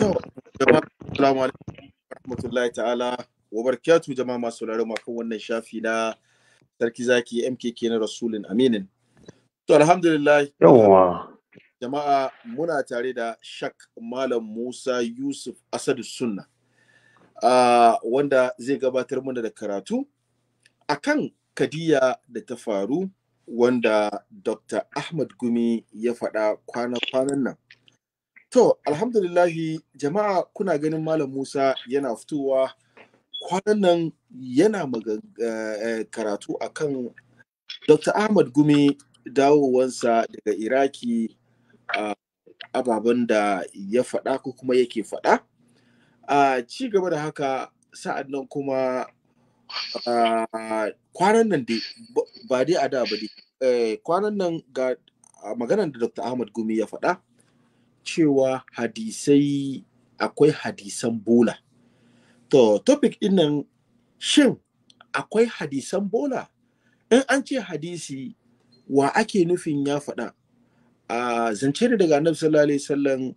To, jama'a assalamu alaikum warahmatullahi ta'ala wa barakatuh jama'a masu sauraron mu kan wannan shafi na Sarki Zaki MKK na Rasulin Aminin. To, alhamdulillah. Yawwa. Jama'a muna tare da Shak Malam Musa Yusuf Asadu Sunna. Uh, wanda zai gabatar mana da karatu akan kadiya da ta faru wanda Dr. Ahmad Gumi ya faɗa kwana-kwanan nan To, alhamdulillahi jama'a kuna ganin Malam Musa yana fitowa kwanan nan yana maga, uh, eh, eh, karatu akan Dr. Ahmad Gumi dawowansa daga Iraki uh, ababen da ya faɗa ko kuma yake faɗa. Uh, Ci gaba da haka sa'ad nan kuma uh, kwanan nan dai ba dai a da ba dai. Eh, kwanan nan ga uh, maganar da Dr. Ahmad Gumi ya faɗa. cewa hadisai akwai hadisan bola to topic din nan shin akwai hadisan bola in an ce hadisi wa ake nufin ya faɗa a zance ne daga annabi sallallahu alaihi wasallam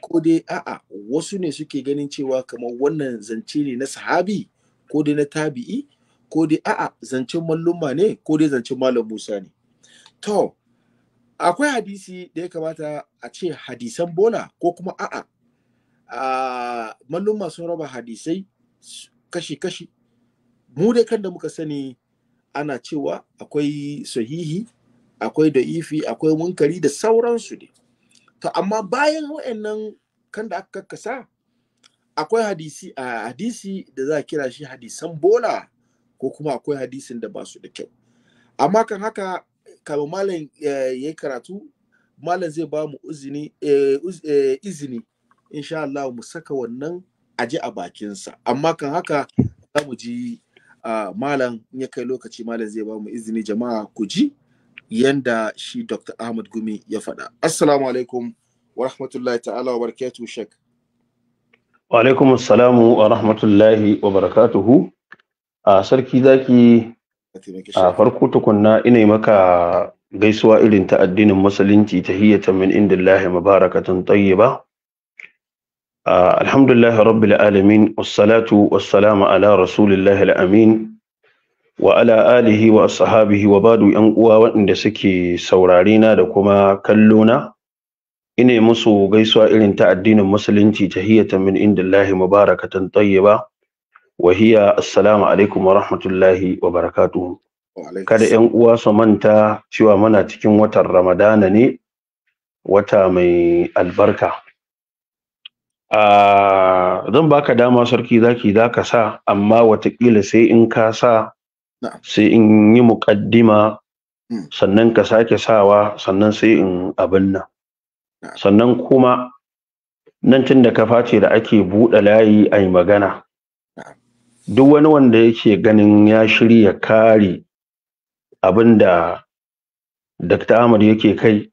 ko dai a'a wasu ne suke ganin cewa kamar wannan zance ne na sahabi ko dai na tabi'i ko dai a'a zancen malluma ne ko dai zancen malam Musa ne to akwai hadisi da ya kamata a ce hadisan bola ko kuma a'a a malluma sun raba hadisai kashi-kashi mu dai kan da muka sani ana cewa akwai sahihi akwai da'ifi akwai munkari da sauransu ne to amma bayan wa'annan kan da aka kakkasa akwai hadisi a hadisi da za a kira shi hadisan bola ko kuma akwai hadisin da ba su da kyau amma kan haka kamar malam eh, ya yi karatu malam zai ba mu eh, eh, izini insha Allah mu saka wannan aji a bakinsa amma kan haka za mu ji malam ya kai lokaci malam zai ba mu izini jama'a ku ji yanda shi Dr. Ahmad Gumi ya faɗa. Assalamu alaikum wa rahmatullahi ta'ala wa barakatuhu shek. Wa alaikum assalamu wa rahmatullahi wa barakatuhu. A sarki zaki a farko tukunna ina maka gaisuwa irin ta addinin musulunci tahiyatan min indillahi mubarakatan tayyiba alhamdulillahi rabbil alamin wassalatu wassalamu ala rasulillahi alamin wa ala alihi wa sahabihi wa badu yan uwa waɗanda suke saurare na da kuma kallo na ina musu gaisuwa irin ta addinin musulunci tahiyatan min indillahi mubarakatan tayyiba wahiya assalamu alaikum wa rahmatullahi wa barakatuhu kada yan uwa su manta cewa muna cikin watan ramadana ne wata mai albarka zan baka dama sarki zaki za ka sa amma watakila sai in ka sa sai in yi muƙaddima hmm. sannan ka sake sawa sannan sai in abin nan sannan kuma nan tun da ka face da ake buɗe layi a yi magana duk wani wanda yake ganin ya shirya kare abin da Dr. Ahmad yake kai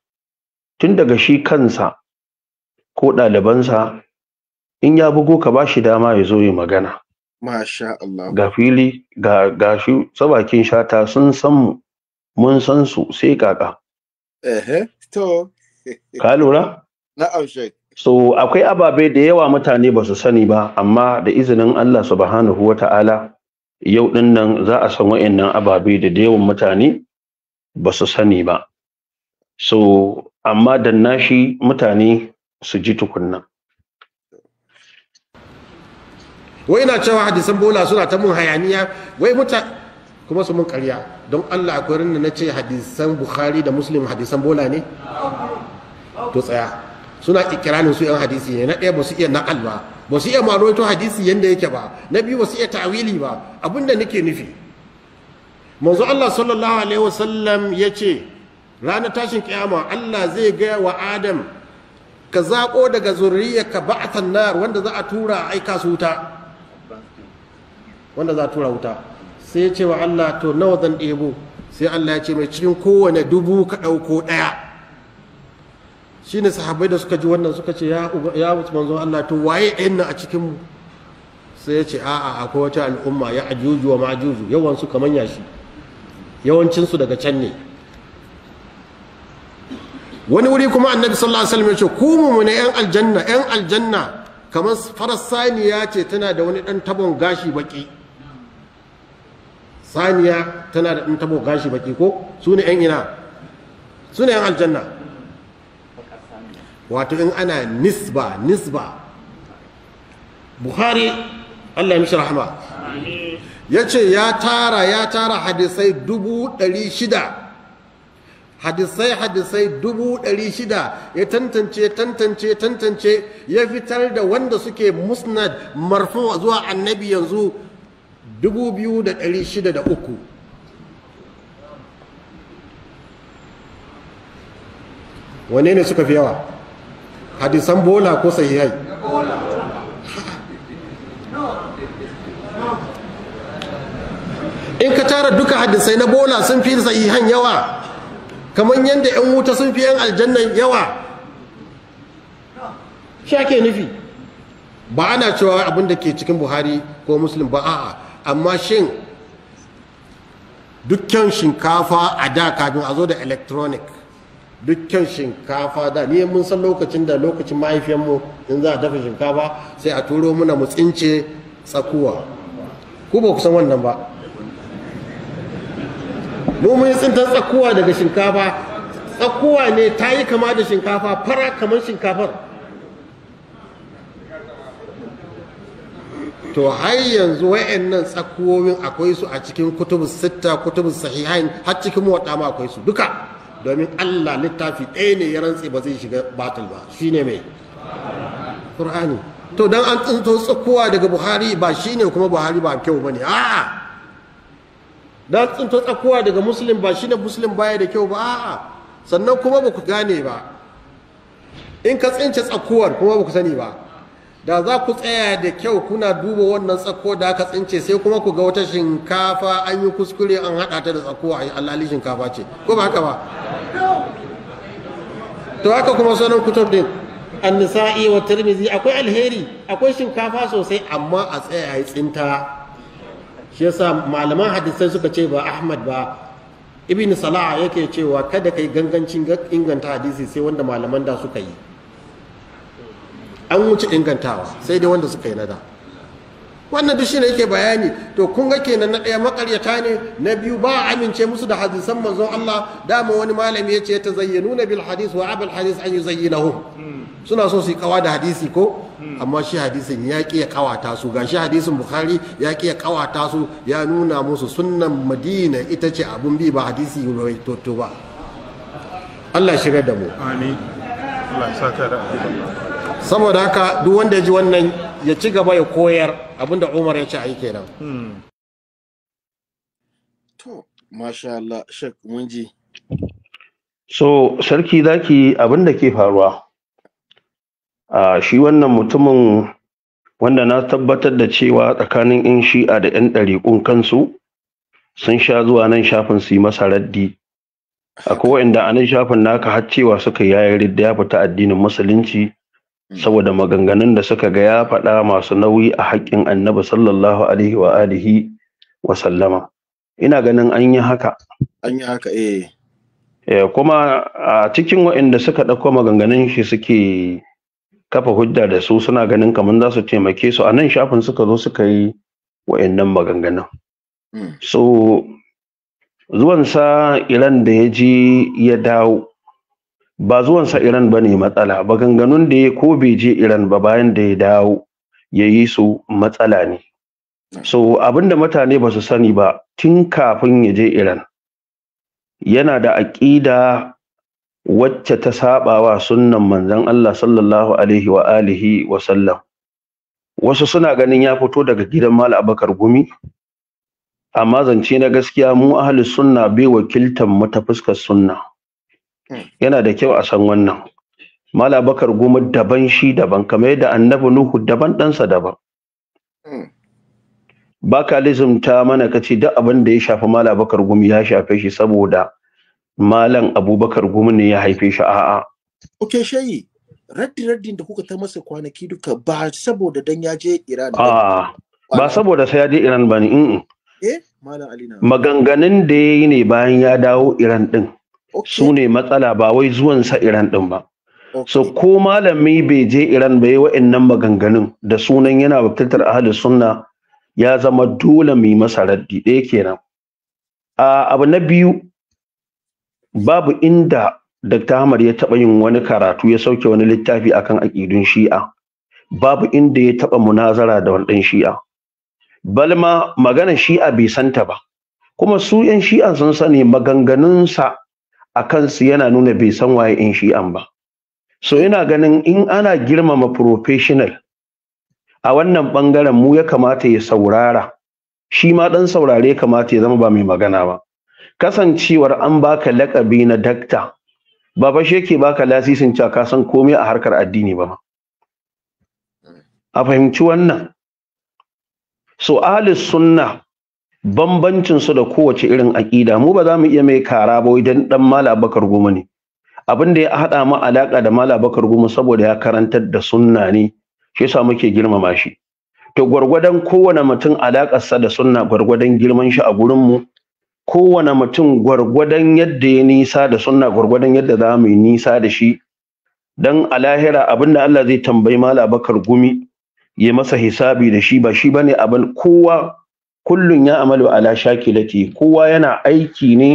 tun daga shi kansa ko ɗalibansa in ya bugo ka bashi dama ya zo ya magana. Masha Allah. Ga fili ga ga shi sabakin shata sun san mu mun san su sai kaka. Eh to. Ka lura? Na'am Sheikh. So akwai ababe da yawa mutane ba su sani ba, amma da izinin Allah subhanahu wa ta'ala yau ɗin nan za a san wa'innan ababe da yawan mutane ba su sani ba. So, amma da nashi mutane su ji tukunna. Wai ina cewa hadisan bola suna ta mun hayaniya, wai muta kuma su mun karya don Allah akwai rinna na ce hadisan Bukhari da Muslim hadisan bola ne? To tsaya. suna ikirarin su yan hadisi ne na ɗaya ba su iya na'al ba ba su iya maroto hadisi yadda yake ba na biyu ba su iya ta'awili ba abinda nake nufi manzo Allah sallallahu alaihi wasallam ya ce ranar tashin kiyama Allah zai gaya wa Adam ka zaƙo daga zurriyarka ba'atan nar wanda za a tura a aika su wuta wanda za a tura wuta sai ya ce wa Allah to nawa zan ɗebo sai Allah ya ce mai cikin kowane dubu ka ɗauko ɗaya shine sahabbai da suka ji wannan suka ce ya mutu manzon Allah to waye ɗayan nan a cikin sai ya ce a'a akwai wata al'umma ya ajuju wa majuju yawansu su yashi yawancinsu daga can ne wani wuri kuma annabi sallallahu alaihi wasallam ya ce kuma mu ne yan aljanna yan aljanna kamar farar saniya ce tana da wani dan tabon gashi baki saniya tana da dan tabon gashi baki ko su ne yan ina su ne yan aljanna wato in ana nisba nisba buhari allah mishi rahama ya ce ya tara ya tara hadisai dubu dari shida hadisai hadisai dubu dari shida ya tantance tantance tantance ya fitar da wanda suke musnad marfu zuwa annabi yanzu dubu biyu da dari shida da uku wane ne suka fi yawa hadisan bola ko sahihai in ka tara duka hadisai na bola sun fi sahihan yawa kamar yadda 'yan wuta sun fi 'yan aljannan yawa shi ake nufi ba ana cewa abin da ke cikin buhari ko muslim ba a'a amma shin dukkan shinkafa a da kafin a zo da electronic dukkan shinkafa da ni mun san lokacin da lokacin mahaifiyarmu in za a dafa shinkafa sai a turo muna mu tsince tsakuwa ku ba ku san wannan ba mu mun yi tsintar tsakuwa daga shinkafa tsakuwa ne ta yi kama da shinkafa fara kamar shinkafar to har yanzu wayannan tsakuwowin akwai su a cikin kutubu sitta kutubu sahihain har cikin muwaɗa ma akwai su duka domin Allah littafi ɗaya ne ya rantse ba zai shiga batul ba shine mai ƙur'ani to don an tsinto tsakowa daga Buhari ba shine kuma Buhari ba kyau ba bane a'a don tsinto tsakowa daga Musulun ba shine Musulun baya da kyau ba a'a sannan kuma ba ku gane ba in ka tsince tsakuwar kuma ba ku sani ba da za ku tsaya da kyau kuna duba wannan tsakko da aka tsince sai kuma ku ga wata shinkafa an yi kuskure an haɗa ta da tsako a alali shinkafa ce ko ba haka ba to haka kuma sanin kutub din annisa'i wa tirmizi akwai alheri akwai shinkafa sosai amma a tsaya a yi tsinta shi yasa malaman hadisai suka ce ba ahmad ba ibn Sala'a yake cewa kada ka yi gangancin inganta hadisi sai wanda malaman da suka yi an wuce ingantawa sai dai wanda suka yi nada wannan duk shine yake bayani to kun ga kenan na ɗaya makaryata ne na biyu ba amince musu da hadisan manzon Allah dama wani malami ya ce ta zayyanu bil hadis wa abul hadis an yuzayyinahu suna so su yi kawa da hadisi ko amma shi hadisin ya ki ya kawata su ga hadisin bukhari ya ki ya kawata su ya nuna musu sunnan madina ita ce abun bi ba hadisi to ba Allah shigar da mu amin Allah saka da saboda haka duk wanda ya ji wannan ya ci gaba ya koyar abinda umar ya ci a yi kenan hmm. masha Allah shek mun so sarki zaki abin da ke faruwa a shi wannan mutumin wanda na tabbatar da cewa tsakanin in shi'a da 'yan ɗariƙun kansu sun sha zuwa nan shafin su yi masa raddi akwai inda a nan shafin naka har cewa suka yayi ridda ya fita addinin musulunci saboda maganganun da suka ga ya faɗa masu nauyi a haƙƙin annabi sallallahu alaihi wa alihi wa sallama ina ganin an yi haka an yi haka eh. eh kuma a cikin waɗanda suka ɗauko maganganun shi suke kafa hujja da su suna ganin kamar za su taimake su a nan shafin suka zo suka yi waɗannan maganganun hmm. so zuwansa iran da ya ji ya dawo ba zuwan sa Iran ba ne matsala ganganun da ya ko bai je Iran ba bayan da ya dawo ya yi su matsala ne so abinda mutane ba su sani ba tun kafin ya je Iran yana da aƙida wacce ta saɓawa sunnan manzon Allah sallallahu alaihi wa alihi wa sallam wasu suna ganin ya fito daga gidan Mal Abakar Gumi amma zance na gaskiya mu ahlus sunna bai wakiltan mu ta fuskar sunna Hmm. yana da kyau a san wannan mala bakar goma daban shi daban kamar yadda annabi nuhu daban ɗansa daban hmm. ba ka ta mana ka ce duk abin da ya shafi mala bakar gumi ya shafe shi saboda malam abubakar gumi ne ya haife shi a'a ok shayi raddi raddin da kuka ta masa kwanaki duka ba saboda dan ya je iran ba ba saboda sai ya je iran ba ne eh, maganganun da ya yi ne bayan ya dawo iran din su ne matsala ba wai sa Iran din ba. So ko malami bai je Iran bai nan maganganun da sunan yana wakiltar ahli sunna ya zama dole mai masaraddi. masa raddi ɗaya kenan. A abu na biyu babu inda Dr. Hamad ya taɓa yin wani karatu ya sauke wani littafi akan aƙidun shi'a. Babu inda ya taɓa munazara da wani ɗan shi'a. Balma maganar shi'a bai santa ba. Kuma su 'yan Shi'a sun sani maganganunsa a kansu yana nuna bai san waye in shi'an ba so ina ganin in ana girmama professional a wannan bangaren mu ya kamata ya saurara shi ma dan saurare ya kamata ya zama ba mai magana ba kasancewar an baka lakabi na dakta ba fa shi yake baka lasisin cewa ka san komai a harkar addini ba a fahimci wannan so ahli sunna bambancin su da kowace irin aƙida mu ba za mu iya mai kara ba idan dan mala bakar goma ne abin da ya haɗa mu alaƙa da mala bakar goma saboda ya karantar da sunna ne shi yasa muke girmama shi to gwargwadon kowane mutum sa da sunna gwargwadon girman shi a gurin mu kowane mutum gwargwadon yadda ya nisa da sunna gwargwadon yadda za mu yi nisa da shi dan a lahira abinda Allah zai tambayi mala bakar gumi ya masa hisabi da shi ba shi bane abin kowa kullun ya amalu ala shakilati kowa yana aiki ne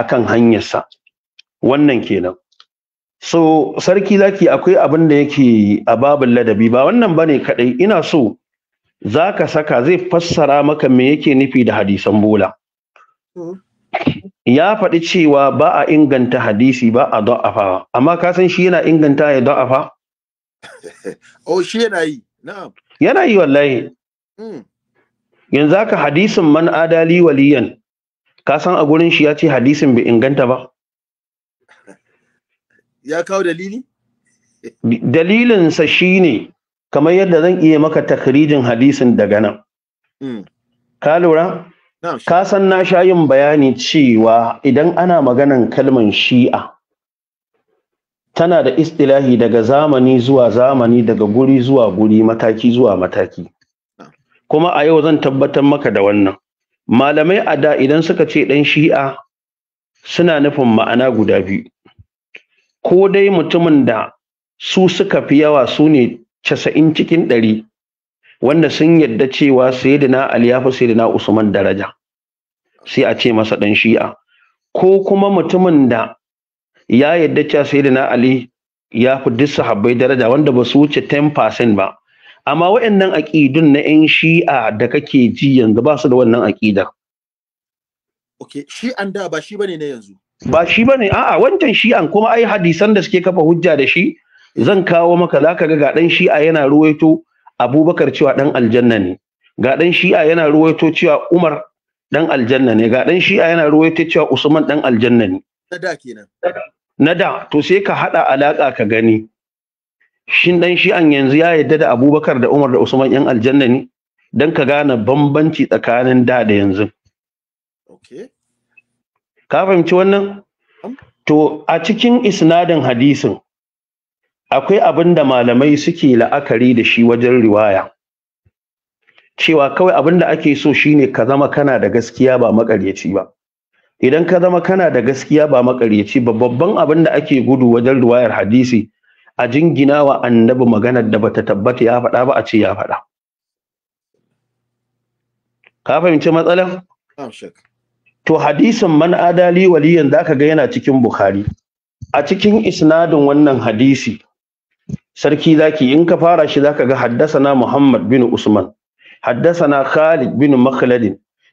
akan hanyarsa wannan kenan so sarki zaki akwai abin da yake a babin ladabi ba wannan bane kadai ina so zaka saka zai fassara maka me yake nufi da hadisan bola ya faɗi cewa ba a inganta hadisi ba a da'afa amma ka san shi yana inganta ya da'afa oh shi yana yi na'am yana yi wallahi hmm. yanzu haka hadisin man adali waliyan ka san a gurin shi ya ce hadisin bai inganta ba ya kawo dalili dalilinsa shine kamar yadda zan iya maka takirijin hadisin daga nan hmm. ka lura ka san na sha yin bayani cewa idan ana maganan kalman shi'a tana da istilahi daga zamani zuwa zamani daga guri zuwa guri mataki zuwa mataki kuma a yau zan tabbatar maka da wannan malamai a da idan suka ce ɗan shi'a suna nufin ma'ana guda biyu ko dai mutumin da su suka fi yawa su ne casa'in cikin ɗari wanda sun yadda cewa sayyidina ali ya fi sayyidina usman daraja sai a ce masa ɗan shi'a ko kuma mutumin da ya yadda cewa sayyidina ali ya fi duk sahabbai daraja wanda ba su wuce 10% ba amma waɗannan aƙidun na 'yan shi'a da kake ji yanzu ba su da wannan aƙidar okay shi'an da ba shi bane na yanzu ba shi bane a'a wancan shi'an kuma ai hadisan da suke kafa hujja da shi zan kawo maka za ga ga ɗan shi'a yana ruwaito abubakar cewa ɗan aljanna ne ga ɗan shi'a yana ruwaito cewa umar ɗan aljanna ne ga ɗan shi'a yana ruwaito cewa usman ɗan aljanna ne na da kenan na da to sai ka hada alaka ka gani shin dan an yanzu ya yadda da abubakar da umar da usman yan aljanna ne don ka gane bambanci tsakanin da da yanzu ka fahimci wannan to a cikin isnadin hadisin akwai abin da malamai suke la'akari da shi wajen riwaya cewa kawai abin da ake so shine ka zama kana da gaskiya ba makaryaci ba idan ka zama kana da gaskiya ba makaryaci ba babban abin da ake gudu wajen riwayar hadisi a jingina wa annabi maganar da bata tabbata ya faɗa ba a ce ya faɗa ka fahimci matsalar to hadisin man adali waliyan zaka ga yana cikin bukhari a cikin isnadin wannan hadisi sarki zaki in ka fara shi zaka ga haddasana muhammad bin usman haddasana khalid bin makhlad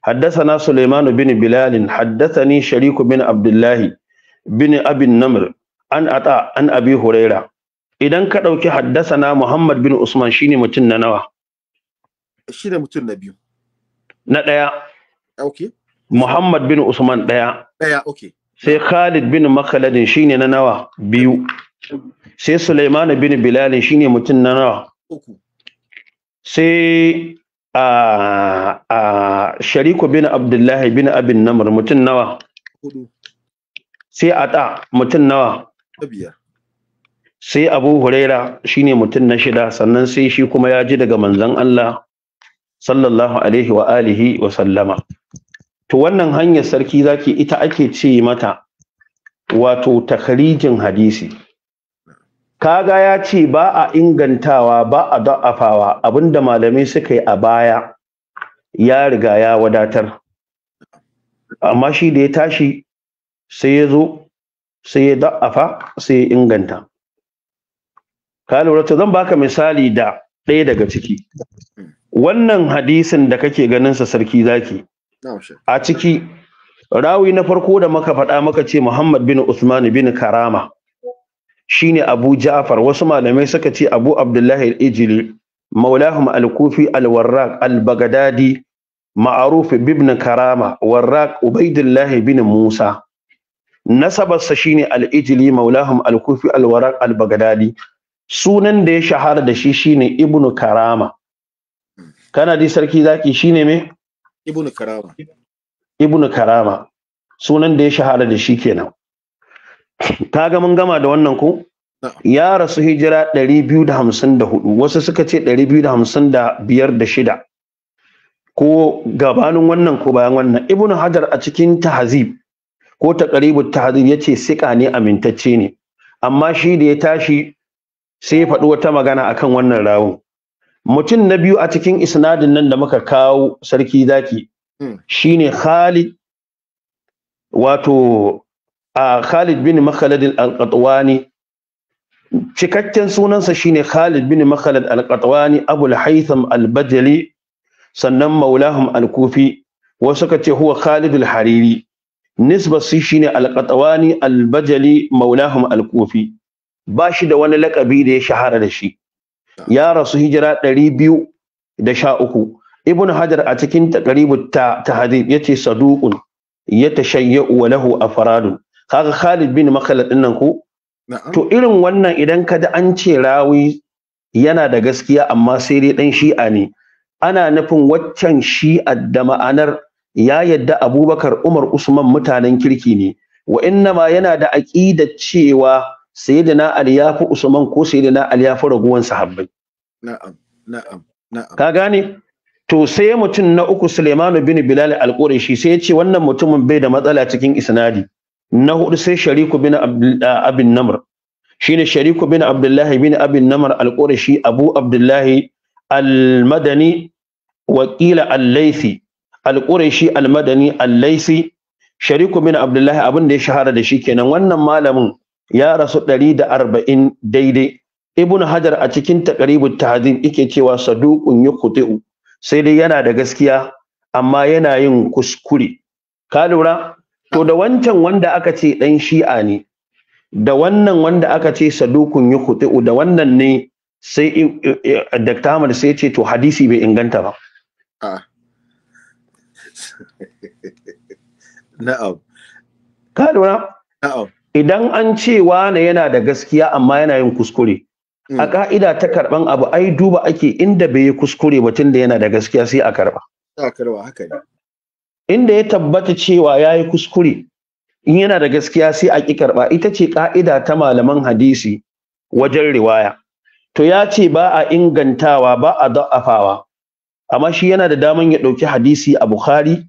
haddasana sulaiman bin bilal haddasani shariku bin abdullahi bin abin namr an ata an abi huraira idan ka ɗauki haddasana Muhammad bin Usman shine mutum na nawa shine mutum na biyu na ɗaya okay Muhammad bin Usman ɗaya ɗaya okay sai Khalid bin Makaladin shine na nawa biyu sai Sulaiman bin Bilal shine mutum na nawa uku sai a a Shariku bin Abdullahi bin Abin Namr mutum nawa hudu sai Ata mutum nawa biyar sai abu huraira shine mutum na shida sannan sai shi kuma ya ji daga manzon Allah sallallahu alaihi wa alihi wa sallama to wannan hanyar sarki zaki ita ake ce mata wato takharijin hadisi kaga ya ce ba a ingantawa ba a da'afawa abinda malamai suka yi a baya ya riga ya wadatar amma shi da ya tashi sai ya zo sai ya da'afa sai ya inganta ka lura ta, zan baka misali da ɗaya daga ciki wannan hadisin da kake ganin sa sarki zaki a ciki rawi na farko da maka faɗa maka ce Muhammad bin Usman bin Karama shine Abu Ja'far wasu malamai suka ce Abu Abdullahi al-Ijli maulahum al-Kufi al-Warraq al-Baghdadi ma'ruf bin Karama Warraq Ubaidulahi bin Musa nasabarsa shine al-Ijli maulahum al-Kufi al-Warraq al-Baghdadi sunan da ya shahara da shi shine ibnu karama kana di sarki zaki shine me ibnu karama ibnu karama sunan da ya shahara da shi kenan kaga mun gama da wannan ku ya rasu hijira 254 wasu suka ce 255 da shida ko gabanin wannan ko bayan wannan ibnu hajar a cikin tahzib ko taqribut tahzib yace sika ne amintacce ne amma shi da ya tashi sai ya faɗi wata magana a kan wannan rawun mutum na biyu a cikin isnadin nan da muka kawo sarki zaki hmm. shine Khalid wato a Khalid bin Makhalad al-Qatwani cikakken sunansa shine Khalid bin Makhalad al-Qatwani Abu al-Haytham al-Bajali sannan maulahum al-Kufi wasu suka ce huwa Khalid al-Hariri nisbar shi shine al-Qatwani al-Bajali maulahum al-Kufi ba shi da wani lakabi da ya shahara da shi ya rasu hijira ɗari biyu da sha uku ibn hajar a cikin takaribu ta tahdib yace saduqun yatashayyu wa lahu afradun kaga khalid bin makhlad dinnan ku to irin wannan idan kada an ce rawi yana da gaskiya amma sai dai dan shi'a ne ana nufin waccan shi'a da ma'anar ya yadda abubakar umar usman mutanen kirki ne wa ma yana da aqidar cewa sayyidina ali ya usman ko sayyidina ali ya fi raguwan sahabbai na'am na'am na'am ka gane to sai mutum na uku Suleiman bin Bilal al-Qurashi sai ya ce wannan mutumin bai da matsala cikin isnadi na hudu sai Shariku bin ah, Abin Namr shine Shariku bin Abdullahi bin Abin Namr al-Qurashi Abu Abdullahi al-Madani wakila al-Laythi al-Qurashi al-Madani al-Laythi Shariku bin Abdullahi abin da ya shahara da shi kenan wannan malamin ya rasu ɗari da arba'in daidai ibnu hajar a cikin taqribut tahdhib yake cewa saduqun yukhti'u sai dai yana da gaskiya amma yana yin kuskure ka lura to da wancan wanda aka ce dan shi'a ne da wannan wanda aka ce sadukun yukhti'u da wannan ne sai eh, eh, eh, Dr. Ahmad sai ce to hadisi bai inganta ba ah. na'am ka lura na'am idan an ce wane yana da gaskiya amma yana yin kuskure a hmm. ka'ida ta karban abu ai duba ake inda bai yi kuskure ba tunda yana da gaskiya sai a karba inda ya tabbata cewa ya yi kuskure in yana da gaskiya sai a ki karba ita ce ka'ida ta malaman hadisi wajen riwaya to ya ce ba a ingantawa ba a da'afawa amma shi yana da daman ya ɗauki hadisi a bukhari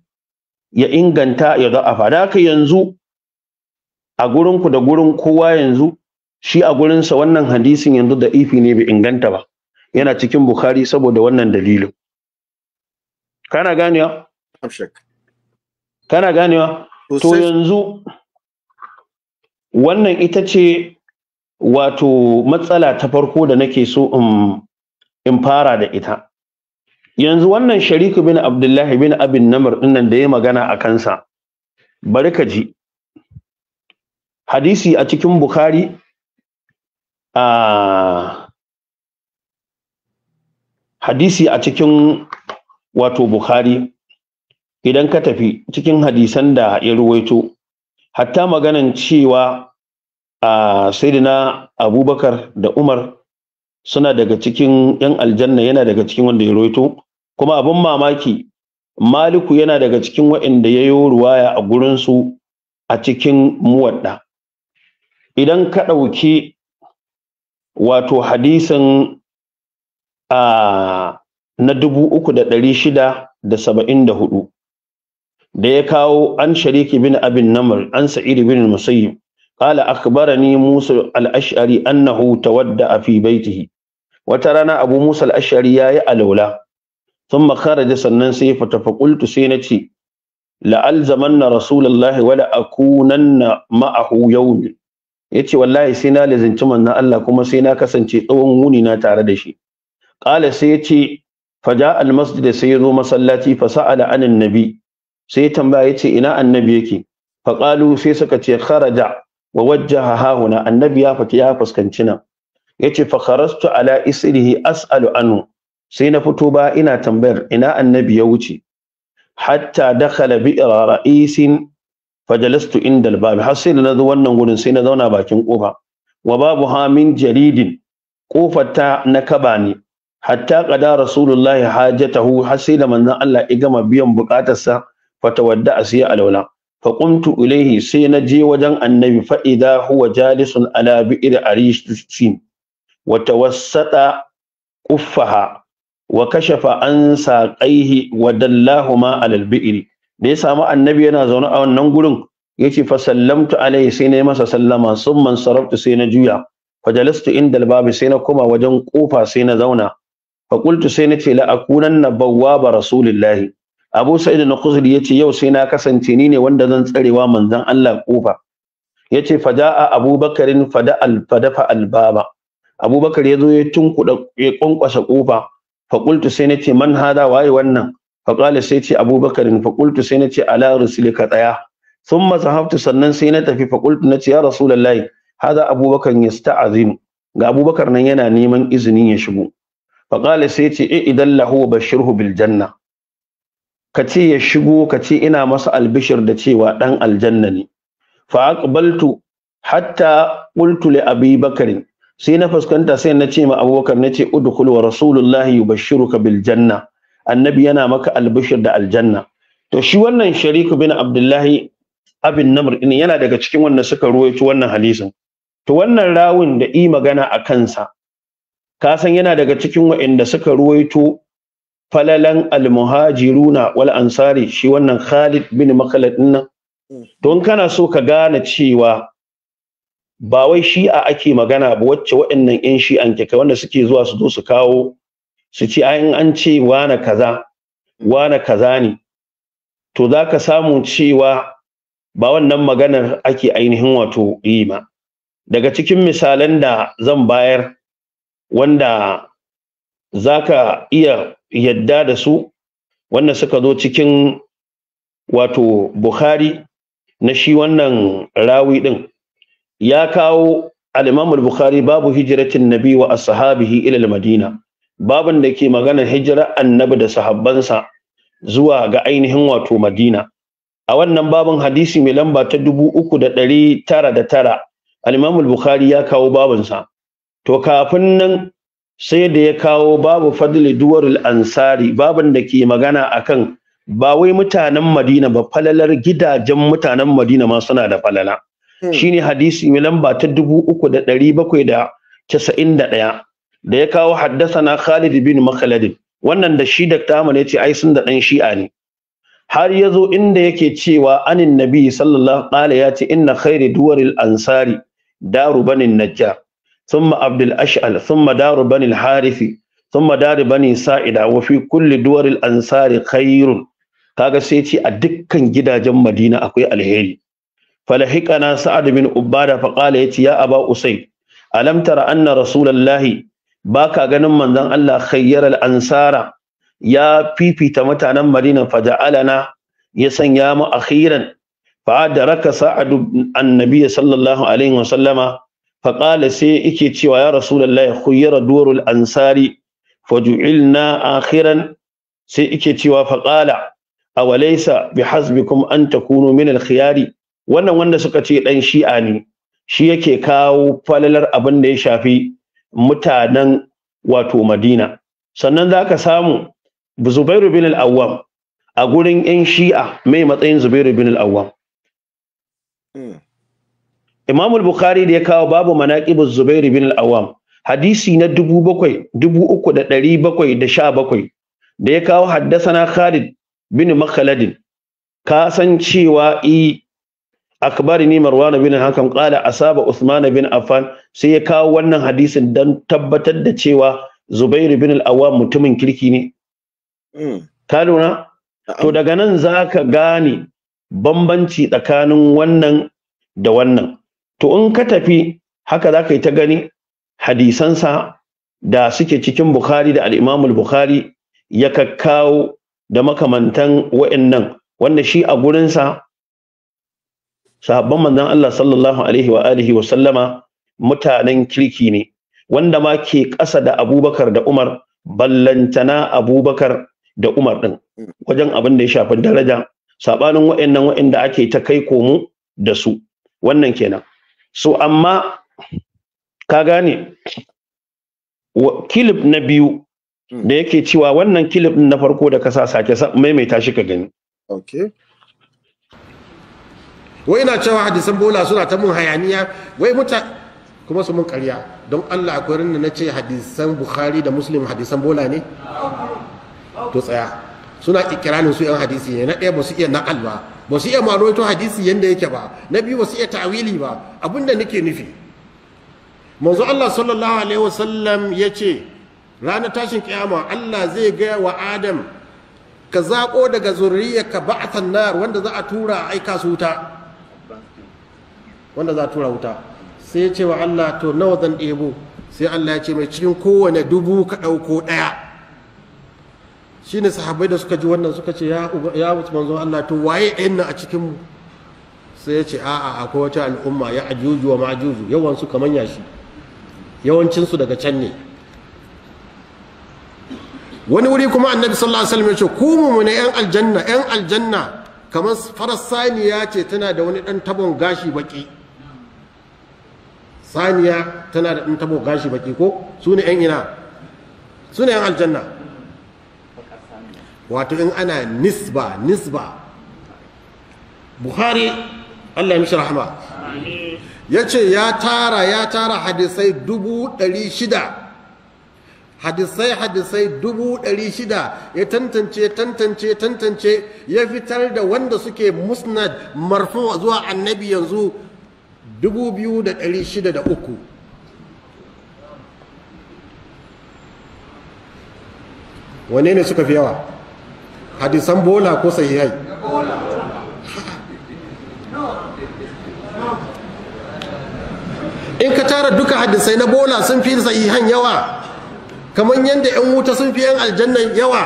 ya inganta ya da'afa da haka yanzu a gurinku da gurin kowa yanzu shi a gurinsa wannan hadisin yanzu da ifi ne bai inganta ba yana cikin bukhari saboda wannan dalilin kana ganewa kana ganewa to yanzu wannan ita ce wato matsala ta farko da nake so in fara da ita yanzu wannan shariku bin abdullahi bin abin namar dinnan da ya magana a kansa bari ka ji hadisi a cikin bukhari a hadisi a cikin wato bukhari idan ka tafi cikin hadisan da ya ruwaito hatta maganan cewa a saidina abubakar da umar suna daga cikin yan aljanna yana daga cikin wanda ya ruwaito kuma abin mamaki maliku yana daga cikin waɗanda ya yi ruwaya a gurinsu a cikin muwadda idan ka ɗauki wato hadisin na dubu uku da ɗari shida da saba'in da hudu da ya kawo an shariki bin abin namar an sa'iri bin musayyib qala akhbarani musa al-ash'ari annahu tawadda fi baitihi wata rana abu musa al-ash'ari alaula sun thumma kharaja sannan sai fata fa qultu sai nace zaman na rasulullahi wa la akunanna ma'ahu yawmi ya ce wallahi sai na lazinci manzon Allah kuma sai na kasance tsawon wuni na tare da shi qala sai ya ce faja al masjid sai ya zo masallaci fa sa'ala anin nabi sai ya tambaya ya ce ina annabi yake fa qalu sai suka ce kharaja wa wajjaha hahuna annabi ya fita ya fuskanci nan yace fa kharastu ala isrihi as'alu anhu sai na fito ba ina tambayar ina annabi ya wuce hatta dakhala bi ra'isin fajalastu indal babi har sai da na zo wannan gurin sai na zauna bakin kofa wa babu hamin jaridin kofar ta na kaba ne hatta qada rasulullahi hajatahu har sai da manzon Allah ya gama biyan bukatarsa fatawadda asiya alawla fa qumtu ilayhi sai na je wajen annabi fa idha huwa jalisun ala bi'r arishin wa tawassata quffaha wa kashafa an saqaihi wa dallahuma ala al da ya samu annabi yana zaune a wannan gurin ce fa sallamtu alaihi sai na masa sallama summan saraftu sai na juya fa jalastu inda albabi sai na koma wajen kofa sai na zauna fa qultu sai na ce la akunanna bawwaba rasulillahi Abu Sa'id na khudri yace yau sai na kasance ni ne wanda zan tsarewa manzon Allah kofa yace fa ja'a Abubakarin fa da al dafa albaba Abubakar yazo ya tunkuda ya kwankwasa kofa fa qultu sai na ce man hada waye wannan faƙala sai ce abubakarin faƙultu sai na ce ala rusuli ka tsaya sun zahabtu sannan sai na tafi faƙultu na ce ya rasulallahi haza abubakar ya sta'azinu ga abubakar nan yana neman izinin ya shigo faƙala sai ce e idan lahu bashirhu biljanna. janna ka ce ya shigo ka ce ina masa albishir da cewa ɗan aljanna ne fa aqbaltu hatta qultu li abi bakarin sai na fuskanta sai na ce ma abubakar na ce udkhul wa rasulullahi yubashshiruka bil janna annabi yana maka albishir da aljanna to shi wannan shariku bin abdullahi abin namr din yana daga cikin wanda suka ruwaito wannan hadisin to wannan rawun da i magana a kansa ka san yana daga cikin wa'inda suka ruwaito falalan almuhajiruna wal ansari shi wannan Khalid bin Makhlad nan don kana so ka gane cewa ba wai shi'a ake magana ba wacce waɗannan yan shi'an ke wanda suke zuwa su zo su kawo su ci ayin an ce wane kaza wane kaza ne to za ka samu cewa ba wannan maganar ake ainihin wato yi ma daga cikin misalan da zan bayar wanda za ka iya yadda da su wanda suka zo cikin wato bukhari na shi wannan rawi din, ya kawo al bukhari babu hijratin nabi wa ashabihi ila al-madina babin da ke maganar hijira annabi da sahabbansa zuwa ga ainihin wato madina a wannan babin hadisi mai lamba ta dubu uku da ɗari tara da tara alimamul bukhari ya kawo babinsa to kafin nan sai da ya kawo babu fadli duwarul ansari babin da ke magana akan ba wai mutanen madina ba falalar gidajen mutanen madina ma suna da falala hmm. shine hadisi mai lamba ta dubu uku da ɗari bakwai da casa'in da ɗaya da ya kawo haddasana Khalid bin Makhlad wannan da shi da Tamar yace ai sun da dan Shi'a ne har yazo inda yake cewa anin nabi sallallahu alaihi ya ce inna khairu duwaril ansari daru banin najjar thumma abdul ash'al thumma daru banil harithi thumma daru bani sa'ida wa fi kulli duwaril ansari khairun kaga sai ce a dukkan gidajen Madina akwai alheri فلحقنا سعد bin عبادة فقال يتي يا ya أسيد Usai. تر anna رسول ba ka ganin manzon Allah khayyar al-ansara ya fifita mutanen Madina faja'alana ya sanya mu akhiran fa sa'a sa'ad annabi sallallahu alaihi wa sallama fa qala sai yake cewa ya rasulullahi khayyara durul ansari faju'ilna akhiran sai yake cewa fa qala awalaysa bihasbikum an takunu min alkhiyari. wannan wanda suka ce dan shi'a ne shi yake kawo falalar abin da ya shafi mutanen wato Madina sannan za ka samu Zubairu bin al-Awwam a gurin yan Shi'a mai matsayin Zubairu bin al-Awwam hmm. Imam al-Bukhari da ya kawo babu manaqibu Zubairu bin al-Awwam hadisi na uku da bakwai da sha ya kawo haddasa na Khalid bin Makhalad ka san cewa i akbarni marwan bin hakan qala asaba usman bin affan sai ya kawo wannan hadisin dan tabbatar da cewa zubair bin al-awwam mutumin kirki ne hmm. ka lura to daga nan zaka gane bambanci tsakanin wannan da wannan to in ka tafi haka zaka yi ta gani hadisansa da suke cikin bukhari da al-imam al-bukhari ya kakkawo da makamantan wa'annan wanda shi a gurinsa sahabban manzon Allah sallallahu alaihi wa alihi wa sallama mutanen kirki ne wanda ma ke ƙasa da Abubakar da Umar ballantana Abubakar da Umar din wajen abin da ya shafi daraja sabanin wa'annan wa'anda ake ta kai komo da su wannan kenan so amma ka gane kilif na biyu hmm. da yake cewa wannan kilif na farko da ka sa sake maimaita shi ka gani okay wai ina cewa hadisan bola suna ta mun hayaniya wai muta kuma su mun karya don Allah akwai rinna na ce hadisan bukhari da muslim hadisan bola ne to tsaya suna ikiranin su yan hadisi ne na ɗaya ba su iya na'al ba ba su iya manoto hadisi yanda yake ba na biyu ba su iya ta'awili ba abinda nake nufi manzo Allah sallallahu alaihi wasallam ya ce ranar tashin kiyama Allah zai gaya wa Adam ka zaƙo daga zuriyarka ba'athan nar wanda za a tura a aika su wuta wanda za tura wuta sai ce wa Allah to nawa zan ɗebo sai Allah ya ce mai cikin kowane dubu ka ɗauko ɗaya shi ne sahabbai da suka ji wannan suka ce ya mutu manzon Allah to waye ɗayan nan a cikin mu sai ya ce a'a akwai wata al'umma ya ajuju wa ma'ajuju yawansu kamar yashi yawancinsu daga can ne wani wuri kuma annabi sallallahu alaihi wasallam ya ce ku mu ne yan aljanna yan aljanna kamar farasaniya ce tana da wani dan tabon gashi baki saniya tana da ɗan gashi baki ko su ne 'yan ina su ne 'yan aljanna wato in ana nisba nisba buhari allah ya mishi rahama ya ce ya tara ya tara hadisai dubu ɗari shida hadisai hadisai dubu ɗari shida ya tantance tantance tantance ya fitar da wanda suke musnad marfu zuwa annabi yanzu 2603 wane ne suka fi yawa hadisan bola ko sahihai in ka tara duka hadisai na bola sun fi sahihan yawa kamar yadda 'yan wuta sun fi 'yan aljannan yawa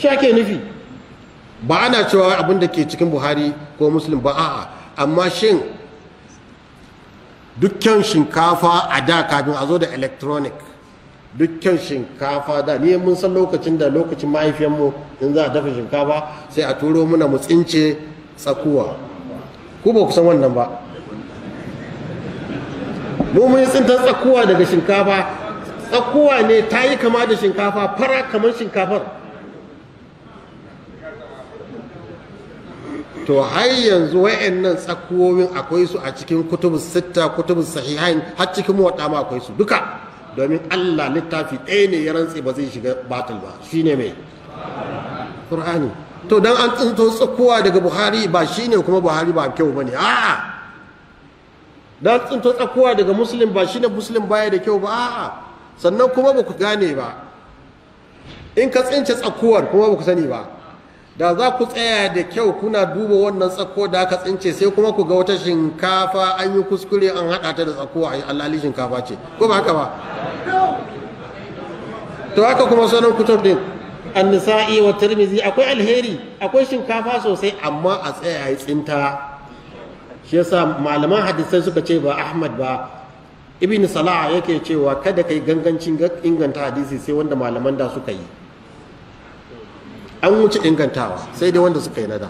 shi ake nufi ba ana cewa abin da ke cikin buhari ko muslim ba a'a amma shin dukkan shinkafa a da kafin a zo da electronic dukkan shinkafa da ni mun san lokacin da lokacin mahaifiyarmu in za a dafa shinkafa sai a turo muna mu tsince tsakuwa ku ba ku san wannan ba mu mun tsintar tsakuwa daga shinkafa tsakuwa ne ta yi kama da shinkafa fara kamar shinkafar to har yanzu wayannan tsakuwowin akwai su a cikin kutubus sitta kutubus sahihain har cikin muwatta ma akwai su duka domin Allah littafi ɗaya ne ya rantse ba zai shiga batul ba shine mai Qur'ani to dan an tsinto tsakuwa daga Buhari ba shine kuma Buhari ba kyau bane a'a dan tsinto tsakuwa daga Muslim ba shine Muslim baya da kyau ba a'a sannan kuma ba ku gane ba in ka tsince tsakuwar kuma ba ku sani ba da za ku tsaya da kyau kuna duba wannan tsako da aka tsince sai kuma ku ga wata shinkafa an yi kuskure an haɗa ta da tsako a alali shinkafa ce ko ba haka ba to haka kuma sunan kutub din Nisa'i wa tirmizi akwai alheri akwai shinkafa sosai amma a tsaya yi tsinta shi yasa malaman hadisai suka ce ba ahmad ba ibn Sala'a yake cewa kada ka yi gangancin inganta hadisi sai wanda malaman da suka yi an wuce ingantawa sai dai wanda suka yi nada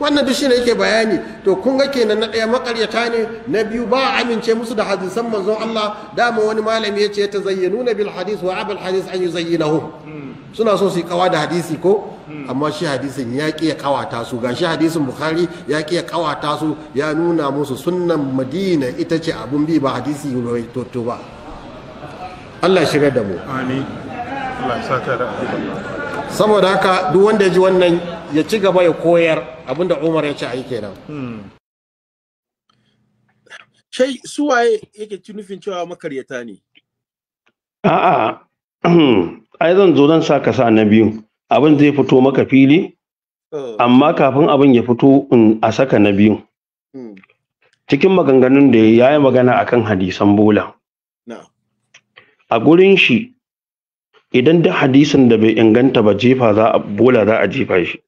wannan duk shine yake bayani to kun ga kenan na ɗaya makaryata ne na biyu ba a amince musu da hadisan manzon Allah dama wani malami yace ya tazayyanu bil hadis wa abul hadis an yuzayyinahu suna so su yi kawa da hadisi ko amma shi hadisin ya ƙi ya kawata su gashi hadisin bukhari ya ƙi ya kawata su ya nuna musu sunnan madina ita ce abun bi ba hadisi to ba Allah shirya da mu amin Allah saka da saboda haka duk wanda ya ji wannan ya ci gaba ya koyar abinda umar ya ci a yi kenan hmm. shai suwaye yake ci nufin cewa makaryata ne a'a ai zan zo zan sa ka sa na biyu abin zai fito maka fili oh. amma kafin abin ya fito in a saka na biyu hmm. cikin maganganun da ya yi magana akan hadisan bola a gurin shi idan duk hadisin da bai inganta ba jefa za a bola za a jefa shi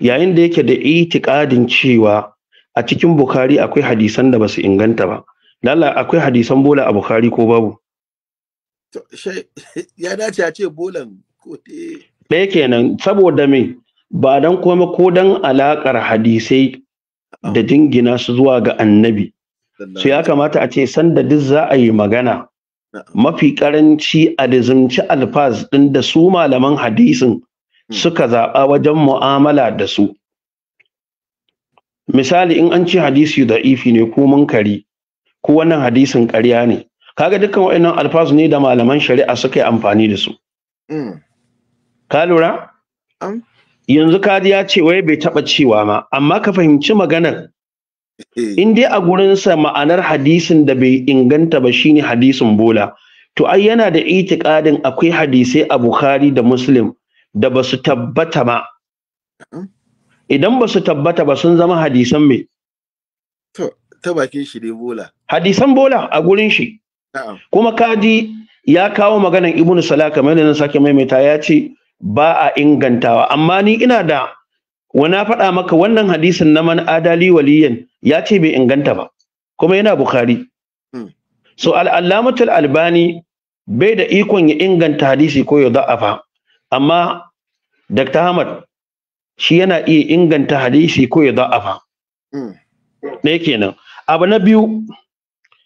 yayin da yake da itikadin cewa a cikin bukari akwai hadisan da ba su inganta ba lalla akwai hadisan bola a bukari ko babu ya dace a ce bolan ɗaya kenan saboda me ba dan kuma ko dan alakar hadisai ah. da jingina su zuwa ga annabi su ya kamata a ce sanda duk za a yi magana mafi karanci a dizimci alfaz ɗin da su malaman hadisin hmm. suka zaɓa wajen mu'amala da su misali in an ce hadisi da ifi ne ko mun kari, ko wannan hadisin ƙarya ne kaga dukkan wa'annan alfaz ne da malaman shari'a suka yi amfani da su hmm. ka lura yanzu kadi ya ce wai bai taɓa cewa ma amma ka fahimci maganar Eh. in dai a gurinsa ma'anar hadisin da bai inganta ba shine hadisin bola to ai yana da itikadin akwai hadisai a bukhari da muslim da ba su tabbata ba idan ba su tabbata ba sun zama hadisan me ta bakin shi dai bola hadisan bola a gurin shi kuma Kadi ya kawo maganan ibnu salah kamar yadda na sake maimaita ya ce ba a ingantawa amma ni ina da wana faɗa maka wannan hadisin na man adali waliyan ya ce bai inganta ba kuma yana bukhari hmm. so al'allamatul albani bai da ikon ya inganta hadisi ko ya za'afa amma dr hamad shi yana iya inganta hadisi ko ya za'afa Ne hmm. kenan abu na biyu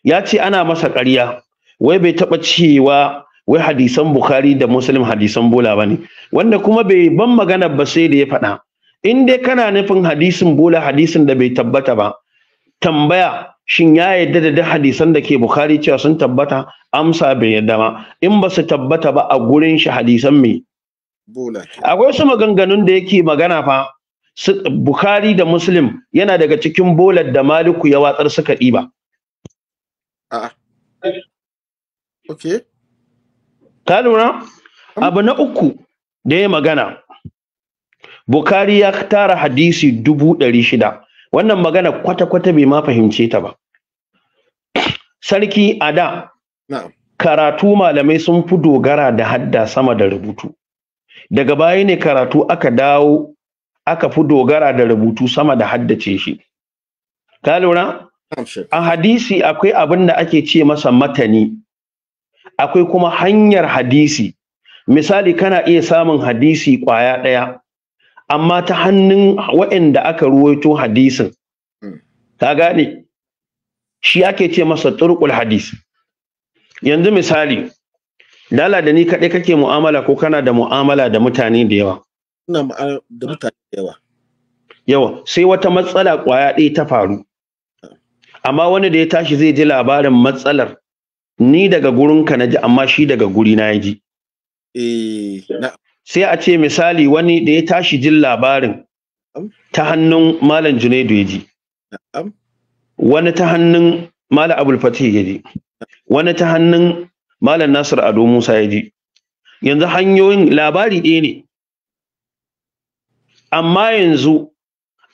ya ce ana masa ƙarya wai bai taɓa cewa wai hadisan bukhari da muslim hadisan bola ba ne wanda kuma bai ban magana ba sai da ya faɗa in dai kana nufin hadisin bola hadisin da bai tabbata ba tambaya shin ya yarda da duk hadisan da ke bukhari cewa sun tabbata amsa bai yarda ba in ba su tabbata ba a gurin shi hadisan me akwai su maganganun da yake magana fa bukhari da muslim yana daga cikin bolar da maliku ya watsar suka ɗiba Ta lura abu na uku da ya magana bukhari ya tara hadisi dubu ɗari shida wannan magana kwata-kwata bai ma fahimce ta ba sarki a da karatu malamai sun fi dogara da hadda sama da rubutu daga baya ne karatu aka dawo aka fi dogara da rubutu sama da haddace shi ka lura a hadisi akwai abin da ake ce masa matani akwai kuma hanyar hadisi misali kana iya samun hadisi kwaya ɗaya amma ta hannun waɗanda aka ruwaito hadisin ta hmm. gane shi ake ce masa ɗurkul hadis yanzu misali lala da ni kaɗai kake mu'amala ko kana da mu'amala da mutane da yawa ma'ala da mutane da yawa yawa sai wata matsala ƙwaya ɗaya ta faru amma wani da ya tashi zai ji labarin matsalar ni daga gurinka na ji amma shi daga guri na ya ji eh, sai a ce misali wani da ya tashi jin labarin ta hannun malam junaidu ya ji wani ta hannun malam abul fatih ya ji wani ta hannun malam nasir ado musa ya ji yanzu hanyoyin labari ɗaya ne amma yanzu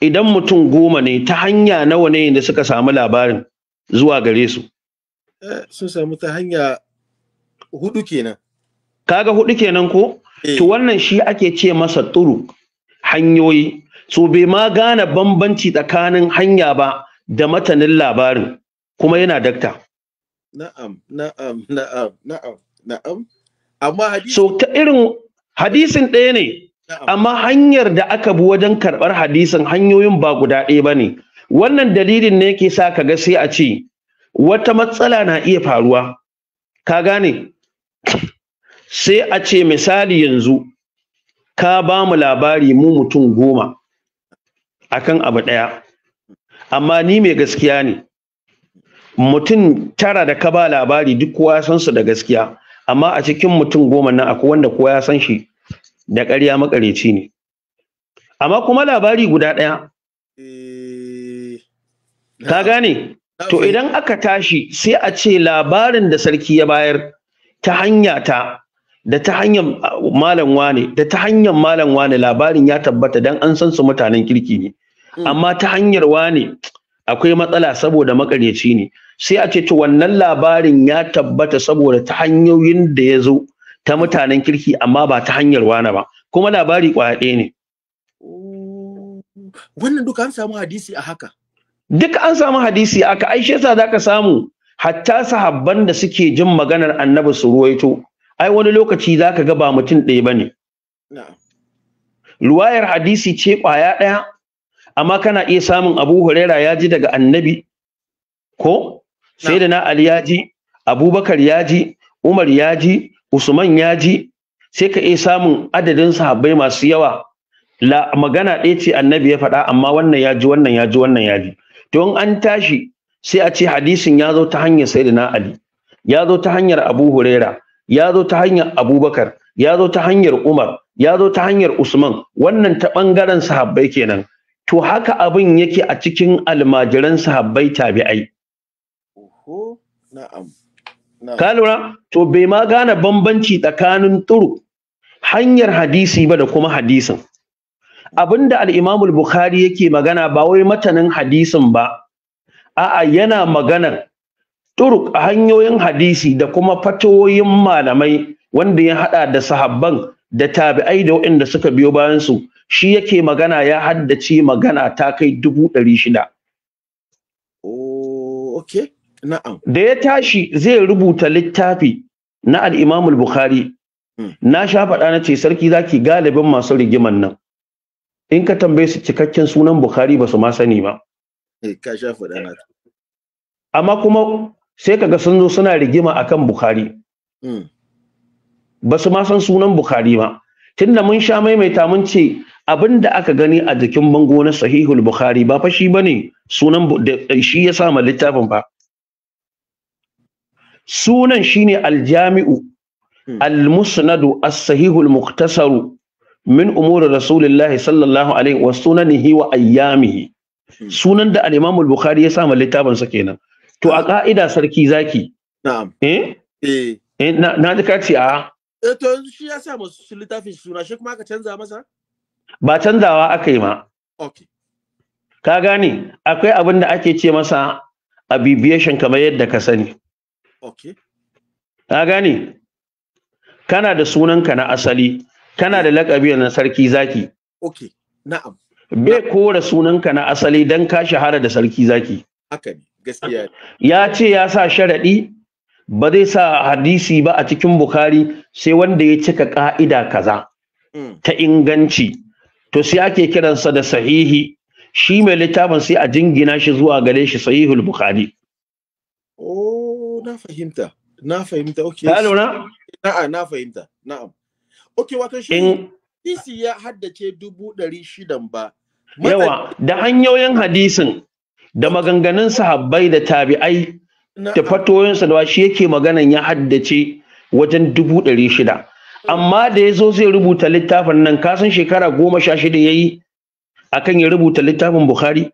idan mutum goma ne ta hanya nawa ne yadda suka samu labarin zuwa gare su eh, sun samu ta hanya hudu kenan kaga hudu kenan ko Eh. to wannan shi ake ce masa turuk hanyoyi so bai ma gane bambanci tsakanin hanya ba da matanin labarin kuma yana dakta na'am na'am na'am na'am na'am amma hadisi so ta irin hadisin ɗaya ne amma hanyar da aka bi wajen karɓar hadisin hanyoyin ba guda ɗaya ba ne wannan dalilin ne yake sa ka ga sai a ce wata matsala na iya faruwa ka gane sai a ce misali yanzu ka ba mu labari mu mutum goma akan abu ɗaya amma ni mai gaskiya ne mutum tara da ka ba labari duk kowa ya san su da gaskiya amma a cikin mutum goma nan akwai wanda kowa ya san shi da ƙarya makareci ne amma kuma labari guda ɗaya eh, ka gane to idan aka tashi sai a ce labarin da sarki ya bayar ta hanya ta da ta hanyar uh, malam wane da ta hanyar malam wane labarin ya tabbata dan an san su mutanen kirki ne mm. amma ta hanyar wane akwai matsala saboda makaryaci ne sai a ce to wannan labarin ya tabbata saboda ta hanyoyin da ya zo ta mutanen kirki amma ba ta hanyar wane ba kuma labari kwaya ɗaya ne wannan duka an samu hadisi a haka duk an samu hadisi aka aishe sa zaka samu hatta sahabban da suke jin maganar annabi su ruwaito ai wani lokaci zaka ga ba mutum ɗaya bane ruwayar hadisi ce ƙwaya ɗaya amma kana iya samun abu huraira ya daga annabi ko sai da ali ya ji abubakar ya ji umar ya ji usman ya ji sai ka iya samun adadin sahabbai masu yawa la magana ɗaya ce annabi ya faɗa amma wannan ya ji wannan ya ji wannan ya ji to in an tashi sai a ce hadisin ya zo ta hanyar Sayyidina ali ya zo ta hanyar abu huraira ya zo ta hanyar abubakar ya zo ta hanyar umar ya zo ta hanyar usman wannan ta ɓangaren sahabbai kenan to haka abin yake a cikin almajiran sahabbai tabi'ai ka lura to bai ma gane bambanci tsakanin turu hanyar hadisi ba da kuma hadisin abinda al-imamul bukhari yake magana ba wai matanin hadisin ba a'a yana maganar turuk a hanyoyin hadisi da kuma fatoyin malamai wanda ya hada da sahabban da tabi'ai da waɗanda suka biyo bayan su shi yake magana ya haddace magana ta kai dubu ɗari shida. Oh, Na'am. Da ya tashi zai rubuta littafi na al'imamul Bukhari, hmm. na sha faɗa na ce sarki zaki galibin masu rigiman nan. In ka tambaye su cikakken sunan Bukhari ba su ma sani ba. Eh, ka sha faɗa na. Amma kuma sai kaga sun zo suna rigima akan bukhari hmm. ba su ma san sunan bukhari ba tunda mun sha maimaita mun ce abinda aka gani a jikin bango na sahihul bukhari ba fa shi bane eh, sunan shi ya sama littafin ba. sunan shine aljami'u hmm. almusnadu as-sahihul muktasaru min umuri Rasulillah sallallahu alaihi wa sunanihi wa ayyamihi hmm. sunan da al-imam al-bukhari ya sama littafin sa kenan to a ka'ida sarki zaki eh? Eh. eh na ji kaci a eh, to yanzu shi ya sa masu littafin suna shi kuma aka canza masa ba canzawa aka yi ma Ok. ka gane akwai abin da ake ce masa abbreviation kamar yadda ka sani Ok. ka gane kana da sunanka na asali kana da lakabi na sarki zaki Ok. na'am bai kora sunanka na asali don ka shahara da sarki zaki haka ne gaskiya ya ce ya sa sharaɗi ba zai sa hadisi ba a cikin Bukhari sai wanda ya cika ka'ida kaza mm. ta inganci to sai ake kiransa da sahihi shi mai littafin sai a jingina shi zuwa gare shi sahihul Bukhari oh na fahimta na fahimta okay na lura na'a na fahimta na'am okay wato shi hadisi ya haddace dubu ɗari shidan ba yawa da hanyoyin hadisin da maganganun sahabbai da tabi'ai da fatoyinsa da shi yake maganan ya haddace wajen dubu ɗari shida amma da ya zo zai rubuta littafin nan kasan shekara goma sha shida ya yi akan ya rubuta littafin bukhari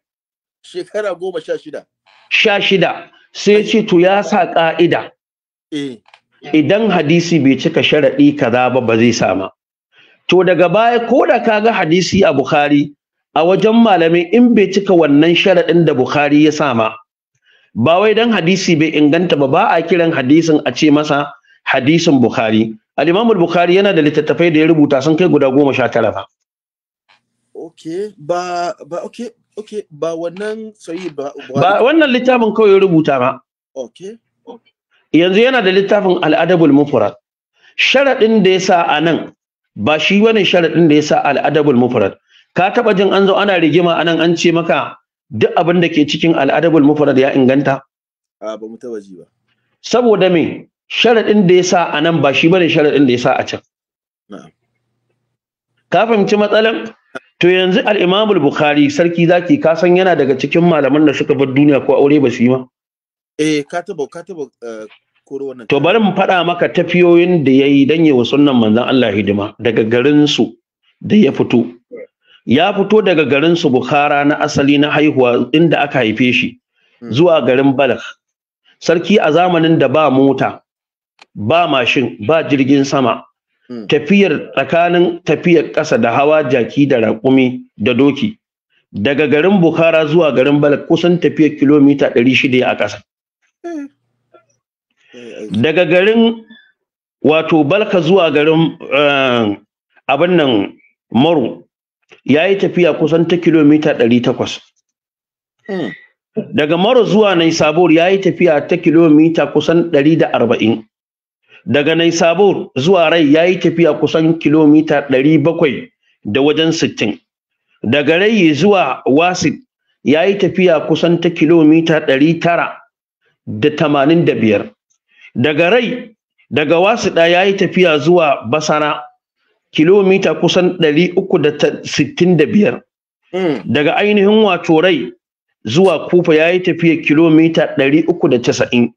shekara goma sha shida sha shida sai ce to ya sa ƙa'ida eh. idan hadisi bai cika sharaɗi kaza ba ba zai sama to daga baya ko da ga hadisi a bukhari a wajen malami, in bai cika wannan sharaɗin da Bukhari ya sama ba wai dan hadisi bai inganta ba ba a kiran hadisin a ce masa hadisin Bukhari al-Imam al-Bukhari yana da littattafai da ya rubuta sun kai guda goma sha tara ba okay ba ba okay okay ba wannan sai ba ba wannan littafin kawai ya rubuta ba okay yanzu yana da littafin al-Adabul Mufrad sharaɗin da ya sa a nan ba shi wani sharaɗin da ya sa al-Adabul Mufrad ka taba jin an zo ana rigima anan an ce maka duk abin da ke cikin al'adabul mufrad ya inganta a ba mu taba ji ba saboda me sharadin da yasa anan ba shi bane sharadin da yasa a can ka fahimci matsalan to yanzu al-Imam al-Bukhari sarki zaki ka san yana daga cikin malaman da suka bar duniya ko aure ba su yi ma eh ka taba ka taba eh, koro wannan to bari mu faɗa maka tafiyoyin da yayi dan yi wa sunnan manzon Allah hidima daga garin su da ya fito ya fito daga garin su Bukhara na asali na haihuwa inda aka haife shi hmm. zuwa garin Balakh sarki a zamanin da ba mota ba mashin ba jirgin sama hmm. tafiyar tsakanin tafiyar ƙasa da hawa jaki da raƙumi da doki daga garin Bukhara zuwa garin Balakh kusan tafiyar kilomita 600 a ƙasa hmm. daga garin wato Balka zuwa garin eh, abin nan Maru ya yi tafiya kusan ta kilomita ɗari takwas. Hmm. Daga Maro zuwa Naisabur ya yi tafiya ta kilomita kusan ɗari da arba'in. Daga Naisabur zuwa Rai ya yi tafiya kusan kilomita ɗari bakwai da wajen sittin. Daga Rai zuwa Wasit ya yi tafiya kusan ta kilomita ɗari tara da tamanin da biyar. Daga Rai daga Wasiɗa ya yi tafiya zuwa Basana kilomita kusan da biyar, hmm. daga ainihin wato rai zuwa kufa ya yi tafiya kilomita ɗari da casa'in,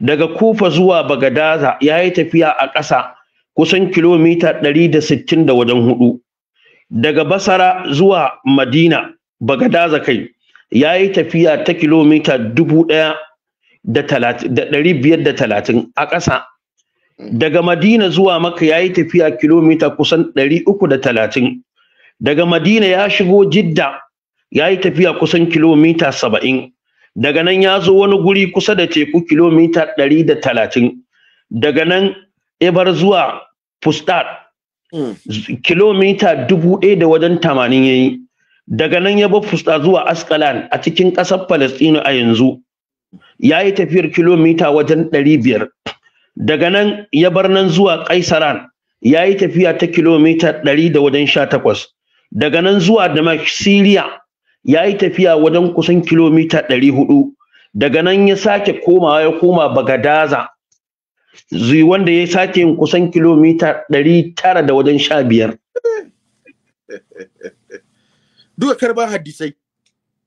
daga kufa zuwa bagadaza ya yi tafiya a ƙasa kusan kilomita 160 da wajen hudu daga basara zuwa madina bagadaza kai ya yi tafiya ta kilomita 1530 a ƙasa daga madina zuwa maka ya yi tafiya kilomita kusan talatin. daga madina ya shigo jidda ya yi tafiya kusan kilomita 70 daga nan ya zo wani guri kusa da teku kilomita 130 daga nan ibar zuwa fustad hmm. kilomita dubu ɗaya da wajen tamanin ya yi daga nan ya bar fusta zuwa askalan a cikin ƙasar falasɗinu a yanzu ya yi tafiyar kilomita wajen ɗari biyar daga nan ya bar nan zuwa kaisaran ya yi tafiya ta kilomita ɗari da wajen sha takwas daga nan zuwa damak siriya ya yi tafiya wajen kusan kilomita ɗari hudu daga nan ya sake komawa ya koma bagadaza zuwa wanda ya sake yin kusan kilomita ɗari tara da wajen sha biyar duka karba hadisai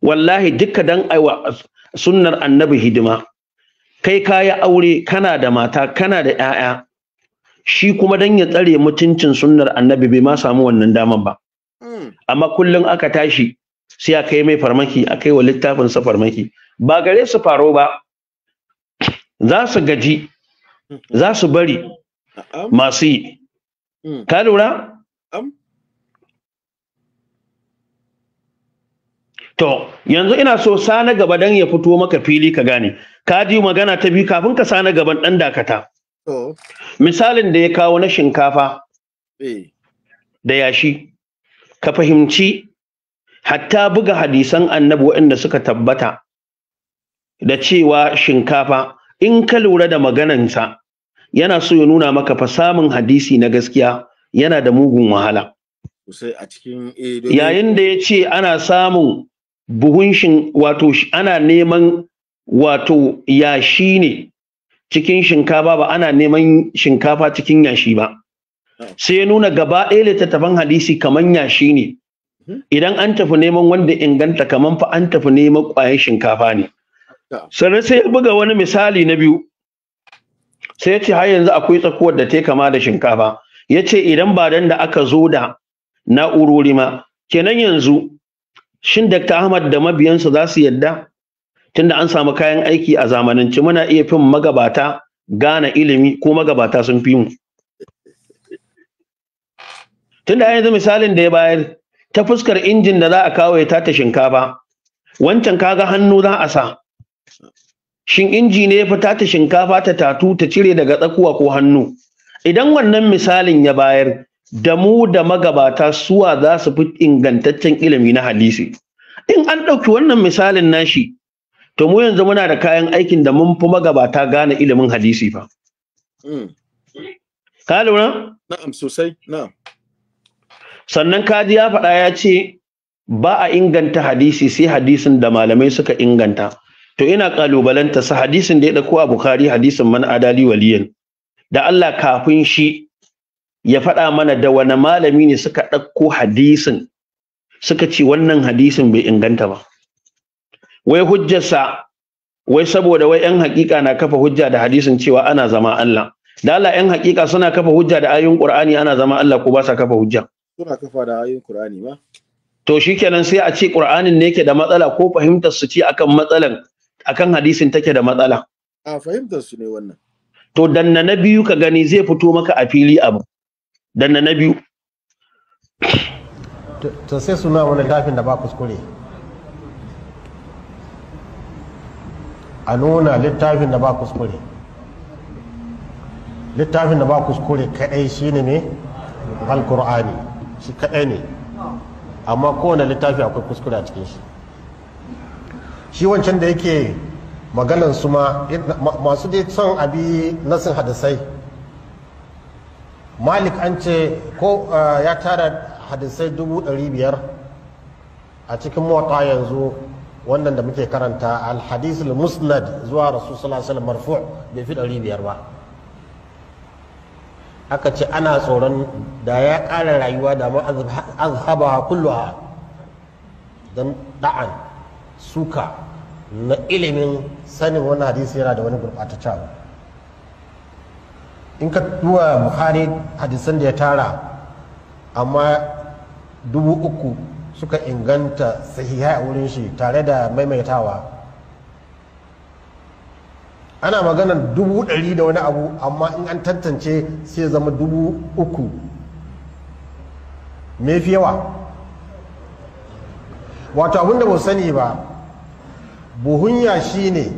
wallahi duka dan aiwa sunnar annabi hidima kai ka yi aure kana da mata kana da 'ya'ya. shi kuma dan ya tsare mutuncin sunnar annabi bai ma samu wannan damar ba hmm. amma kullum aka tashi sai a kai mai farmaki a kai wa littafin sa farmaki ba gare su faro ba za su gaji za su bari masu yi hmm. ka lura To, yanzu ina so sa gaba dan ya fito maka fili ka gane. Ka ji magana ta biyu kafin ka sa gaban ɗan dakata. Misalin da ya kawo na shinkafa eh. da yashi, ka fahimci hatta buga hadisan annabi waɗanda suka tabbata da cewa shinkafa in ka lura da maganansa yana so ya nuna maka fa samun hadisi na gaskiya yana da mugun wahala. Eh, Yayin da ya ce ana samun buhun wato ana neman wato yashi ne cikin shinkafa ba ana neman shinkafa cikin yashi ba oh. sai ya nuna gaba ɗaya littattafan hadisi kaman yashi ne hmm? idan an tafi neman wanda inganta kaman fa an tafi neman ƙwayar shinkafa ne sannan sai ya buga wani misali na biyu sai ya ce har yanzu akwai tsakuwar da ta kama da shinkafa ya ce idan ba dan da aka zo da na'urori ma kenan yanzu shin Dr. Ahmad da mabiyansa za su yadda tunda an samu kayan aiki a zamanance muna iya fim magabata gane ilimi ko magabata sun fi mu tunda yanzu misalin da ya bayar ta fuskar injin da za a kawo ya tata shinkafa wancan kaga hannu za a sa shin inji ne ya fi tata shinkafa ta tatu ta cire daga tsakuwa ko hannu idan wannan misalin ya bayar da mu da magabata suwa za su fi ingantaccen ilimi na hadisi in an ɗauki wannan misalin nashi to mu yanzu muna da kayan aikin da mun fi magabata gane ilimin hadisi fa mm. ka lura na'am sosai na'am sannan kaji ya faɗa ya ce ba a inganta hadisi sai hadisin da malamai suka inganta to ina kalubalanta su hadisin da ya ɗauko a Bukhari hadisin man adali waliyan da Allah kafin shi ya faɗa mana da wani malami ne suka ɗauko hadisin suka ce wannan hadisin bai inganta ba wai hujjarsa wai saboda wai yan hakika na kafa hujja da hadisin cewa ana zama Allah da Allah yan hakika suna kafa hujja da ayoyin Qur'ani ana zama Allah ko ba sa kafa hujja suna kafa da ayoyin Qur'ani ba. to shikenan sai a ce Qur'anin ne yake da matsala ko fahimtar su ce akan matsalan akan hadisin take da matsala a fahimtar su ne wannan to danna na biyu ka gani zai fito maka a fili abu dan na biyu to sai suna wani tafin da ba kuskure a nuna littafin da ba kuskure littafin da ba kuskure kadai shine ne alkur'ani shi kadai ne amma kowane littafi akwai kuskure a cikin shi shi wancan da yake maganan su ma masu dai son abi nasin hadisai malik an ce ko eh, ya tara hadisai dubu ɗari biyar a cikin mota yanzu wannan da muke karanta alhadis musnad zuwa rasu salasala marfu bai fi ɗari biyar ba aka ce ana tsoron da ya ƙara rayuwa da ma azhaba a don da'an suka na ilimin sanin wani hadisi yana da wani gurɓataccen in ka duwa buhari hadisan da ya tara amma dubu uku suka inganta sahiha a wurin shi tare da maimaitawa ana magana dubu ɗari da wani abu amma in an tantance sai zama dubu uku me fi yawa wato abinda ba sani ba buhunya shine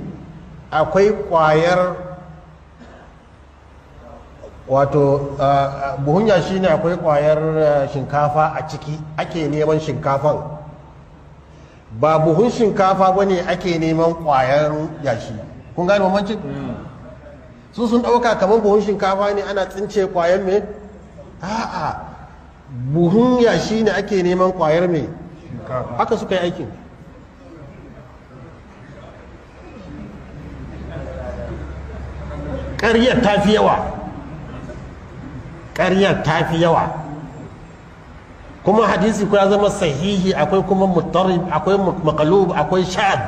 akwai kwayar wato buhunya shine akwai kwayar shinkafa a ciki ake neman shinkafan ba buhun shinkafa ba ne ake neman kwayar yashi kun gani bambancin hmm. su sun dauka kamar buhun shinkafa ne ana tsince kwayar mai a'a buhun yashi ne ake neman kwayar mai haka suka yi aikin ƙaryar ta fi yawa ƙaryar ta fi yawa kuma hadisi ya zama sahihi akwai kuma mutarib akwai makalub akwai shad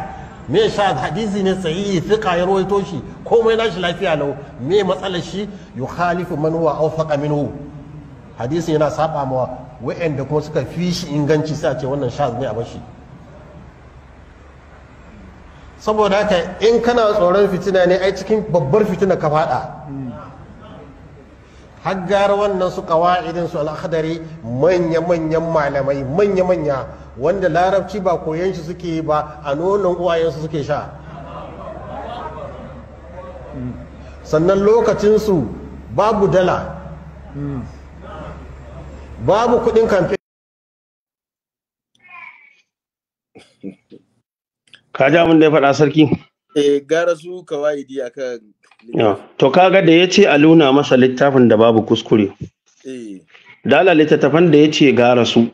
me shad hadisi ne sahihi fiqa ya rawaito shi komai nashi lafiya lau me matsalar shi yukhalifu man huwa awfaqa minhu hadisi yana saba ma wa'anda kuma suka fi shi inganci sai a ce wannan shad ne a bashi saboda haka in kana tsoron fitina ne ai cikin babbar fitina ka fada haggar wannan su kawa'idin su al'akadari manya-manyan malamai manya-manya wanda larabci ba koyon shi suke yi ba a nonon uwayensu suke sha sannan lokacinsu babu dala babu kudin kamfe ka ja mun da ya faɗa sarki eh gara su kawa'idi akan to kaga da ya ce a luna masa littafin da babu kuskure eh. dala littattafan da ya ce gara su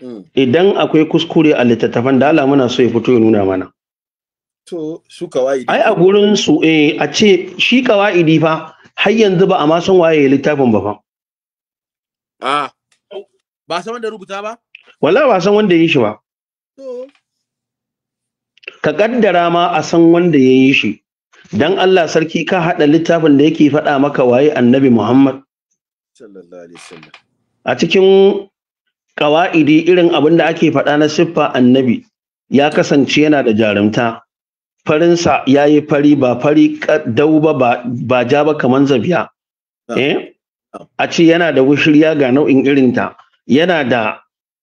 hmm. idan akwai kuskure a littattafan dala muna so ya fito ya nuna mana to su kawai ai a gurin su eh a ce shi kawai fa har yanzu ba a ma san waye littafin ba fa a ba san wanda rubuta ba wala ba san wanda yi shi ba ka kaddara ma a san wanda ya yi shi dan Allah sarki ka haɗa littafin da yake faɗa maka waye annabi Muhammad a cikin ƙawa'idi irin abin da ake faɗa na siffa annabi ya kasance yana da jarumta farinsa ya yi fari ba fari dau ba ba ja ba kamar zabiya eh a ce yana da wushirya ga nau'in irinta yana da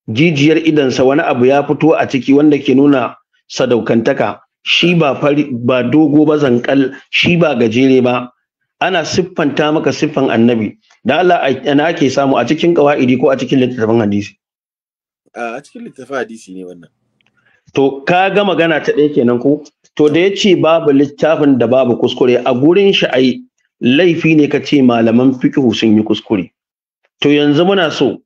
jijiyar idansa wani abu ya fito a ciki wanda ke nuna sadaukantaka shi ba fari, ba dogo ba zankal shi ba gajere ba ana siffanta maka siffan annabi da Allah ana ake samu a cikin kawaidi ko a cikin littattafan hadisi a cikin littafin hadisi ne wannan to ka ga magana ta ɗaya kenan ko to da yace babu littafin da babu kuskure a gurin shi ai laifi ne ka ce malaman fiqh sun yi kuskure to yanzu muna so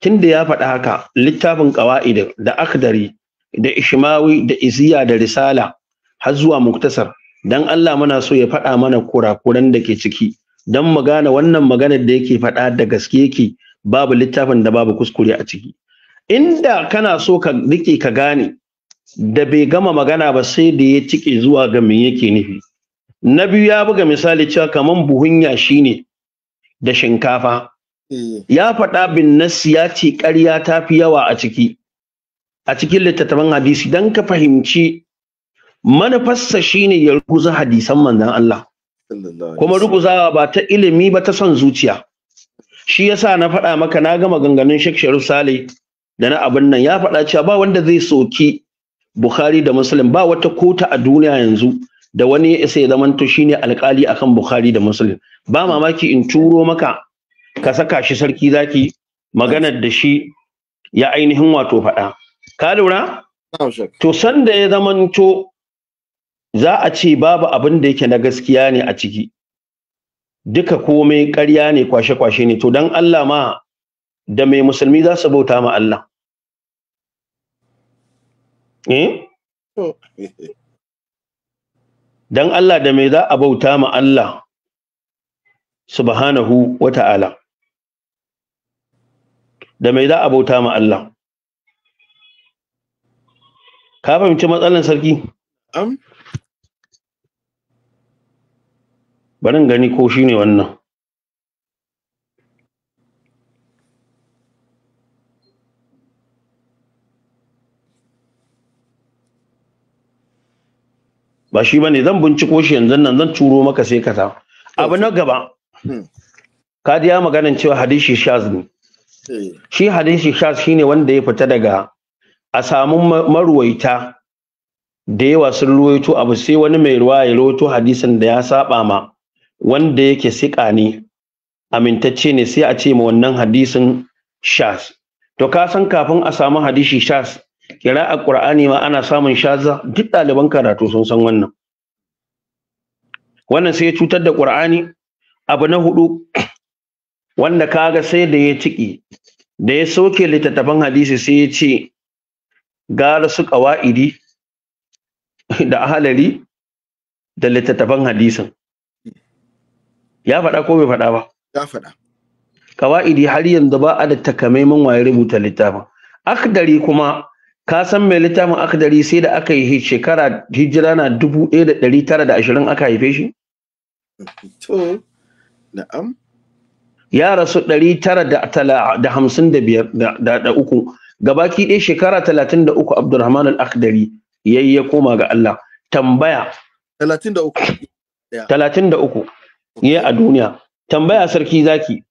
tunda ya faɗa haka littafin ƙawa'idin da akdari da ishmawi da iziya da risala har zuwa muktasar dan Allah muna so ya faɗa mana kurakuran da ke ciki dan mu gane wannan maganar da yake faɗa da gaske yake babu littafin da babu kuskure a ciki inda kana so ka rike ka gane da bai gama magana ba sai da ya cike zuwa ga me yake nufi na biyu ya buga misali cewa kaman buhunya shine da shinkafa eh. ya faɗa bin ya ce ƙarya ta fi yawa a ciki a cikin littattafan hadisi dan ka fahimci manufarsa shine ya ruguza hadisan manzon Allah kuma rukuzawa ba ta ilimi ba ta son zuciya shi yasa na faɗa maka na gama maganganun Sheikh Sharif Saleh da na abin nan ya faɗa cewa ba wanda zai soki Bukhari da Muslim ba wata kota a duniya yanzu da wani ya isa ya zamanto shine Alƙali akan Bukhari da Muslim ba mamaki in turo maka ka saka shi sarki zaki maganar da shi ya ainihin wato faɗa ka lura to sanda ya zamanto za a ce babu abin da yake na gaskiya ne a ciki duka komai ƙarya ne kwashe-kwashe ne to don Allah ma da mai musulmi za su bauta ma Allah eh don Allah da mai za a bauta ma Allah subhanahu wa ta'ala da mai za a bauta ma Allah Ka fahimci matsalan sarki? Am. Barin gani ko shine wannan. ba shi bane zan binciko shi yanzu nan zan turo maka sai ka ta abu na gaba hmm. ka ji ya cewa hadisi shaz ne eh. shi hadisi shaz shine wanda ya fita daga a samu marwaita da yawa sun ruwaito abu sai wani mai ruwa ya ruwaito hadisin da ya saba ma wanda yake siƙa ne amintacce ne sai a ce ma wannan hadisin shas to ka san kafin a samu hadisi shas kira a ƙur'ani ma ana samun shaza duk ɗaliban karatu sun san wannan wannan sai ya cutar da ƙur'ani? abu na hudu wanda kaga sai da ya ciki da ya soke littattafan hadisi sai ya ce gara su ƙawa'idi da ahalari da littattafan hadisin ya faɗa ko bai faɗa ba ya faɗa ƙawa'idi har yanzu ba a da takamaiman waye rubuta littafin akdari kuma ka san mai littafin akdari sai da aka yi shekara hijira na dubu ɗaya da ɗari tara da ashirin aka haife shi to na'am ya rasu ɗari tara da hamsin da biyar da uku gabaki ɗaya shekara talatin da uku Abdulrahman al ya yayi ya koma ga Allah tambaya talatin da uku ya yi a duniya tambaya sarki zaki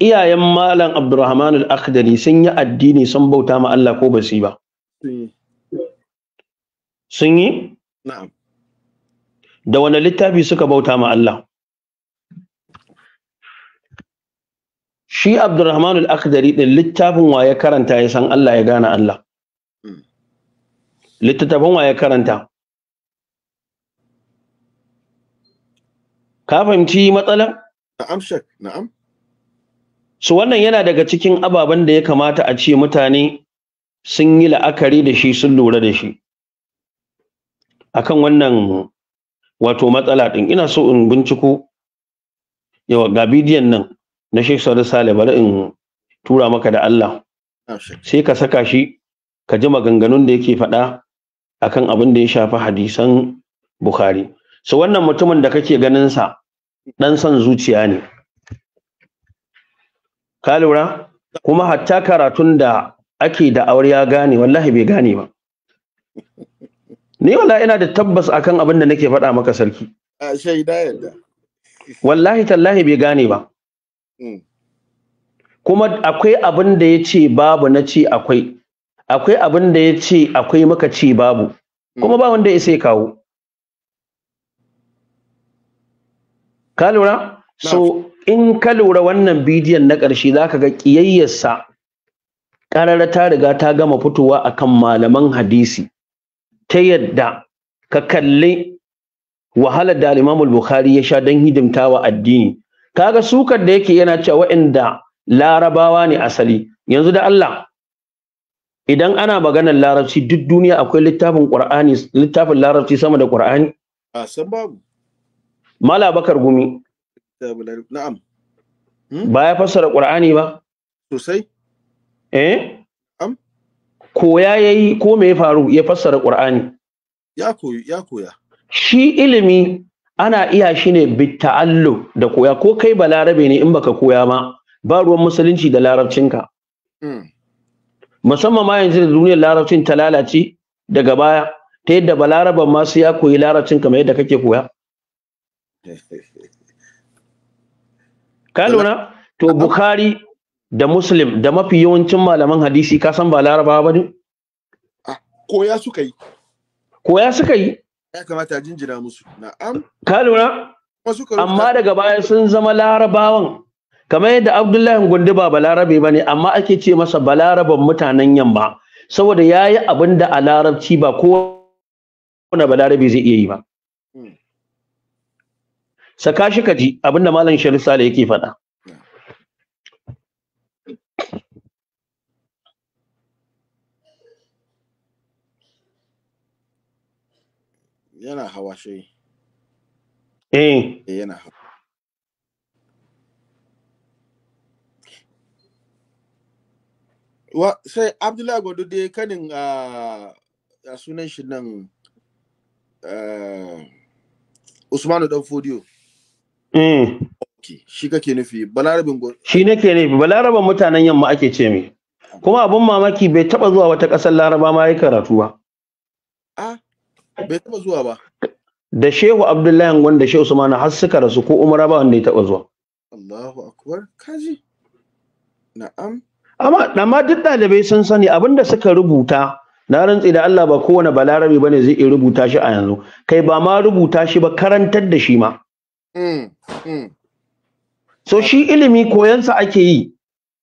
iyayen malam Abdulrahman al-akhdari sun yi addini sun bauta ma Allah ko ba su ba sun yi da wani littafi suka bauta ma Allah shi abdurrahman al-akhdari din littafin wa ya karanta ya san Allah ya gane Allah hmm. littafin wa ya karanta ka fahimci matsalar na'am shak na'am su wannan yana daga cikin ababen da ya kamata a ce mutane sun yi la'akari da shi sun lura da shi akan wannan wato matsala din ina so in binciko yawa ga bidiyon nan na Sheikh Sadu Sale bari in tura maka da Allah ah, sai ka saka shi ka ji maganganun da yake faɗa akan abin da ya shafi hadisan Bukhari so wannan mutumin da kake ganin sa dan san zuciya ne ka lura kuma hatta karatun da ake da aure ya gane wallahi bai gane ba ni wala ina da tabbas akan abin da nake faɗa maka sarki a ah, shaida yadda wallahi tallahi bai gane ba Mm. kuma akwai abin da ya ce babu na ce akwai akwai abin da ya ce akwai muka ce babu mm. kuma ba wanda ya sai kawo ka lura so in ka lura wannan bidiyon na ƙarshe za ka ga ƙiyayyarsa ƙarar ta riga ta gama fitowa akan malaman hadisi ta yadda ka kalli wahalar da al'imamul bukhari ya sha don hidimta wa addini kaga sukar da yake yana cewa wa'inda larabawa ne asali yanzu da Allah idan ana maganar larabci duk duniya akwai littafin qur'ani littafin larabci sama da qur'ani a san babu mala bakar gumi na'am hmm? ba ya fassara qur'ani ba sosai eh am ya yayi ko me ya faru ya fassara qur'ani ya koyi ya koya shi ilimi ana iya shi ne bitta'allu da koya ko kai Balarabe ne in baka koya ma ba ruwan musulunci da larabcinka hmm. musamman ma yanzu da duniyar larabcin ta lalace daga baya ta yadda ba laraban ma ya koyi larabcin kamar yadda kake koya ka to bukhari da muslim da mafi yawancin malaman hadisi ka san ba larabawa ba ne ah, koya suka yi ya kamata jinjina musu na'am ka lura amma daga baya sun zama larabawan kamar yadda abdullahi gundu ba balarabe ba ne amma ake ce masa balaraban mutanen yamma saboda ya yi abin da a larabci ba kowane balarabe zai iya yi ba hmm. saka shi kaji abin da malam sharif sale yake faɗa yana hawa shi eh. eh yana hawa wa sai abdullahi godo dai kanin ah, a sunan shi nan eh, usmanu dan fodiyo eh. shi kake nufi balarabin gwado shi nake nufi balaraban mutanen yamma ake ce mai kuma abun mamaki bai taba zuwa wata ƙasar laraba ma ya karatu ba ah, bai taba zuwa ba da shehu abdullahi wanda shehu usmanu har suka rasu ko umara ba wanda ya taba zuwa Allahu akbar kaji na'am amma amma duk dalibai sun sani abinda suka rubuta na rantsi da Allah ba kowane balarabe bane zai iya rubuta shi a yanzu kai ba ma rubuta shi ba karantar da shi ma mm, mm. so shi ilimi koyansa ake yi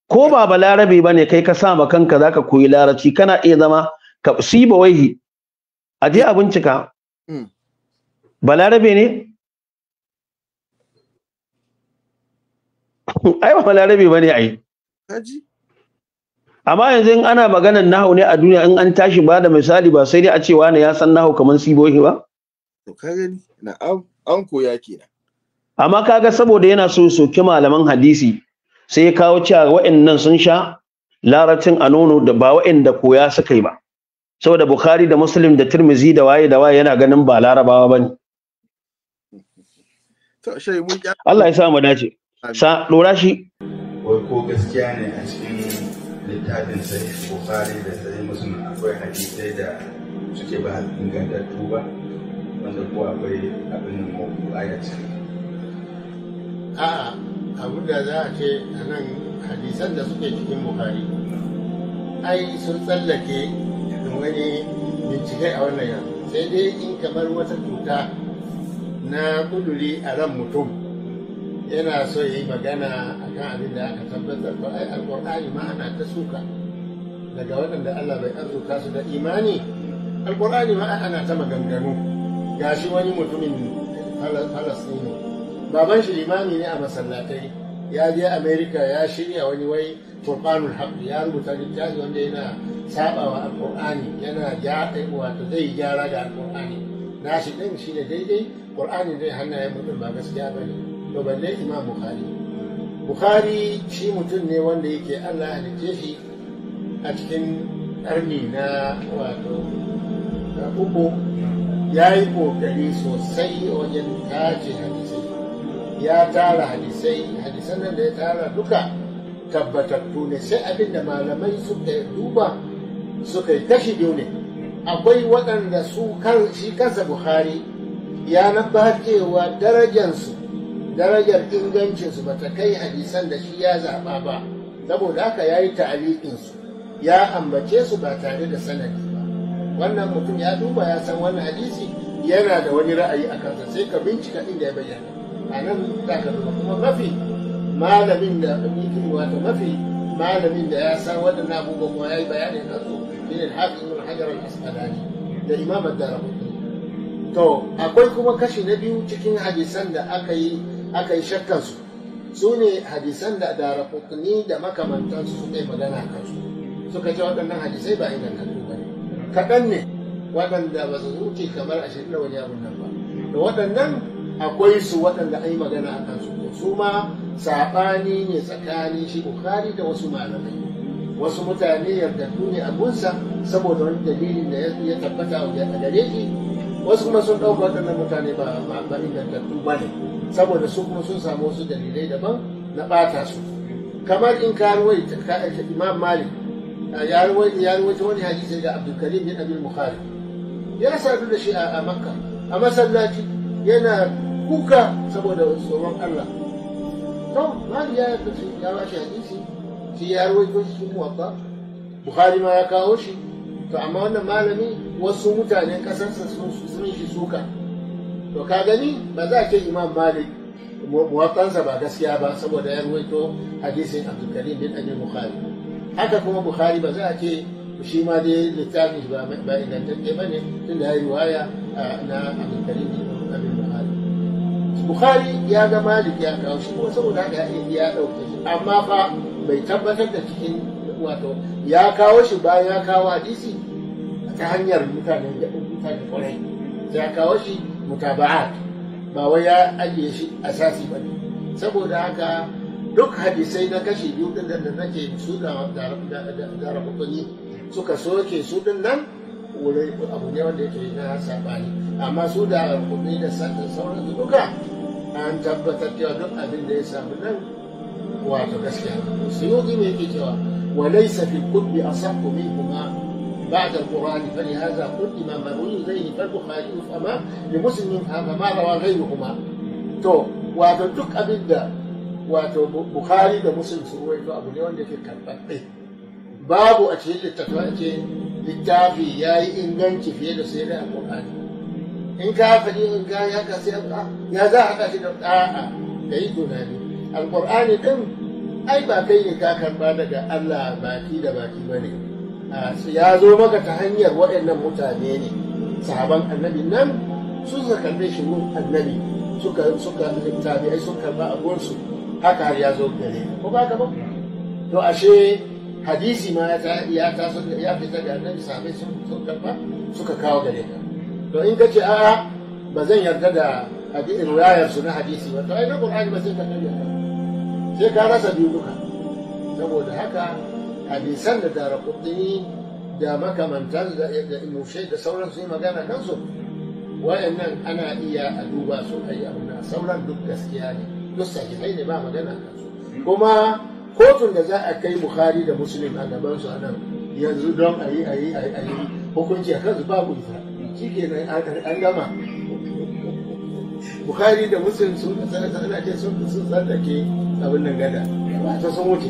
ko ba ba bane kai ka sa ma kanka zaka koyi larabci kana iya zama ka siba waihi a je a bincika hmm. balarabe ne ai ba balarabe ba ne ai amma yanzu in ana maganar nahu ne a duniya in an tashi ba da misali ba sai dai a ce wani ya san nahu kamar sibohi ba to ka gani na an koya kenan amma kaga saboda yana so soki malaman hadisi sai ya kawo cewa wa'annan sun sha laratin a nono da ba wa'anda koya suka yi ba saboda bukhari da muslim da tirmizi da waye da waye yana ganin ba larabawa ba ne Allah ya sa mu dace sa lura shi wai ko gaskiya ne a cikin littafin sahih bukhari da sahih muslim akwai hadisai da suke ba ingantattu ba wanda ko akwai abin da mawuku a ya ciki a'a abu da za a ce a nan hadisan da suke cikin bukhari ai sun tsallake wani bincike a wannan yanzu sai dai in kamar wata cuta na kuduri a ran mutum yana so ya yi magana a kan abin da aka tabbatar ba ai alƙur'ani ma ana ta suka daga waɗanda Allah bai arzuta su da imani alƙur'ani ma ana ta maganganu Ga shi wani mutumin falastini baban shi imani ne a masallatai ya je amerika ya shirya wani wai Kurbanul Haqqi ya rubuta littafi wanda yana sabawa alqur'ani yana ya eh, wato zai gyara da alqur'ani nashi shi da daidai qur'ani dai hannaye mutum ba gaskiya bane to balle imam bukhari bukhari shi mutum ne wanda yake Allah ya halicce shi a cikin karni na wato na uku ya yi kokari sosai wajen tace hadisi. ya tara hadisai hadisan nan da ya tara duka tabbatattu ne sai abin da malamai suka duba suka yi tashi biyu akwai waɗanda su kan shi kansa buhari ya na cewa darajarsu darajar ingancinsu ba ta kai hadisan da shi ya zaɓa ba saboda haka ya yi ta'aliƙinsu ya ambace su ba tare da sanadi ba wannan mutum ya duba ya san wannan hadisi yana da wani ra'ayi a kansa sai ka bincika inda ya bayyana a nan za ka kuma mafi malamin da yake wata mafi malamin da ya sa waɗannan abubuwan kuma ya yi bayanin da su min al Hajarar ibn al da imam da to akwai kuma kashi na biyu cikin hadisan da aka yi aka yi shakkan su su ne hadisan da ni da makamantan su suka yi magana kan su suka ce waɗannan hadisai ba ingantattu ba kaɗan ne waɗanda ba su zuci kamar ashirin da wani abun nan ba da waɗannan akwai su waɗanda a yi magana a kansu su ma saɓani ne tsakanin shi bukari da wasu malamai wasu mutane yarda ne a gunsa saboda wani dalilin da ya tabbata a gare shi wasu kuma sun ɗauka waɗannan mutane ba ba ingantattu ba ne saboda su kuma sun samu wasu dalilai daban na ɓata su kamar in ka ruwaita imam malik ya ta wani hadisi da abdulkarim bin abin bukhari ya sadu da shi a makka a masallaci yana kuka saboda tsoron allah No, nan ya kasu ya ba shi hadisi shi ya rawaito shi muwatta Bukhari ma ya kawo shi to amma wannan malami wasu mutanen kasarsa sun shi suka to ka gani ba za a ce Imam Malik muwattansa ba gaskiya ba saboda ya ruwaito hadisin Abdulkarim bin Abi Bukhari haka kuma Bukhari ba za a ce shi ma dai littafin ba ingantacce ba ne da ya yi riwaya na Abdulkarim bin Abi Bukhari bukhari ya ga malik ya kawo shi kuma saboda haka ya ɗauke shi amma fa bai tabbatar da cikin wato ya kawo shi bayan ya kawo hadisi ta hanyar mutane da mutane kwarai ya kawo shi mutaba'a ba wai ya ajiye shi asasi ba ne saboda haka duk hadisai na kashi biyu din da nake su da da suka soke su nan korai ko abu ne wanda yake na sabani amma su da kuɗi da sauran su duka an tabbatar da duk abin ya samu nan wato gaskiya su yi ne yake cewa wa laisa fi kulli asaqu minhum ba da qur'an fa li hadha qul imam maruni zai ni farko khali fa ma li muslimin amma ma rawa ghayruhum to wato duk abin da wato bukhari da muslim su ruwaito abu ne wanda yake karbabbe babu a cikin a ce littafi ya yi inganci fiye da sai da alƙur'ani in ka faɗi in ka ya haka sai a ya za a kashe shi da ɗa'a da yi tunani alƙur'ani ɗin ai ba kai ne ka karɓa daga Allah baki da baki ba ne ya zo maka ta hanyar waɗannan mutane ne sahaban annabi nan sun suka karɓe shi mun annabi suka suka littafi ai sun karɓa a gonsu haka har ya zo gare ko ba ka ba to ashe hadisi ma ya taso ya fita da annabi sahabbai sun karba suka kawo gare ka to in kace a ba zan yarda da hadisin su na hadisi ba to ai na qur'ani ba sai ka tabbata sai ka rasa biyu duka saboda haka hadisan da kudi da makamantan da mushe da sauran su magana kansu wayannan ana iya a duba su a sauran duk gaskiya ne duk sahihai ne ba magana kansu kuma kotun da za a kai bukhari da muslim a su a nan yanzu don a yi a yi a yi hukunci a kansu babu isa shi ke an gama bukhari da muslim sun sanata ana ce sun sun ke abin nan gada ba ta sun wuce